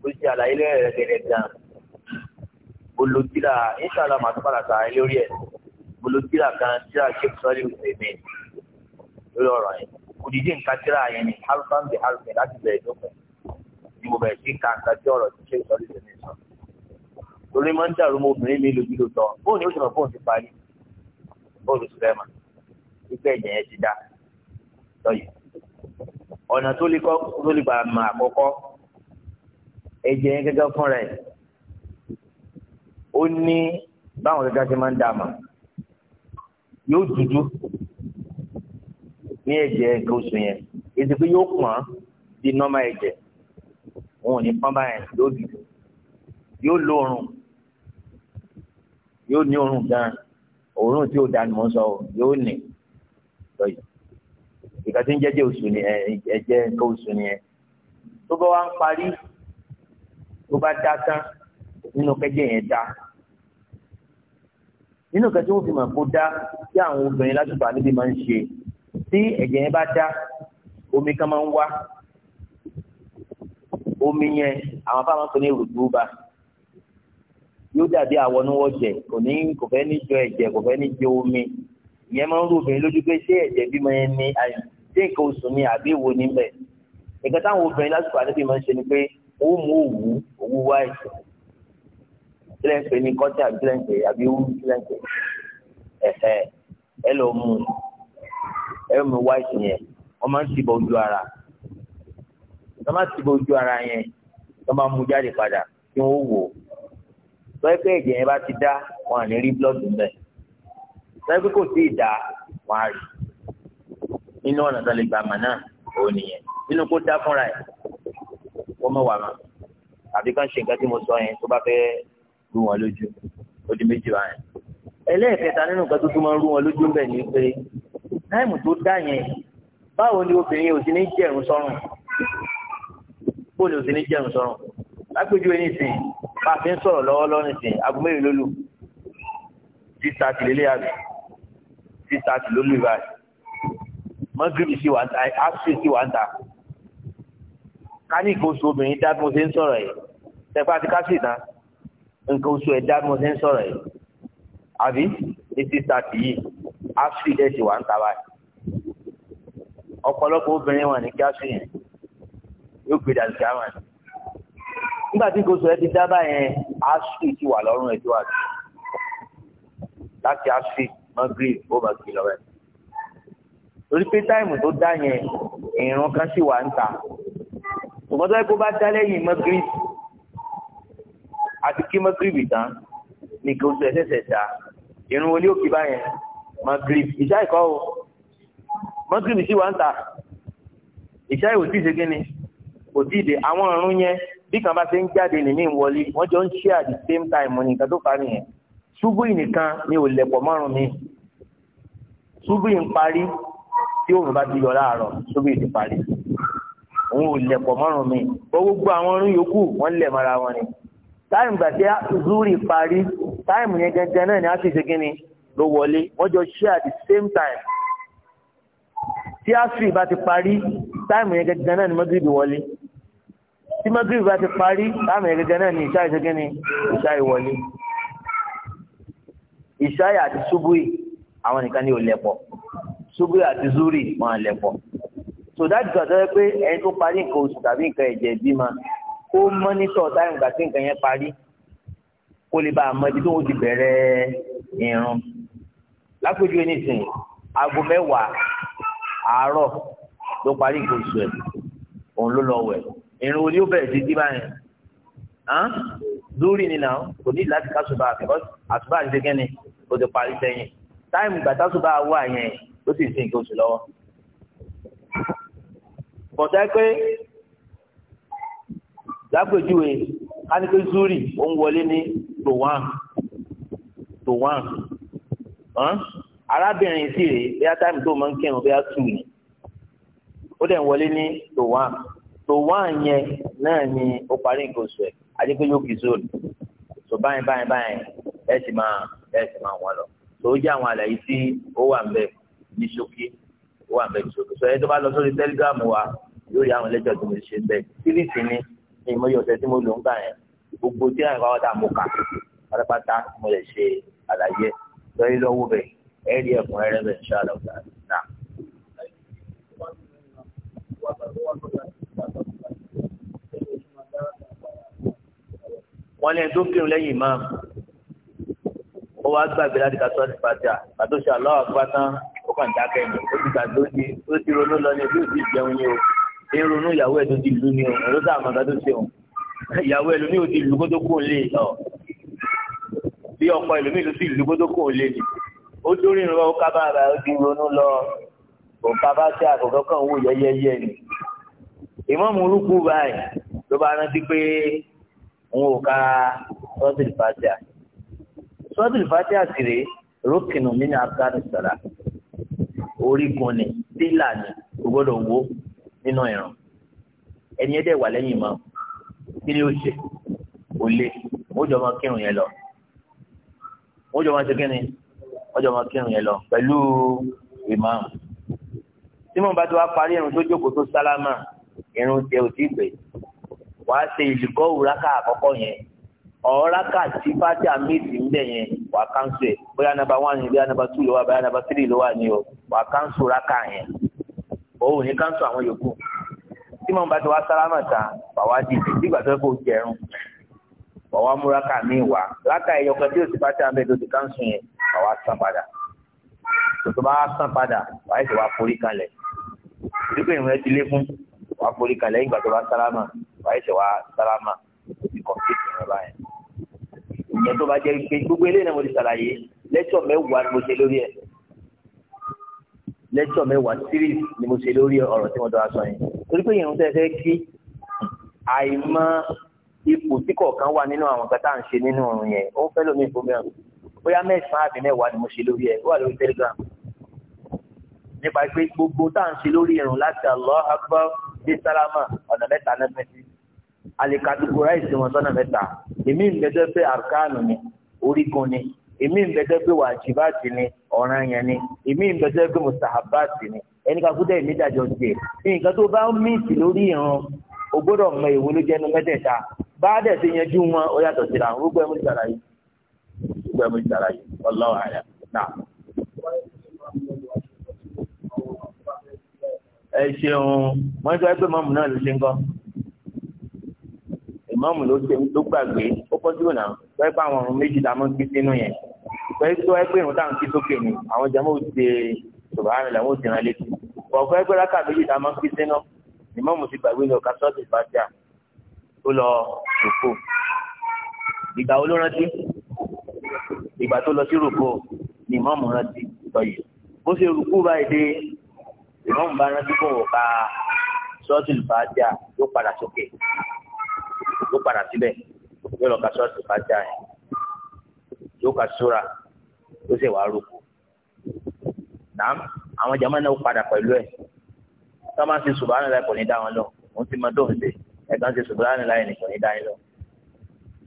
ó ṣe àlàyé lẹ́rẹ̀ẹ́ gẹ́gẹ́ gan olùdíra inṣàlá màá tó padà sàárẹ̀ lórí ẹ̀ olùdíra kan tíra ṣe sọ́ọ́lì òṣèlú lórí ọ̀rọ̀ yẹn òdìdí nǹkan tíra yẹn ni alfan bi alfin láti bẹ̀rẹ̀ dókun ni sí ka tí ọ̀rọ̀ ti ṣe sọ́ọ́lì òṣèlú torí máa ń dàrú mọ obìnrin mi lójú ló tọ bóun ni ó sì mọ bóun ti parí bóòlù sùlẹ́mà wípé ẹ̀jẹ̀ yẹn ti dá lọ́yẹ̀ ọ̀nà tó lè kọ́ tó lè gbà mà àkọ́kọ́ ẹ̀jẹ̀ yẹn gẹ́gẹ́ fúnra ẹ̀ ó ní báwọn gẹ́gẹ́ ṣe máa ń dà mà yóò dúdú ní ẹ̀jẹ̀ gòsùn yẹn èsì yóò pọ́n di nọ́mà ẹ̀jẹ̀ wọn ò ní pọ́n báyẹn yóò yóò lóorùn yóò ní òórùn gan òórùn tí ó dání mọ́ sọ yóò ní lọ́yìn ìgbà tí ń jẹ́jẹ́ oṣù ni ẹ̀jẹ̀ nǹkan oṣù ni ẹ̀ tó bá wá ń parí tó bá dá tán nínú kẹ́jẹ́ yẹn dá nínú kẹ́jẹ́ wọ́n fi mọ̀ kó dá tí àwọn obìnrin lásìkò àníbi máa ń ṣe tí ẹ̀jẹ̀ yẹn bá dá omi kan máa ń wá omi yẹn àwọn afáàmọ́ sọ ní rògbòbá yóò dàbí àwọnúwọ̀jẹ̀ kò ní kò fẹ́ ní jọ ẹ̀jẹ̀ kò fẹ́ ní jẹ omi ìyẹn máa ń rò obìnrin lójú pé ṣé ẹ̀jẹ̀ bímọ yẹn ni ṣé nǹkan oṣù ni àbí èwo níbẹ̀ nǹkan táwọn obìnrin lásìkò àdébí máa ń ṣe ni pé ó mú òwú òwú wá ẹ̀sìn kílẹ̀ ń pè ní kọ́tí àbí kílẹ̀ àbí wú kílẹ̀ ń pè ẹ lọ mú ẹ mú wá ẹ̀sìn yẹn wọ́n máa ń tìbọ̀ ojú ara wọ́n máa ń tìbọ̀ ojú ara yẹn wọ́n máa mú jáde padà kí wọ́n wò ó sọ́yẹ́ pé ẹ̀jẹ̀ yẹn bá ti dá wọn à ní rí blọ́ọ̀dù mbẹ́ sọ́yẹ́ pé kò sí ìdá wọn à rí nínú ọ̀nà tó lè gbà mà náà òun nìyẹn nínú kó dá fúnra ẹ̀ kó mọ̀ wà mà àbí kàn ṣe nǹkan tí mo sọ yẹn tó bá fẹ́ rú wọn lójú ó di méjì wá yẹn ẹlẹ́ẹ̀kẹta nínú nǹkan tó tún máa ń rú wọn lójú mbẹ́ ni pé táìmù tó dá yẹn báwo ni obìnrin ò sí ní jẹ̀rùn sọ́rùn bó ni ò sí ní jẹ̀rùn sọ́rùn lápèjúwe ní ìsìn bá a fi ń sọ̀rọ̀ lọ́wọ́ lọ́nà ìsìn aago mẹ́rin lólu six thirty lélẹ́ àbí six thirty lólu ìbáyìí mọ́gírì sí wà ń ta áṣì sí wà ń ta káníkì oṣù obìnrin dá bí mo ṣe ń sọ̀rọ̀ yìí tẹ́pá ti ká sì tán nǹkan oṣù ẹ̀ dá bí mo ṣe ń sọ̀rọ̀ yìí àbí eighty thirty yìí áṣì dẹ̀ sì wà báyìí ọ̀pọ̀lọpọ̀ obìnrin wà ní kí áṣì yóò gbé dàlùkì àwọn yẹn nígbà tí kòsò ẹ ti dábàá yẹn ashley ti wà lọ́rùn ẹ̀ tó wà láti ashley magreth ó máa kí lọ́wọ́ ẹ̀ torí pé táìmù tó dá yẹn ìrún kan sì wà ń ta ṣùgbọ́n tó yẹ kó bá dá lẹ́yìn magreth àti kí magreth tán ní kòsò ẹ ṣẹ̀ṣẹ̀ dá ìrún wọlé òkè báyẹn magreth ìṣá ìkọ́ o magreth sì wà ń ta ìṣá ìwòsí ìṣe kí ni kò tí àwọn ọ̀run yẹn bí kan bá ṣe ń jáde nìmí ń wọlé wọ́n jọ ń ṣe at the same time ní nǹkan tó fà nìyẹn ṣubú nìkan ni ò lẹ̀pọ̀ márùn mi ṣubú ń parí tí òun bá ti yọ láàárọ̀ ṣubú ti parí òun ò lẹ̀pọ̀ márùn mi gbogbo àwọn ọrùn yòókù wọ́n lẹ̀ mọ́ra wọn ni táìmù gbà tí zuri parí táìmù yẹn gẹ́gẹ́ náà ni a ti ṣe kí ló wọlé wọ́n jọ ṣe at the same time tí asiri bá ti parí táìmù yẹn gẹ́gẹ́ náà ni mọ́gìrì wọlé tí magrib bá ti parí láàmì ẹ̀gẹ́gẹ́ náà ni ìṣá ìṣẹ́gẹ́ ni ìṣá ìwọlé ìṣá àti ṣubúì àwọn nìkan ni ò lẹ̀pọ̀ ṣubúì àti zúrì wọn lẹ̀pọ̀ sòdájú àtọ́jọ́ pé ẹni tó parí nǹkan oṣù tàbí nǹkan ẹ̀jẹ̀ bímọ kó mọ́nítọ̀ táyà nígbà tí nǹkan yẹn parí kó lè bá a mọ ibi tó ń ti bẹ̀rẹ̀ irun lápèjúwe nísìnyí aago mẹ́wàá àárọ̀ ló parí nǹkan oṣù ẹ̀ òun ló lọ wẹ̀ ìrìn wo ni ó bẹ̀rẹ̀ sí báyẹn hàn lórí ni náà kò ní láti kásùbà because àsùbà ti dégẹ́ni ó ti parí sẹ́yìn táìmù ìgbà tásùbà wà yẹn ó sì ń sin nǹkan oṣù lọ́wọ́ bọ̀tẹ́ pé lápèjúwe kánípé zuri ó ń wọlé ní to one to one arábìnrin sì rèé bí a táìmù tó máa ń kírun bí a tù ní ó dẹ̀ ń wọlé ní to tó wá yẹn náà ni ó parí nǹkan oṣù ẹ̀ àdékò yóò kì í sóòlù tó báyìí báyìí báyìí ẹ sì máa ẹ sì máa wọn lọ tó jẹ́ àwọn àlàyé tí ó wà ń bẹ ní ṣókí ó wà ń bẹ ní ṣókí sọ yẹn tó bá lọ sórí telegram wa yóò rí àwọn ẹlẹ́jọ́ tó mo ṣe bẹ síríìsì ni ni mo yọ ọ̀sẹ̀ tí mo lò ń gbà yẹn gbogbo tí àwọn ìfowópamọ́ta mo kà pátápátá mo lè ṣe àlàyé lọ́yìn lọ́wọ́ bẹ̀ ẹ́ rí ẹ̀kúnrẹ́rẹ́ bẹ̀ ṣáà lọ́gbàá. wọ́n lẹ́yìn tó kírun lẹ́yìn imam ó wá gbàgbé láti ka sọ́ọ́dì pàtà pàtó ṣe àlọ́ àgbà tán ó kàn dákẹ́ ní ó ti gbàgbé ó ti ó ti ronú lọ ní ẹbí ò ti jẹun ní o ẹ ronú ìyàwó ẹ̀ tó ti lù ní o ọ̀rọ̀ sáà màgá tó ṣe o ìyàwó ẹlòmíì ò ti lù kó tó kó lé ọ bí ọkọ ẹlòmíì ló ti lù kó tó lé ni ó dórí ìrìn wọn ká ó ti ronú lọ kò ká bá ṣe kan wò yẹyẹyẹ ni ìmọ̀mù rúkú báyìí ló bá rántí pé òun ò ka sọ́ọ̀tìlì fàtíà sọ́ọ̀tìlì fàtíà sì rókìnù nínú afghanistan orígun ni pílà ni o gbọ́dọ̀ wo nínú ìran ẹni ẹdẹ wà lẹ́yìn mọ kí ni ó ṣe ó lé ó jọ máa kírun yẹn lọ ó jọ máa ṣe kí ni jọ máa kírun yẹn lọ pẹ̀lú ìmáàmù tí mo bá ti wá parí irun tó jókòó tó sálámà irun tẹ ò tí ì wàá ṣe ìlùkọ́ òwúrákà àkọ́kọ́ yẹn ọ̀ọ́rákà tí fájà méjì ń bẹ̀ yẹn wà á kánṣu ẹ̀ bóyá nàbà wán ni bóyá nàbà tù ló wà bóyá nàbà tírì ló wà ní o wà á kánṣu rákà yẹn òun ní kánṣu àwọn yòókù tí mo bá ti wá sálámà ta wà wá dìde nígbà tó kò jẹrun wà wá mú rákà míì wá rákà ẹ̀yọkan tí o ti fájà méjì tó ti kánṣu yẹn wà wá sàn padà tòtò bá sàn padà wà á ṣe wá forí kalẹ̀ dípò ìrìn ẹ ti lé fún wà á forí kalẹ̀ ìgbà tó bá sálámà àyẹ̀ṣẹ̀ wa sálámà ti kọ̀ǹpútì rẹ̀ báyẹn. ìyẹn tó bá jẹ́ pé gbogbo eléyìí náà mo ti ṣàlàyé lẹ́tọ̀ mẹ́wàá ni mo ṣe lórí ẹ̀ lẹ́tọ̀ mẹ́wàá series ni mo ṣe lórí ọ̀rọ̀ tí mo dọ́ra sọ yẹn torí pé ìrun tẹ́ fẹ́ kí àìmọ ipò tí kọ̀ọ̀kan wà nínú àwọn nǹkan tá à ń ṣe nínú ọ̀run yẹn ó fẹ́ lómi ìfowópamọ́ bóyá mẹ́sàn-án àbí mẹ́wàá ni mo ṣe lórí ẹ̀ ó wà lórí telegram nípa pé gbogbo tá à ń ṣe lórí ìrun láti Allah akbar dé sálámà ọ̀nà mẹ́ta náà fẹ́ sí alikatugoraizi wọn sọ́nà mẹ́ta èmi ń bẹ jẹ́ arkanu ni orígun ni èmi ń bẹ jẹ́ pé ni ọ̀ranyàn ni èmi ń bẹ jẹ́ pé ni ẹni ká kúndé èmi dàjọ tiẹ̀ nǹkan tó bá mìtì lórí ìran o gbọ́dọ̀ mọ èwo ló jẹnu mẹ́tẹ̀ẹ̀ta a dẹ̀ yanjú wọn ó yàtọ̀ síra ìmáàmù ló ṣe ló gbàgbé ó pọ́ síbò náà wọ́n pa àwọn méjì tá a máa ń gbé sínú yẹn wọ́n tó ẹ pé ìrún tá à ń kí sókè ni àwọn jàmáà ò ṣe ṣùgbọ́n àrùn làwọn ò ti rán létí ọ̀kọ́ ẹgbẹ́ rákà méjì tá a máa ń gbé sínú ìmáàmù ti gbàgbé ní ọ̀ka sọ́ọ̀tì ìbájà tó lọ rògbò ìgbà wo ló rántí ìgbà tó lọ sí rògbò ni ìmáàmù rántí tọ̀yì bó ṣe rúkú báyìí dé ìmáàmù bá rántí kò wọ̀ ká sọ́ọ̀tì ìbájà yóò padà sókè yóò padà síbẹ̀ yóò lọ ka sọ́ọ̀tù fàájà yẹn yóò ka sóra yóò sì wàá rúkú náà àwọn jama náà padà pẹ̀lú ẹ̀ tí wọ́n bá ń ṣe subahana láì kò ní dá wọn lọ òun ti mọ dóun ṣe ẹ̀ka ń ṣe subahana láì ní kò ní dá yín lọ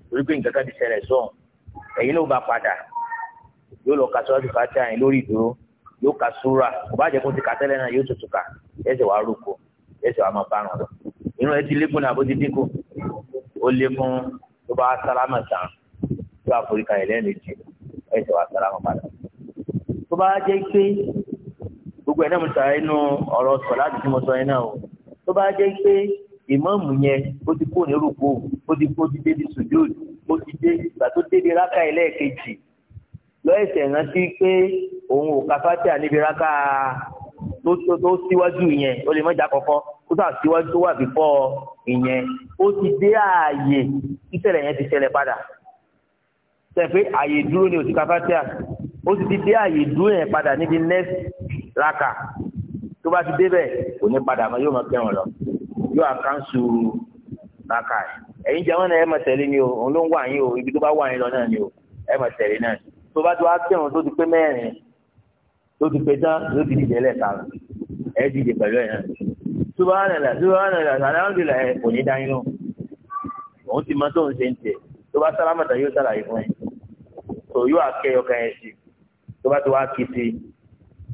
torí pé nǹkan kan ti ṣẹlẹ̀ sọ̀hún ẹ̀yin ló bá padà yóò lọ ka sọ́ọ̀tù fàájà yẹn lórí ìdúró yóò ka sóra kò bá jẹ́ kó ti ka tẹ́lẹ̀ náà yóò tutù ka ẹ̀sẹ̀ wàá rúkú ẹ̀sẹ̀ wàá máa bá wọn lọ inú ẹ ti lékún ó lékún tó bá sálámà tán tó àforí kan yẹn lẹ́ẹ̀mejì ẹ̀ṣẹ̀ wá sálámà padà tó bá jẹ́ pé gbogbo ẹ̀ náà mo sàrẹ́ inú ọ̀rọ̀ sọ̀ láti tí mo sọ yẹn náà o tó bá jẹ́ pé ìmáàmù yẹn ó ti kó nírúkú ó ti kó ti débi sùjúd ó ti dé ìgbà tó débi rákà ẹlẹ́ẹ̀kejì lọ́ọ̀ẹ̀sẹ̀ rántí pé òun ò ka níbi rákà tó síwájú yẹn ó lè mọ́jà kọ́kọ́ kó sà síwájú tó wà bífọ́ ìyẹn ó ti dé ààyè ìṣẹ̀lẹ̀ yẹn ti ṣẹlẹ̀ padà sẹ́pẹ́ ààyè dúró ni òsì káfátíà ó ti ti dé ààyè dúró yẹn padà níbi next raka tó bá ti débẹ̀ kò ní padà mọ́ yóò máa kẹ́wọ̀n lọ yóò àkánṣu raka ẹ̀yin jẹ́ wọn náà ẹ̀ máa tẹ̀lé ni o òun ló ń wà yín o ibi tó bá wà yín lọ náà ni o ẹ̀ máa tẹ̀lé náà tó bá tó wá kẹ́wọ̀n tó ti pé mẹ́rin tó ti pé tán ló ti dìde lẹ́ẹ̀kan ẹ̀ dìde pẹ̀lú ẹ̀ náà subhanallah subhanallah alhamdulillah ẹ kò ní dání lọ òun ti mọ tó ń ṣe ń tẹ tó bá sálámàtà yóò ṣàlàyé fún ẹ tó yóò akẹyọ kan ẹ sí tó bá ti wá kí sí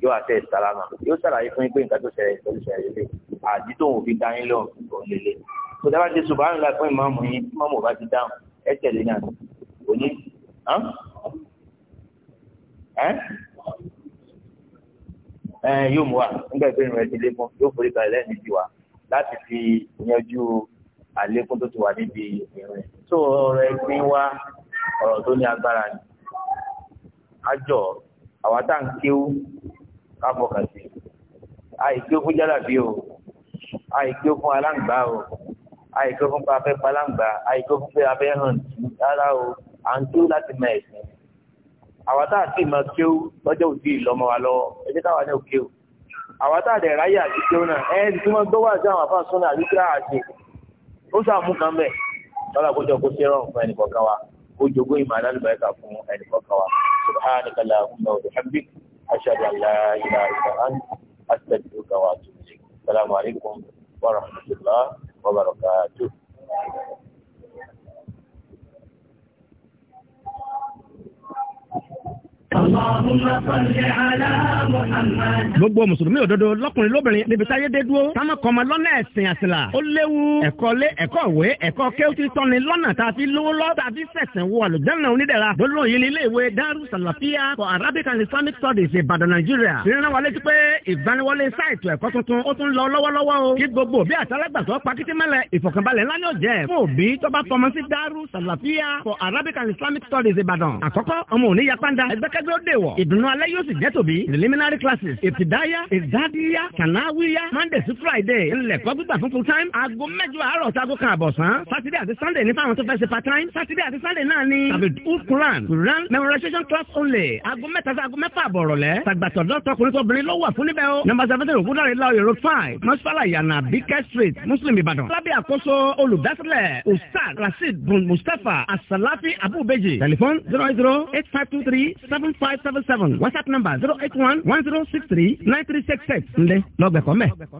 yóò àtẹ sálámà yóò ṣàlàyé fún ẹ pé nǹkan tó ṣẹlẹ̀ tó ṣẹlẹ̀ lélẹ̀ àdí tó ń fi dání lọ kò lélẹ̀ tó dábàá ti subhanallah fún ìmáàmù yín ìmáàmù bá ti dáhùn ẹ tẹ̀lé náà òní. Eh, yóò mú wa nígbà tó ìrìn rẹ ti lékún yóò forí kalẹ̀ lẹ́yìn tiwa láti fi yanjú àlékún tó ti wà níbi ìrìn tó ọ̀rọ̀ ẹ̀sìn wa ọ̀rọ̀ tó ní agbára ni àjọ àwa tá à ń kéwú ká àìkéwú fún jálàbí o àìkéwú fún aláǹgbá o àìkéwú fún pé afẹ́ àìkéwú fún pé afẹ́ hàn rárá o à ń kéwú láti mọ àwọn tá à sì mọ kí ó lọ́jọ́ òdì ìlọmọ wa lọ́wọ́ ẹjẹ́ táwa náà kí ó àwọn tá à dẹ̀ ráyè àti kí ó náà ẹ ẹni tí wọ́n gbọ́wọ́ àti àwọn àfáà súnà àti kí á àti ó sàmú kan bẹ̀ lọ́la kó jọ kó ṣe rọrùn fún ẹnìkọ̀ọ̀kan wa kó jogún ìmọ̀ alálùbáyíkà fún ẹnìkọ̀ọ̀kan wa wa bihamdik la ilaha illa anta astaghfiruka wa atubu ilayk assalamu alaikum gbogbo mùsùlùmí òdodo lọ́kùnrin lóbìnrin níbi táyé dé dúró táwọn ọkọ ọmọ lọ́nà ẹ̀sìn àṣìlá ó léwu ẹ̀kọ́ lé ẹ̀kọ́ ìwé ẹ̀kọ́ kéwùtì tọ́ni lọ́nà tá a fi lówó lọ tá a fi fẹ̀sìn wọ àlùjáná onídẹ̀ra lọ́lọ́ yìí ní ilé ìwé Daru Salafia for Arabic and Islamic Studies Ìbàdàn Nàìjíríà ìrìnà wọlé ti pé ìgbaniwọlé sáìtì ẹ̀kọ́ tuntun ó tún lọ lọ́wọ́lọ́wọ́ o kí gbogbo bí àtàlágbàsọ pakitimẹ́lẹ̀ ìfọ̀kànbalẹ̀ ńlá ni ó jẹ́ fún òbí tó bá tọmọ sí Daru Salafia for Arabic and Islamic Studies Ìbàdàn àkọ́kọ́ ọmọ òní yapanda dúró dè wọ̀. ìdùnnú alẹ́ yóò sì jẹ́ tòbí. preliminary classes ìtìdáyà ìdádíyà kànáwíyà monday to friday ńlẹ̀kọ́ gbígbà fún full time. aago mẹ́jọ àárọ̀ sago kan àbọ̀sán. saturday àti sunday ní fáwọn tó fẹ́ ṣe part time. saturday àti sunday náà ni. abidul quran quran memorization class only. aago mẹ́ta sí aago mẹ́fà àbọ̀rọ̀ lẹ̀. tàgbàtọ̀dọ̀ tọkùnrin tóbìnrin ló wà fún níbẹ̀ o. number seventeen ògúndàrí láòyè road five mọ́sálà ìyànà bíkẹ́ street muslim ìbàdàn. lábẹ́ àkóso olùdásílẹ̀ ustaz rasheed bun mustapha asalafi abubeji. telephone zero zero eight five two three seven five seven seven WhatsApp number zero eight one one zero six three nine three six six ńlẹ́ lọ́gbẹ̀kọ́ mẹ́.